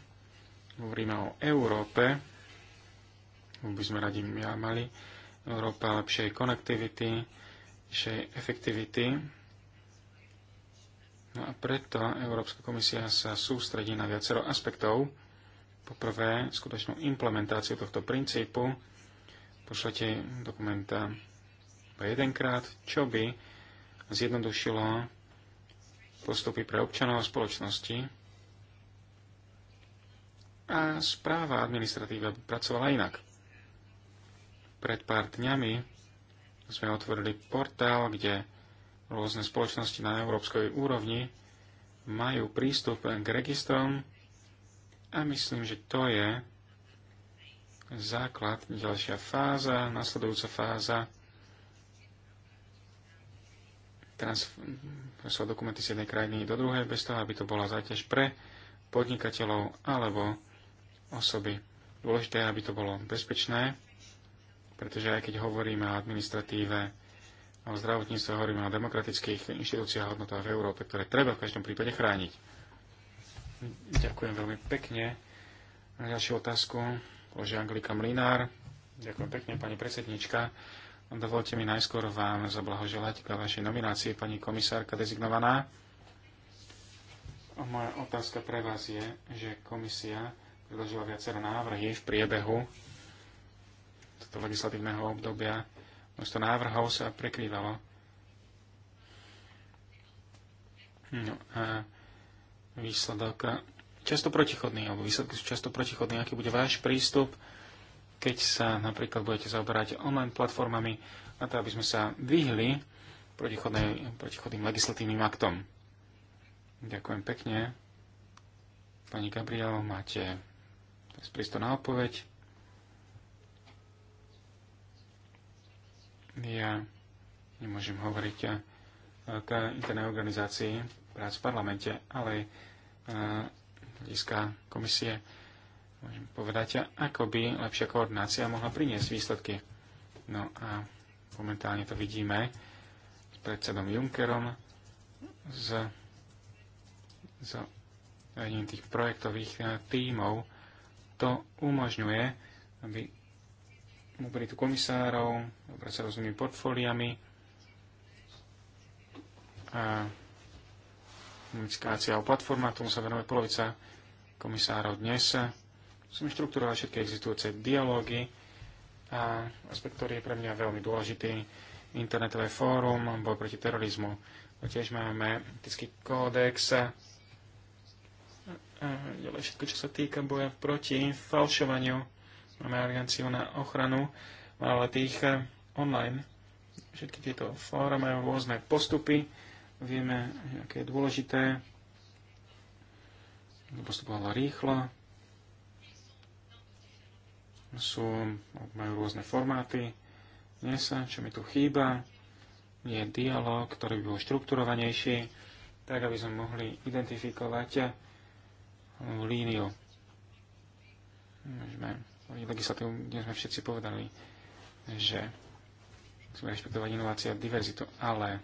D: hovoríme o Európe, by sme radi mali Európa lepšej konektivity, lepšej efektivity. No a preto Európska komisia sa sústredí na viacero aspektov. Poprvé, skutočnú implementáciu tohto princípu. Pošlete dokumenta po jedenkrát, čo by zjednodušilo postupy pre občanov a spoločnosti. A správa administratíva pracovala inak. Pred pár dňami sme otvorili portál, kde rôzne spoločnosti na európskej úrovni majú prístup k registrom a myslím, že to je základ, ďalšia fáza, nasledujúca fáza transfer dokumenty z jednej krajiny do druhej bez toho, aby to bola záťaž pre podnikateľov alebo osoby. Dôležité aby to bolo bezpečné pretože aj keď hovoríme o administratíve, o zdravotníctve, hovoríme o demokratických inštitúciách a hodnotách v Európe, ktoré treba v každom prípade chrániť. Ďakujem veľmi pekne. Na ďalšiu otázku položí Anglika Mlinár. Ďakujem pekne, pani predsednička. Dovolte mi najskôr vám zablahoželať k vašej nominácii, pani komisárka dezignovaná. Moja otázka pre vás je, že komisia predložila viacero návrhy v priebehu toto legislatívneho obdobia. Množstvo návrhov sa prekrývalo. No a výsledok často protichodný, alebo výsledky sú často protichodný, aký bude váš prístup, keď sa napríklad budete zaoberať online platformami, na to, aby sme sa vyhli protichodným legislatívnym aktom. Ďakujem pekne. Pani Gabriel, máte priestor na odpoveď. Ja nemôžem hovoriť eh, k internej organizácii prác v parlamente, ale eh, hľadiska komisie môžem povedať, ako by lepšia koordinácia mohla priniesť výsledky. No a momentálne to vidíme s predsedom Junckerom z, z tých projektových eh, tímov. To umožňuje, aby mobilitu komisárov, obrať sa rôznymi portfóliami a komunikácia o platformách, tomu sa venuje polovica komisárov dnes. Som štruktúrovať všetky existujúce dialógy a aspekt, ktorý je pre mňa veľmi dôležitý, internetové fórum, boj proti terorizmu. Tiež máme etický kódex, ďalej všetko, čo sa týka boja proti falšovaniu Máme alianciu na ochranu tých eh, online. Všetky tieto fóra majú rôzne postupy. Vieme, aké je dôležité postupovala rýchlo. Sú, majú rôzne formáty. sa, čo mi tu chýba, je dialog, ktorý by bol štrukturovanejší, tak aby sme mohli identifikovať eh, líniu. Môžeme legislatívu, kde sme všetci povedali, že musíme rešpektovať inovácie a diverzitu, ale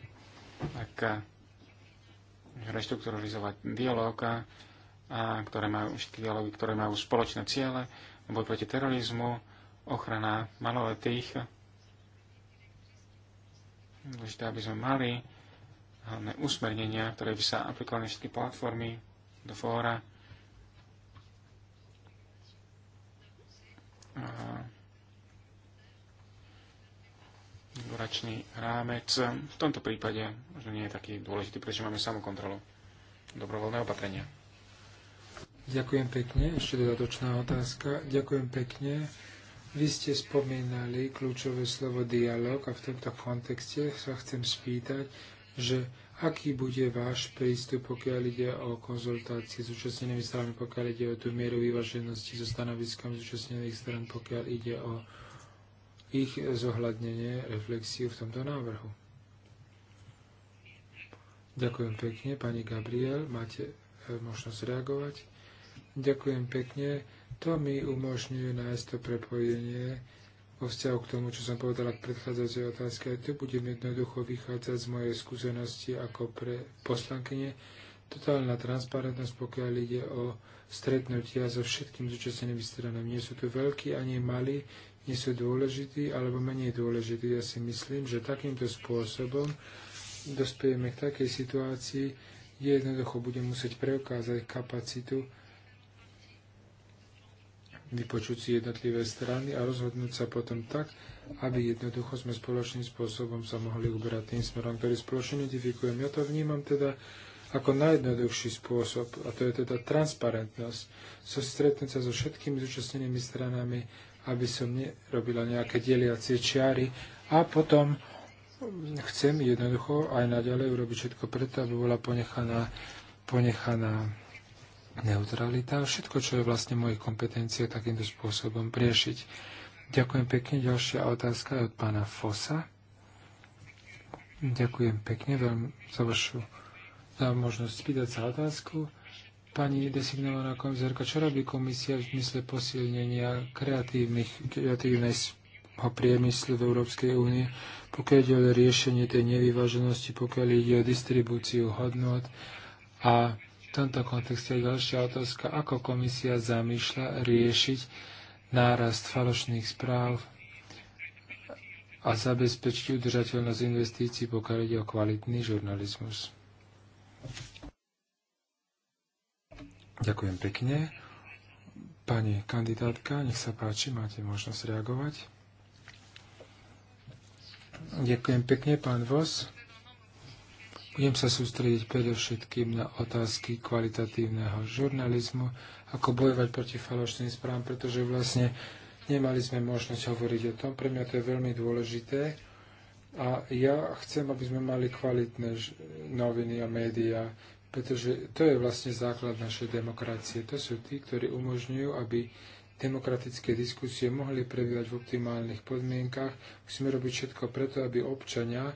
D: ak reštrukturalizovať dialog, a, ktoré majú, všetky dialógy, ktoré majú spoločné ciele, boj proti terorizmu, ochrana maloletých, dôležité, aby sme mali hlavné usmernenia, ktoré by sa aplikovali na všetky platformy do fóra, regulačný rámec v tomto prípade možno nie je taký dôležitý, pretože máme samokontrolu dobrovoľné opatrenia.
B: Ďakujem pekne. Ešte dodatočná otázka. Ďakujem pekne. Vy ste spomínali kľúčové slovo dialog a v tomto kontexte sa chcem spýtať, že Aký bude váš prístup, pokiaľ ide o konzultácie s účastnenými stranami, pokiaľ ide o tú mieru vyváženosti so stanoviskom zúčastnených stran, pokiaľ ide o ich zohľadnenie, reflexiu v tomto návrhu? Ďakujem pekne, pani Gabriel, máte e, možnosť reagovať. Ďakujem pekne, to mi umožňuje nájsť to prepojenie vo vzťahu k tomu, čo som povedala k predchádzajúcej otázke. Aj to budem jednoducho vychádzať z mojej skúsenosti ako pre poslankyne. Totálna transparentnosť, pokiaľ ide o stretnutia so všetkými zúčastnenými stranami. Nie sú tu veľkí ani malí, nie sú dôležití alebo menej dôležití. Ja si myslím, že takýmto spôsobom dospejeme k takej situácii, kde jednoducho budem musieť preukázať kapacitu vypočuť si jednotlivé strany a rozhodnúť sa potom tak, aby jednoducho sme spoločným spôsobom sa mohli uberať tým smerom, ktorý spoločne identifikujem. Ja to vnímam teda ako najjednoduchší spôsob, a to je teda transparentnosť, so stretnúť sa so všetkými zúčastnenými stranami, aby som nerobila nejaké deliacie čiary a potom chcem jednoducho aj naďalej urobiť všetko preto, aby bola ponechaná, ponechaná neutralita všetko, čo je vlastne mojej kompetencie, takýmto spôsobom riešiť. Ďakujem pekne. Ďalšia otázka je od pána Fosa. Ďakujem pekne veľmi za vašu za možnosť spýtať sa otázku. Pani designovaná komisárka, čo robí komisia v zmysle posilnenia kreatívneho priemyslu v Európskej únie, pokiaľ ide o riešenie tej nevyváženosti, pokiaľ ide o distribúciu hodnot a tomto kontexte je ďalšia otázka, ako komisia zamýšľa riešiť nárast falošných správ a zabezpečiť udržateľnosť investícií, pokiaľ ide o kvalitný žurnalizmus. Ďakujem pekne. Pani kandidátka, nech sa páči, máte možnosť reagovať. Ďakujem pekne, pán Vos. Budem sa sústrediť predovšetkým na otázky kvalitatívneho žurnalizmu, ako bojovať proti falošným správam, pretože vlastne nemali sme možnosť hovoriť o tom. Pre mňa to je veľmi dôležité a ja chcem, aby sme mali kvalitné noviny a médiá, pretože to je vlastne základ našej demokracie. To sú tí, ktorí umožňujú, aby demokratické diskusie mohli prebiehať v optimálnych podmienkach. Musíme robiť všetko preto, aby občania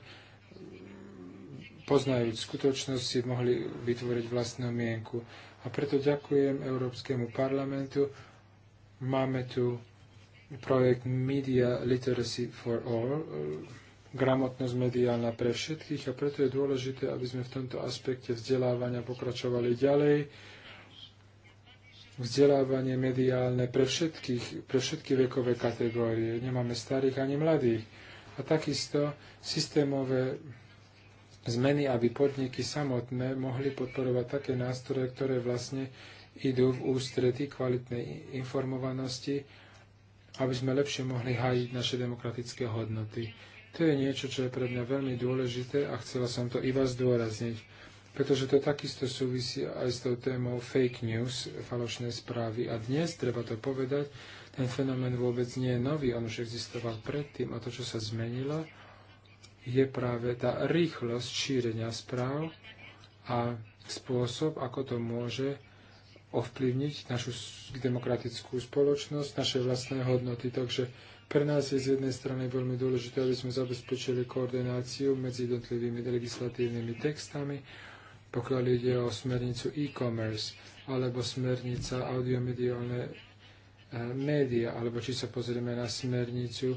B: poznajúť skutočnosť, si mohli vytvoriť vlastnú mienku. A preto ďakujem Európskemu parlamentu. Máme tu projekt Media Literacy for All, gramotnosť mediálna pre všetkých a preto je dôležité, aby sme v tomto aspekte vzdelávania pokračovali ďalej. Vzdelávanie mediálne pre, všetkých, pre všetky vekové kategórie. Nemáme starých ani mladých. A takisto systémové zmeny, aby podniky samotné mohli podporovať také nástroje, ktoré vlastne idú v ústrety kvalitnej informovanosti, aby sme lepšie mohli hájiť naše demokratické hodnoty. To je niečo, čo je pre mňa veľmi dôležité a chcela som to iba zdôrazniť pretože to takisto súvisí aj s tou témou fake news, falošné správy. A dnes, treba to povedať, ten fenomén vôbec nie je nový, on už existoval predtým a to, čo sa zmenilo, je práve tá rýchlosť šírenia správ a spôsob, ako to môže ovplyvniť našu demokratickú spoločnosť, naše vlastné hodnoty. Takže pre nás je z jednej strany veľmi dôležité, aby sme zabezpečili koordináciu medzi jednotlivými legislatívnymi textami, pokiaľ ide o smernicu e-commerce alebo smernica audiomediálne e, média, alebo či sa pozrieme na smernicu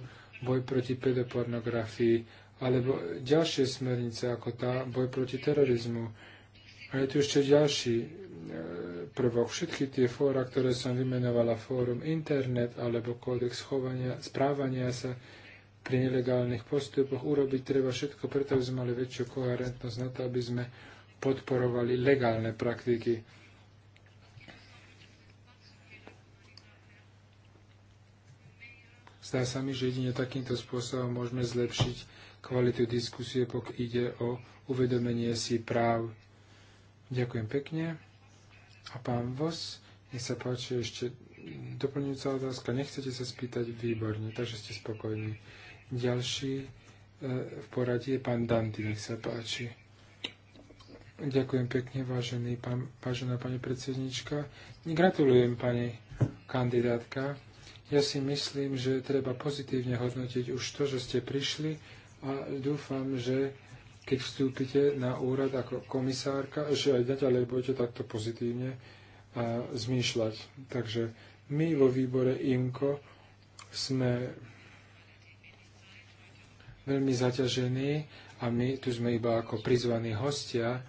B: boj proti pedopornografii alebo ďalšie smernice ako tá boj proti terorizmu. A je tu ešte ďalší e, prvok. Všetky tie fóra, ktoré som vymenovala, fórum internet alebo kódex chovania, správania sa pri nelegálnych postupoch, urobiť treba všetko, preto aby sme mali väčšiu koherentnosť na to, aby sme podporovali legálne praktiky. Zdá sa mi, že jedine takýmto spôsobom môžeme zlepšiť kvalitu diskusie, pok ide o uvedomenie si práv. Ďakujem pekne. A pán Vos, nech sa páči ešte doplňujúca otázka. Nechcete sa spýtať? Výborne, takže ste spokojní. Ďalší e, v poradí je pán Danty, nech sa páči. Ďakujem pekne, vážený pán, vážená pani predsednička. Gratulujem, pani kandidátka. Ja si myslím, že treba pozitívne hodnotiť už to, že ste prišli a dúfam, že keď vstúpite na úrad ako komisárka, že aj naďalej budete takto pozitívne a, zmýšľať. Takže my vo výbore IMKO sme veľmi zaťažení a my tu sme iba ako prizvaní hostia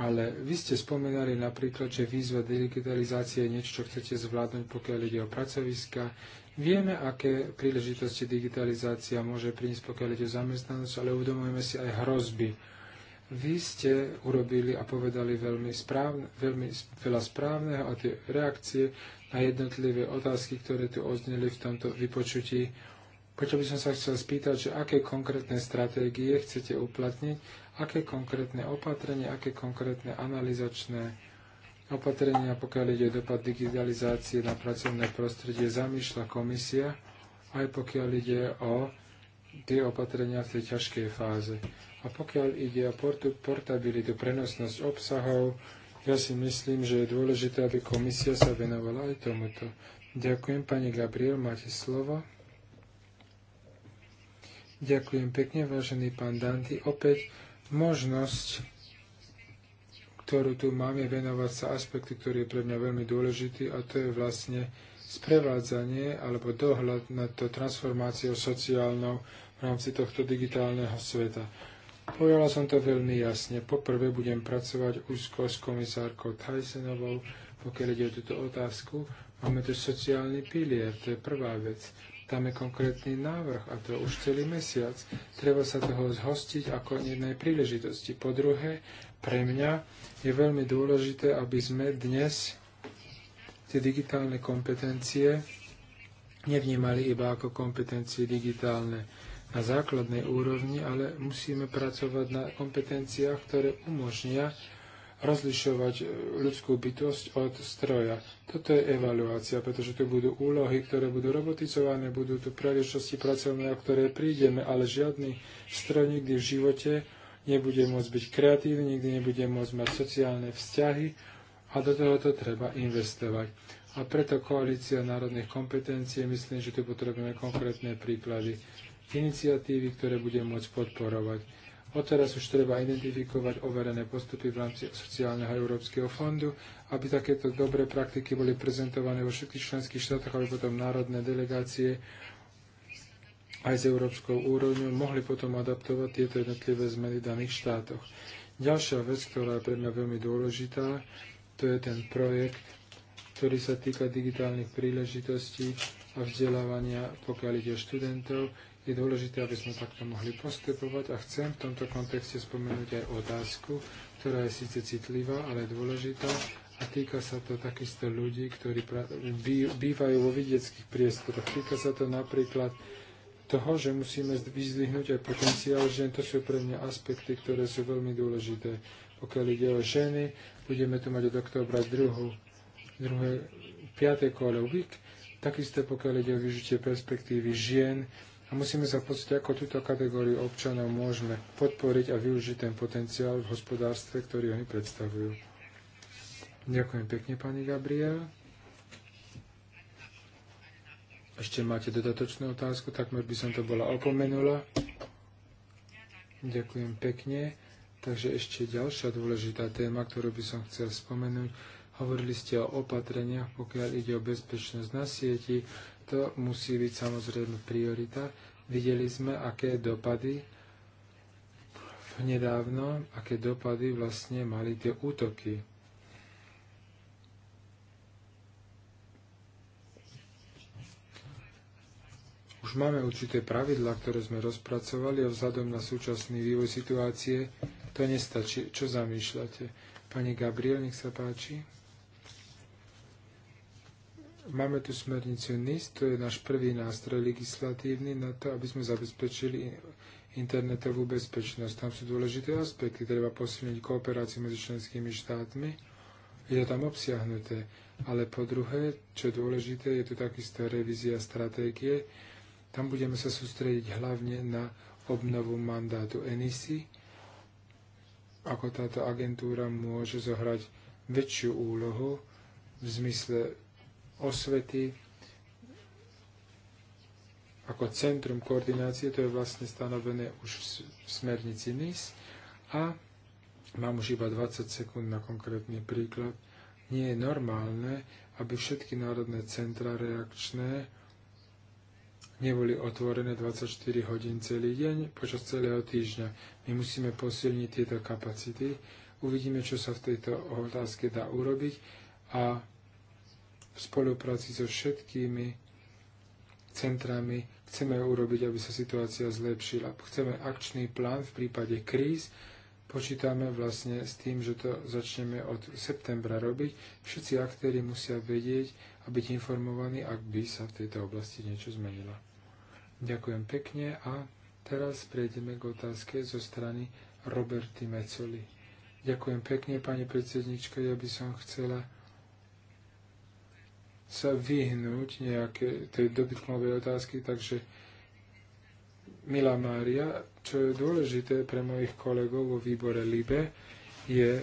B: ale vy ste spomenali napríklad, že výzva digitalizácie je niečo, čo chcete zvládnuť, pokiaľ ide o pracoviska. Vieme, aké príležitosti digitalizácia môže priniesť, pokiaľ ide o zamestnanosť, ale uvedomujeme si aj hrozby. Vy ste urobili a povedali veľmi, správne, veľmi veľa správneho a tie reakcie na jednotlivé otázky, ktoré tu ozneli v tomto vypočutí. Preto by som sa chcel spýtať, že aké konkrétne stratégie chcete uplatniť, aké konkrétne opatrenia, aké konkrétne analizačné opatrenia, pokiaľ ide dopad digitalizácie na pracovné prostredie, zamýšľa komisia, aj pokiaľ ide o tie opatrenia v tej ťažkej fáze. A pokiaľ ide o portabilitu, prenosnosť obsahov, ja si myslím, že je dôležité, aby komisia sa venovala aj tomuto. Ďakujem, pani Gabriel, máte slovo. Ďakujem pekne, vážený pán Danty. Opäť možnosť, ktorú tu máme, venovať sa aspektu, ktorý je pre mňa veľmi dôležitý a to je vlastne sprevádzanie alebo dohľad nad to transformáciou sociálnou v rámci tohto digitálneho sveta. Povedala som to veľmi jasne. Poprvé budem pracovať úzko s komisárkou Tysonovou, pokiaľ ide o túto otázku. Máme tu sociálny pilier, to je prvá vec dáme konkrétny návrh, a to už celý mesiac. Treba sa toho zhostiť ako jednej príležitosti. Po druhé, pre mňa je veľmi dôležité, aby sme dnes tie digitálne kompetencie nevnímali iba ako kompetencie digitálne na základnej úrovni, ale musíme pracovať na kompetenciách, ktoré umožnia rozlišovať e, ľudskú bytosť od stroja. Toto je evaluácia, pretože tu budú úlohy, ktoré budú robotizované, budú tu príležitosti pracovné, o ktoré prídeme, ale žiadny stroj nikdy v živote nebude môcť byť kreatívny, nikdy nebude môcť mať sociálne vzťahy a do toho to treba investovať. A preto koalícia národných kompetencií, myslím, že tu potrebujeme konkrétne príklady iniciatívy, ktoré budeme môcť podporovať Odteraz už treba identifikovať overené postupy v rámci sociálneho európskeho fondu, aby takéto dobré praktiky boli prezentované vo všetkých členských štátoch, aby potom národné delegácie aj s európskou úrovňou mohli potom adaptovať tieto jednotlivé zmeny v daných štátoch. Ďalšia vec, ktorá je pre mňa veľmi dôležitá, to je ten projekt, ktorý sa týka digitálnych príležitostí a vzdelávania, pokiaľ ide o študentov. Je dôležité, aby sme takto mohli postupovať a chcem v tomto kontexte spomenúť aj otázku, ktorá je síce citlivá, ale dôležitá a týka sa to takisto ľudí, ktorí bývajú vo vidieckých priestoroch. Týka sa to napríklad toho, že musíme vyzdvihnúť aj potenciál žien. To sú pre mňa aspekty, ktoré sú veľmi dôležité. Pokiaľ ide o ženy, budeme tu mať od oktobra druhú, druhé, piaté kolo Takisto pokiaľ ide o vyžitie perspektívy žien, a musíme sa podstate ako túto kategóriu občanov môžeme podporiť a využiť ten potenciál v hospodárstve, ktorý oni predstavujú. Ďakujem pekne, pani Gabriel. Ešte máte dodatočnú otázku, takmer by som to bola opomenula. Ďakujem pekne. Takže ešte ďalšia dôležitá téma, ktorú by som chcel spomenúť. Hovorili ste o opatreniach, pokiaľ ide o bezpečnosť na sieti to musí byť samozrejme priorita. Videli sme, aké dopady nedávno, aké dopady vlastne mali tie útoky. Už máme určité pravidlá, ktoré sme rozpracovali a vzhľadom na súčasný vývoj situácie to nestačí. Čo zamýšľate? Pani Gabriel, nech sa páči. Máme tu smernicu NIS, to je náš prvý nástroj legislatívny na to, aby sme zabezpečili internetovú bezpečnosť. Tam sú dôležité aspekty. Treba posilniť kooperáciu medzi členskými štátmi. Je to tam obsiahnuté. Ale po druhé, čo je dôležité, je tu takisto revízia stratégie. Tam budeme sa sústrediť hlavne na obnovu mandátu ENISI, ako táto agentúra môže zohrať väčšiu úlohu v zmysle osvety ako centrum koordinácie, to je vlastne stanovené už v smernici NIS a mám už iba 20 sekúnd na konkrétny príklad. Nie je normálne, aby všetky národné centra reakčné neboli otvorené 24 hodín celý deň počas celého týždňa. My musíme posilniť tieto kapacity. Uvidíme, čo sa v tejto otázke dá urobiť a v spolupráci so všetkými centrami chceme urobiť, aby sa situácia zlepšila. Chceme akčný plán v prípade kríz. Počítame vlastne s tým, že to začneme od septembra robiť. Všetci aktéry musia vedieť a byť informovaní, ak by sa v tejto oblasti niečo zmenilo. Ďakujem pekne a teraz prejdeme k otázke zo strany Roberty Mecoli. Ďakujem pekne, pani predsednička. Ja by som chcela sa vyhnúť nejaké tej dobytkovej otázky, takže Milá Mária, čo je dôležité pre mojich kolegov vo výbore LIBE, je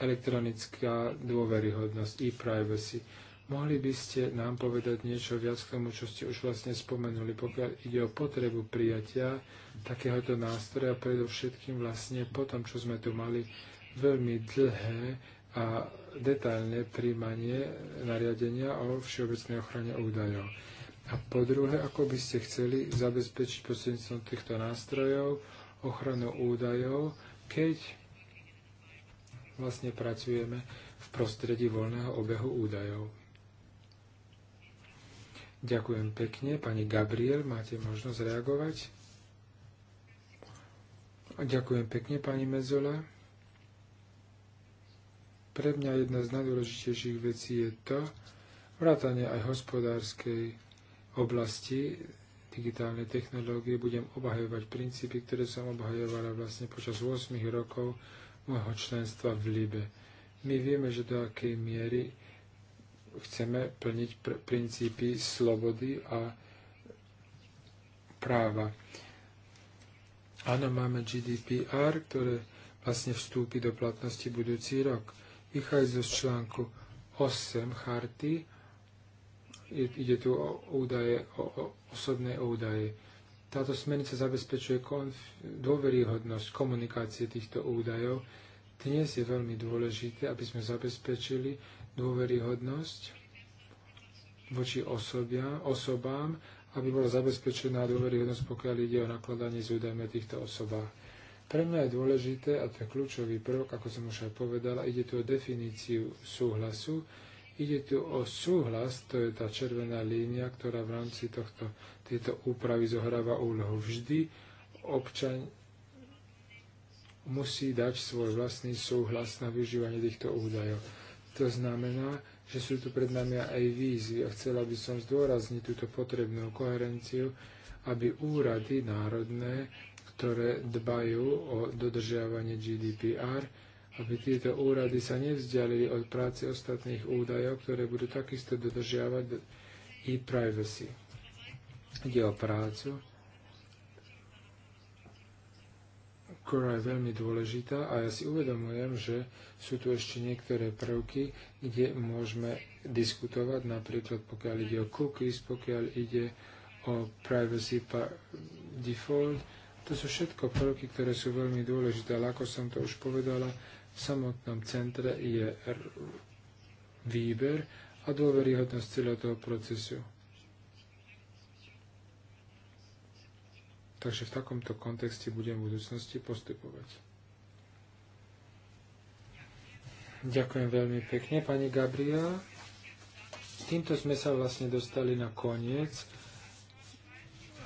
B: elektronická dôveryhodnosť, e-privacy. Mohli by ste nám povedať niečo viac k tomu, čo ste už vlastne spomenuli, pokiaľ ide o potrebu prijatia takéhoto nástroja, predovšetkým vlastne po tom, čo sme tu mali veľmi dlhé a detailné príjmanie nariadenia o všeobecnej ochrane údajov. A po druhé, ako by ste chceli zabezpečiť prostredníctvom týchto nástrojov ochranu údajov, keď vlastne pracujeme v prostredí voľného obehu údajov. Ďakujem pekne. Pani Gabriel, máte možnosť reagovať? Ďakujem pekne, pani Mezola. Pre mňa jedna z najdôležitejších vecí je to, vrátanie aj hospodárskej oblasti digitálnej technológie budem obhajovať princípy, ktoré som obhajovala vlastne počas 8 rokov môjho členstva v Libe. My vieme, že do akej miery chceme plniť pr- princípy slobody a práva. Áno, máme GDPR, ktoré vlastne vstúpi do platnosti budúci rok vychádza z článku 8 charty. Ide tu o údaje, o, o osobné údaje. Táto smernica zabezpečuje konf- dôveryhodnosť komunikácie týchto údajov. Dnes je veľmi dôležité, aby sme zabezpečili dôveryhodnosť voči osobia, osobám, aby bola zabezpečená dôveryhodnosť, pokiaľ ide o nakladanie s údajmi o týchto osobách. Pre mňa je dôležité, a to je kľúčový prvok, ako som už aj povedala, ide tu o definíciu súhlasu, ide tu o súhlas, to je tá červená línia, ktorá v rámci tohto, tejto úpravy zohráva úlohu vždy. Občan musí dať svoj vlastný súhlas na využívanie týchto údajov. To znamená, že sú tu pred nami aj výzvy a chcela by som zdôrazniť túto potrebnú koherenciu, aby úrady národné ktoré dbajú o dodržiavanie GDPR, aby tieto úrady sa nevzdialili od práce ostatných údajov, ktoré budú takisto dodržiavať e-privacy. Ide o prácu, ktorá je veľmi dôležitá a ja si uvedomujem, že sú tu ešte niektoré prvky, kde môžeme diskutovať, napríklad pokiaľ ide o cookies, pokiaľ ide o privacy default, to sú všetko prvky, ktoré sú veľmi dôležité, ale ako som to už povedala, v samotnom centre je výber a dôveryhodnosť celého toho procesu. Takže v takomto kontexte budem v budúcnosti postupovať. Ďakujem veľmi pekne, pani Gabriela. Týmto sme sa vlastne dostali na koniec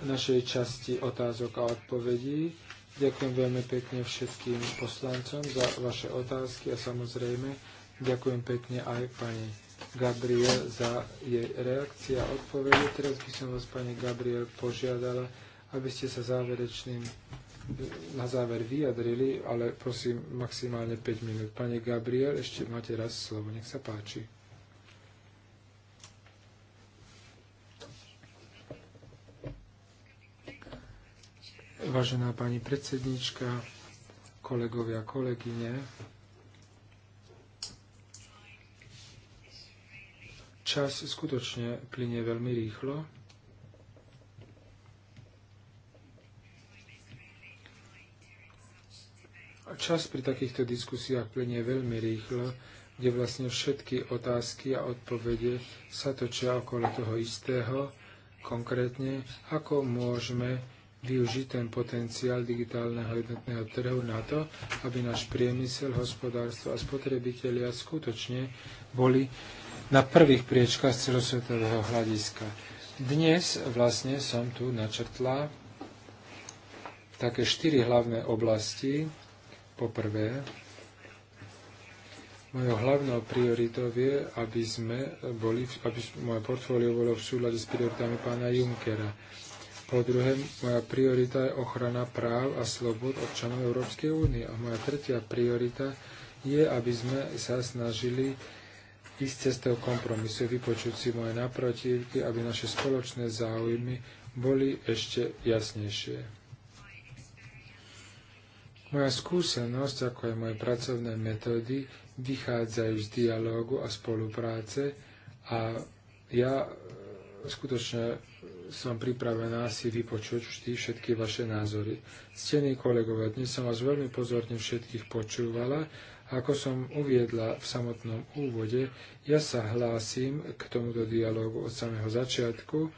B: našej časti otázok a odpovedí. Ďakujem veľmi pekne všetkým poslancom za vaše otázky a samozrejme ďakujem pekne aj pani Gabriel za jej reakcie a odpovede. Teraz by som vás, pani Gabriel, požiadala, aby ste sa záverečným na záver vyjadrili, ale prosím maximálne 5 minút. Pani Gabriel, ešte máte raz slovo, nech sa páči. Vážená pani predsednička, kolegovia, kolegyne, čas skutočne plinie veľmi rýchlo. Čas pri takýchto diskusiách plinie veľmi rýchlo, kde vlastne všetky otázky a odpovede sa točia okolo toho istého, konkrétne, ako môžeme využiť ten potenciál digitálneho jednotného trhu na to, aby náš priemysel, hospodárstvo a spotrebitelia skutočne boli na prvých priečkách celosvetového hľadiska. Dnes vlastne som tu načrtla také štyri hlavné oblasti. Poprvé, Mojou hlavnou prioritou je, aby sme boli, aby moje portfólio bolo v súľade s prioritami pána Junkera. Po druhé, moja priorita je ochrana práv a slobod občanov Európskej únie. A moja tretia priorita je, aby sme sa snažili ísť cestou kompromisu, vypočuť si moje naprotivky, aby naše spoločné záujmy boli ešte jasnejšie. Moja skúsenosť, ako aj moje pracovné metódy, vychádzajú z dialógu a spolupráce a ja e, skutočne som pripravená si vypočuť vždy všetky vaše názory. Stení kolegovia, dnes som vás veľmi pozorne všetkých počúvala. Ako som uviedla v samotnom úvode, ja sa hlásim k tomuto dialogu od samého začiatku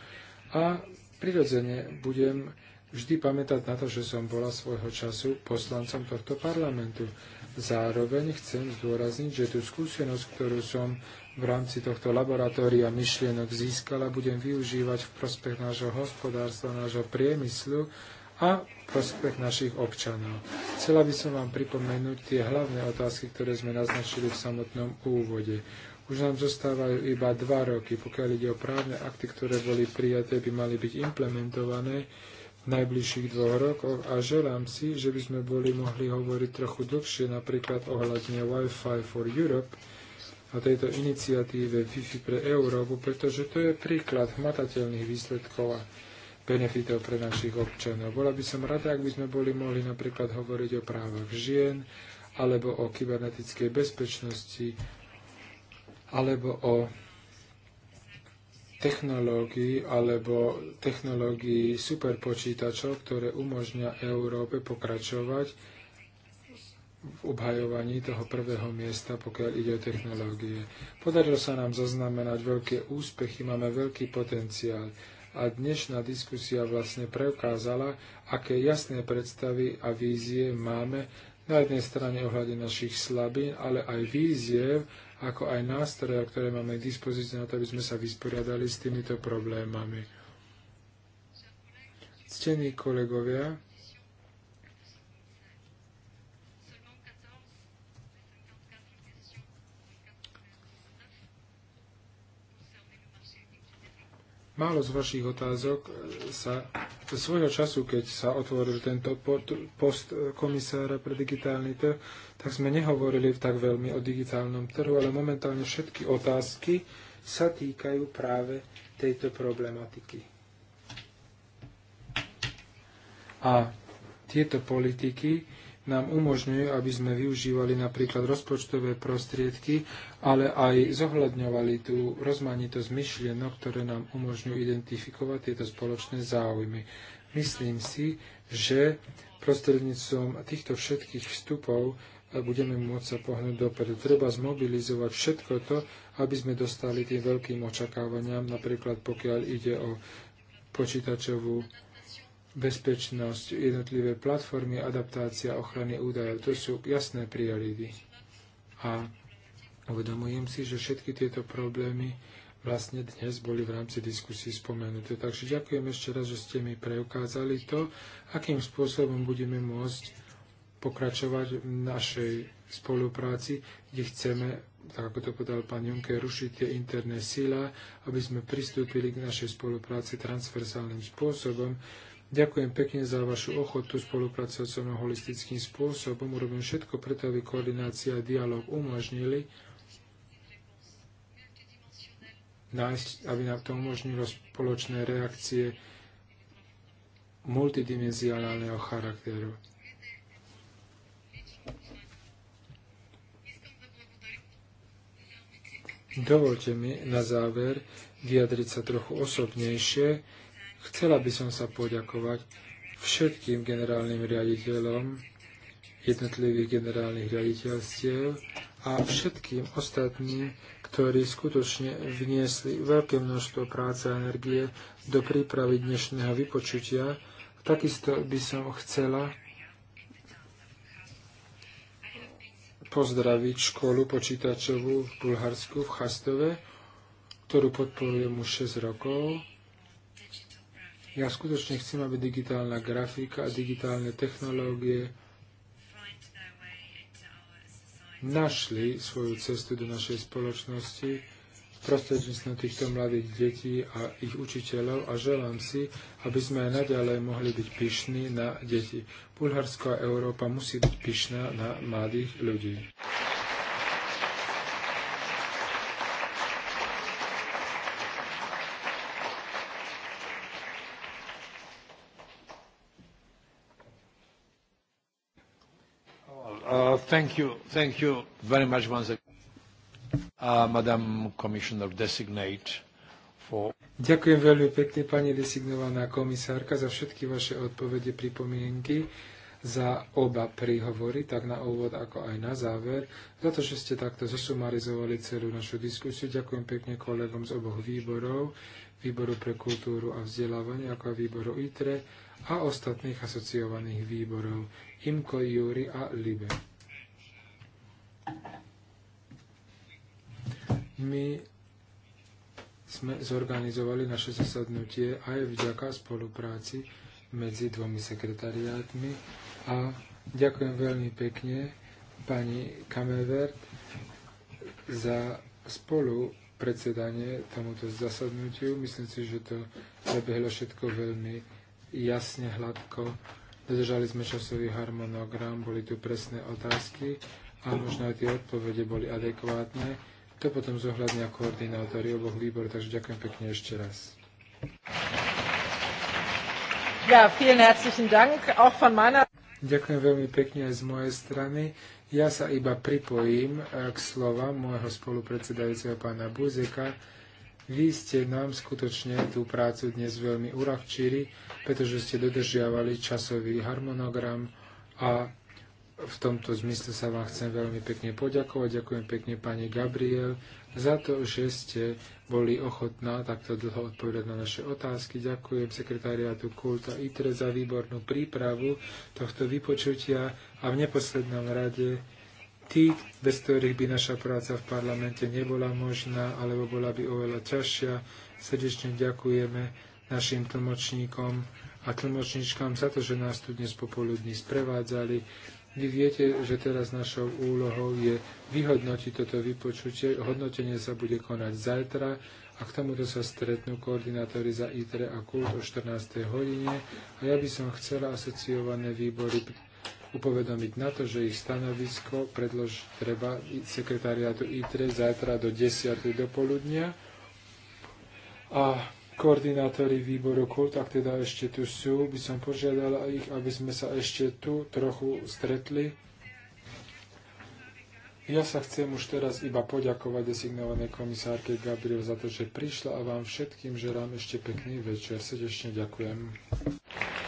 B: a prirodzene budem vždy pamätať na to, že som bola svojho času poslancom tohto parlamentu. Zároveň chcem zdôrazniť, že tú skúsenosť, ktorú som v rámci tohto laboratória myšlienok získala, budem využívať v prospech nášho hospodárstva, nášho priemyslu a v prospech našich občanov. Chcela by som vám pripomenúť tie hlavné otázky, ktoré sme naznačili v samotnom úvode. Už nám zostávajú iba dva roky, pokiaľ ide o právne akty, ktoré boli prijaté, by mali byť implementované v najbližších dvoch rokoch a želám si, že by sme boli mohli hovoriť trochu dlhšie, napríklad ohľadne Wi-Fi for Europe, na tejto iniciatíve Wi-Fi pre Európu, pretože to je príklad hmatateľných výsledkov a benefitov pre našich občanov. Bola by som rada, ak by sme boli mohli napríklad hovoriť o právach žien, alebo o kybernetickej bezpečnosti, alebo o technológii, alebo technológii superpočítačov, ktoré umožňa Európe pokračovať v obhajovaní toho prvého miesta, pokiaľ ide o technológie. Podarilo sa nám zaznamenať veľké úspechy, máme veľký potenciál a dnešná diskusia vlastne preukázala, aké jasné predstavy a vízie máme na jednej strane ohľade našich slabín, ale aj vízie, ako aj nástroje, ktoré máme k dispozícii na to, aby sme sa vysporiadali s týmito problémami. Ctení kolegovia, Málo z vašich otázok e, sa svojho času, keď sa otvoril tento post komisára pre digitálny trh, tak sme nehovorili tak veľmi o digitálnom trhu, ale momentálne všetky otázky sa týkajú práve tejto problematiky. A tieto politiky nám umožňujú, aby sme využívali napríklad rozpočtové prostriedky, ale aj zohľadňovali tú rozmanitosť myšlienok, ktoré nám umožňujú identifikovať tieto spoločné záujmy. Myslím si, že prostredníctvom týchto všetkých vstupov eh, budeme môcť sa pohnúť dopredu. Treba zmobilizovať všetko to, aby sme dostali tým veľkým očakávaniam, napríklad pokiaľ ide o počítačovú bezpečnosť, jednotlivé platformy, adaptácia ochrany údajov. To sú jasné priority. A uvedomujem si, že všetky tieto problémy vlastne dnes boli v rámci diskusí spomenuté. Takže ďakujem ešte raz, že ste mi preukázali to, akým spôsobom budeme môcť pokračovať v našej spolupráci, kde chceme, tak ako to povedal pán Juncker, rušiť tie interné síla, aby sme pristúpili k našej spolupráci transversálnym spôsobom, Ďakujem pekne za vašu ochotu spolupracovať so mnou holistickým spôsobom. Urobím všetko preto, aby koordinácia a dialog umožnili nájsť, aby nám to umožnilo spoločné reakcie multidimenzionálneho charakteru. Dovolte mi na záver vyjadriť sa trochu osobnejšie Chcela by som sa poďakovať všetkým generálnym riaditeľom jednotlivých generálnych riaditeľstiev a všetkým ostatným, ktorí skutočne vniesli veľké množstvo práce a energie do prípravy dnešného vypočutia. Takisto by som chcela pozdraviť školu počítačovú v Bulharsku v Chastove, ktorú podporujem už 6 rokov. Ja skutočne chcem, aby digitálna grafika a digitálne technológie našli svoju cestu do našej spoločnosti prostredníctvom týchto mladých detí a ich učiteľov a želám si, aby sme aj naďalej mohli byť pyšní na deti. Bulharsko a Európa musí byť pyšná na mladých ľudí. thank you. very much once again, uh, Ďakujem veľmi pekne, pani designovaná komisárka, za všetky vaše odpovede, pripomienky, za oba príhovory, tak na úvod, ako aj na záver, za to, že ste takto zosumarizovali celú našu diskusiu. Ďakujem pekne kolegom z oboch výborov, výboru pre kultúru a vzdelávanie, ako aj výboru ITRE a ostatných asociovaných výborov IMCO, JURI a LIBE. My sme zorganizovali naše zasadnutie aj vďaka spolupráci medzi dvomi sekretariátmi a ďakujem veľmi pekne pani Kamevert za spolu predsedanie tomuto zasadnutiu. Myslím si, že to prebehlo všetko veľmi jasne, hladko. Dodržali sme časový harmonogram, boli tu presné otázky a možno aj tie odpovede boli adekvátne. To potom zohľadnia koordinátori oboch výbor, takže ďakujem pekne ešte raz.
A: Ja, vielen herzlichen Dank, auch von meiner...
B: Ďakujem veľmi pekne aj z mojej strany. Ja sa iba pripojím e, k slova môjho spolupredsedajúceho pána Buzeka. Vy ste nám skutočne tú prácu dnes veľmi uľahčili, pretože ste dodržiavali časový harmonogram a v tomto zmysle sa vám chcem veľmi pekne poďakovať. Ďakujem pekne pani Gabriel za to, že ste boli ochotná takto dlho odpovedať na naše otázky. Ďakujem sekretariátu Kulta ITRE za výbornú prípravu tohto vypočutia a v neposlednom rade tí, bez ktorých by naša práca v parlamente nebola možná alebo bola by oveľa ťažšia. Srdečne ďakujeme našim tlmočníkom a tlmočníčkám za to, že nás tu dnes popoludní sprevádzali. Vy viete, že teraz našou úlohou je vyhodnotiť toto vypočutie. Hodnotenie sa bude konať zajtra a k tomuto sa stretnú koordinátori za ITRE a KULT o 14. hodine. A ja by som chcela asociované výbory upovedomiť na to, že ich stanovisko predlož treba sekretariátu ITRE zajtra do 10. do poludnia. A koordinátori výboru KULT, ak teda ešte tu sú, by som požiadala ich, aby sme sa ešte tu trochu stretli. Ja sa chcem už teraz iba poďakovať designovanej komisárke Gabriel za to, že prišla a vám všetkým želám ešte pekný večer. Srdečne ďakujem.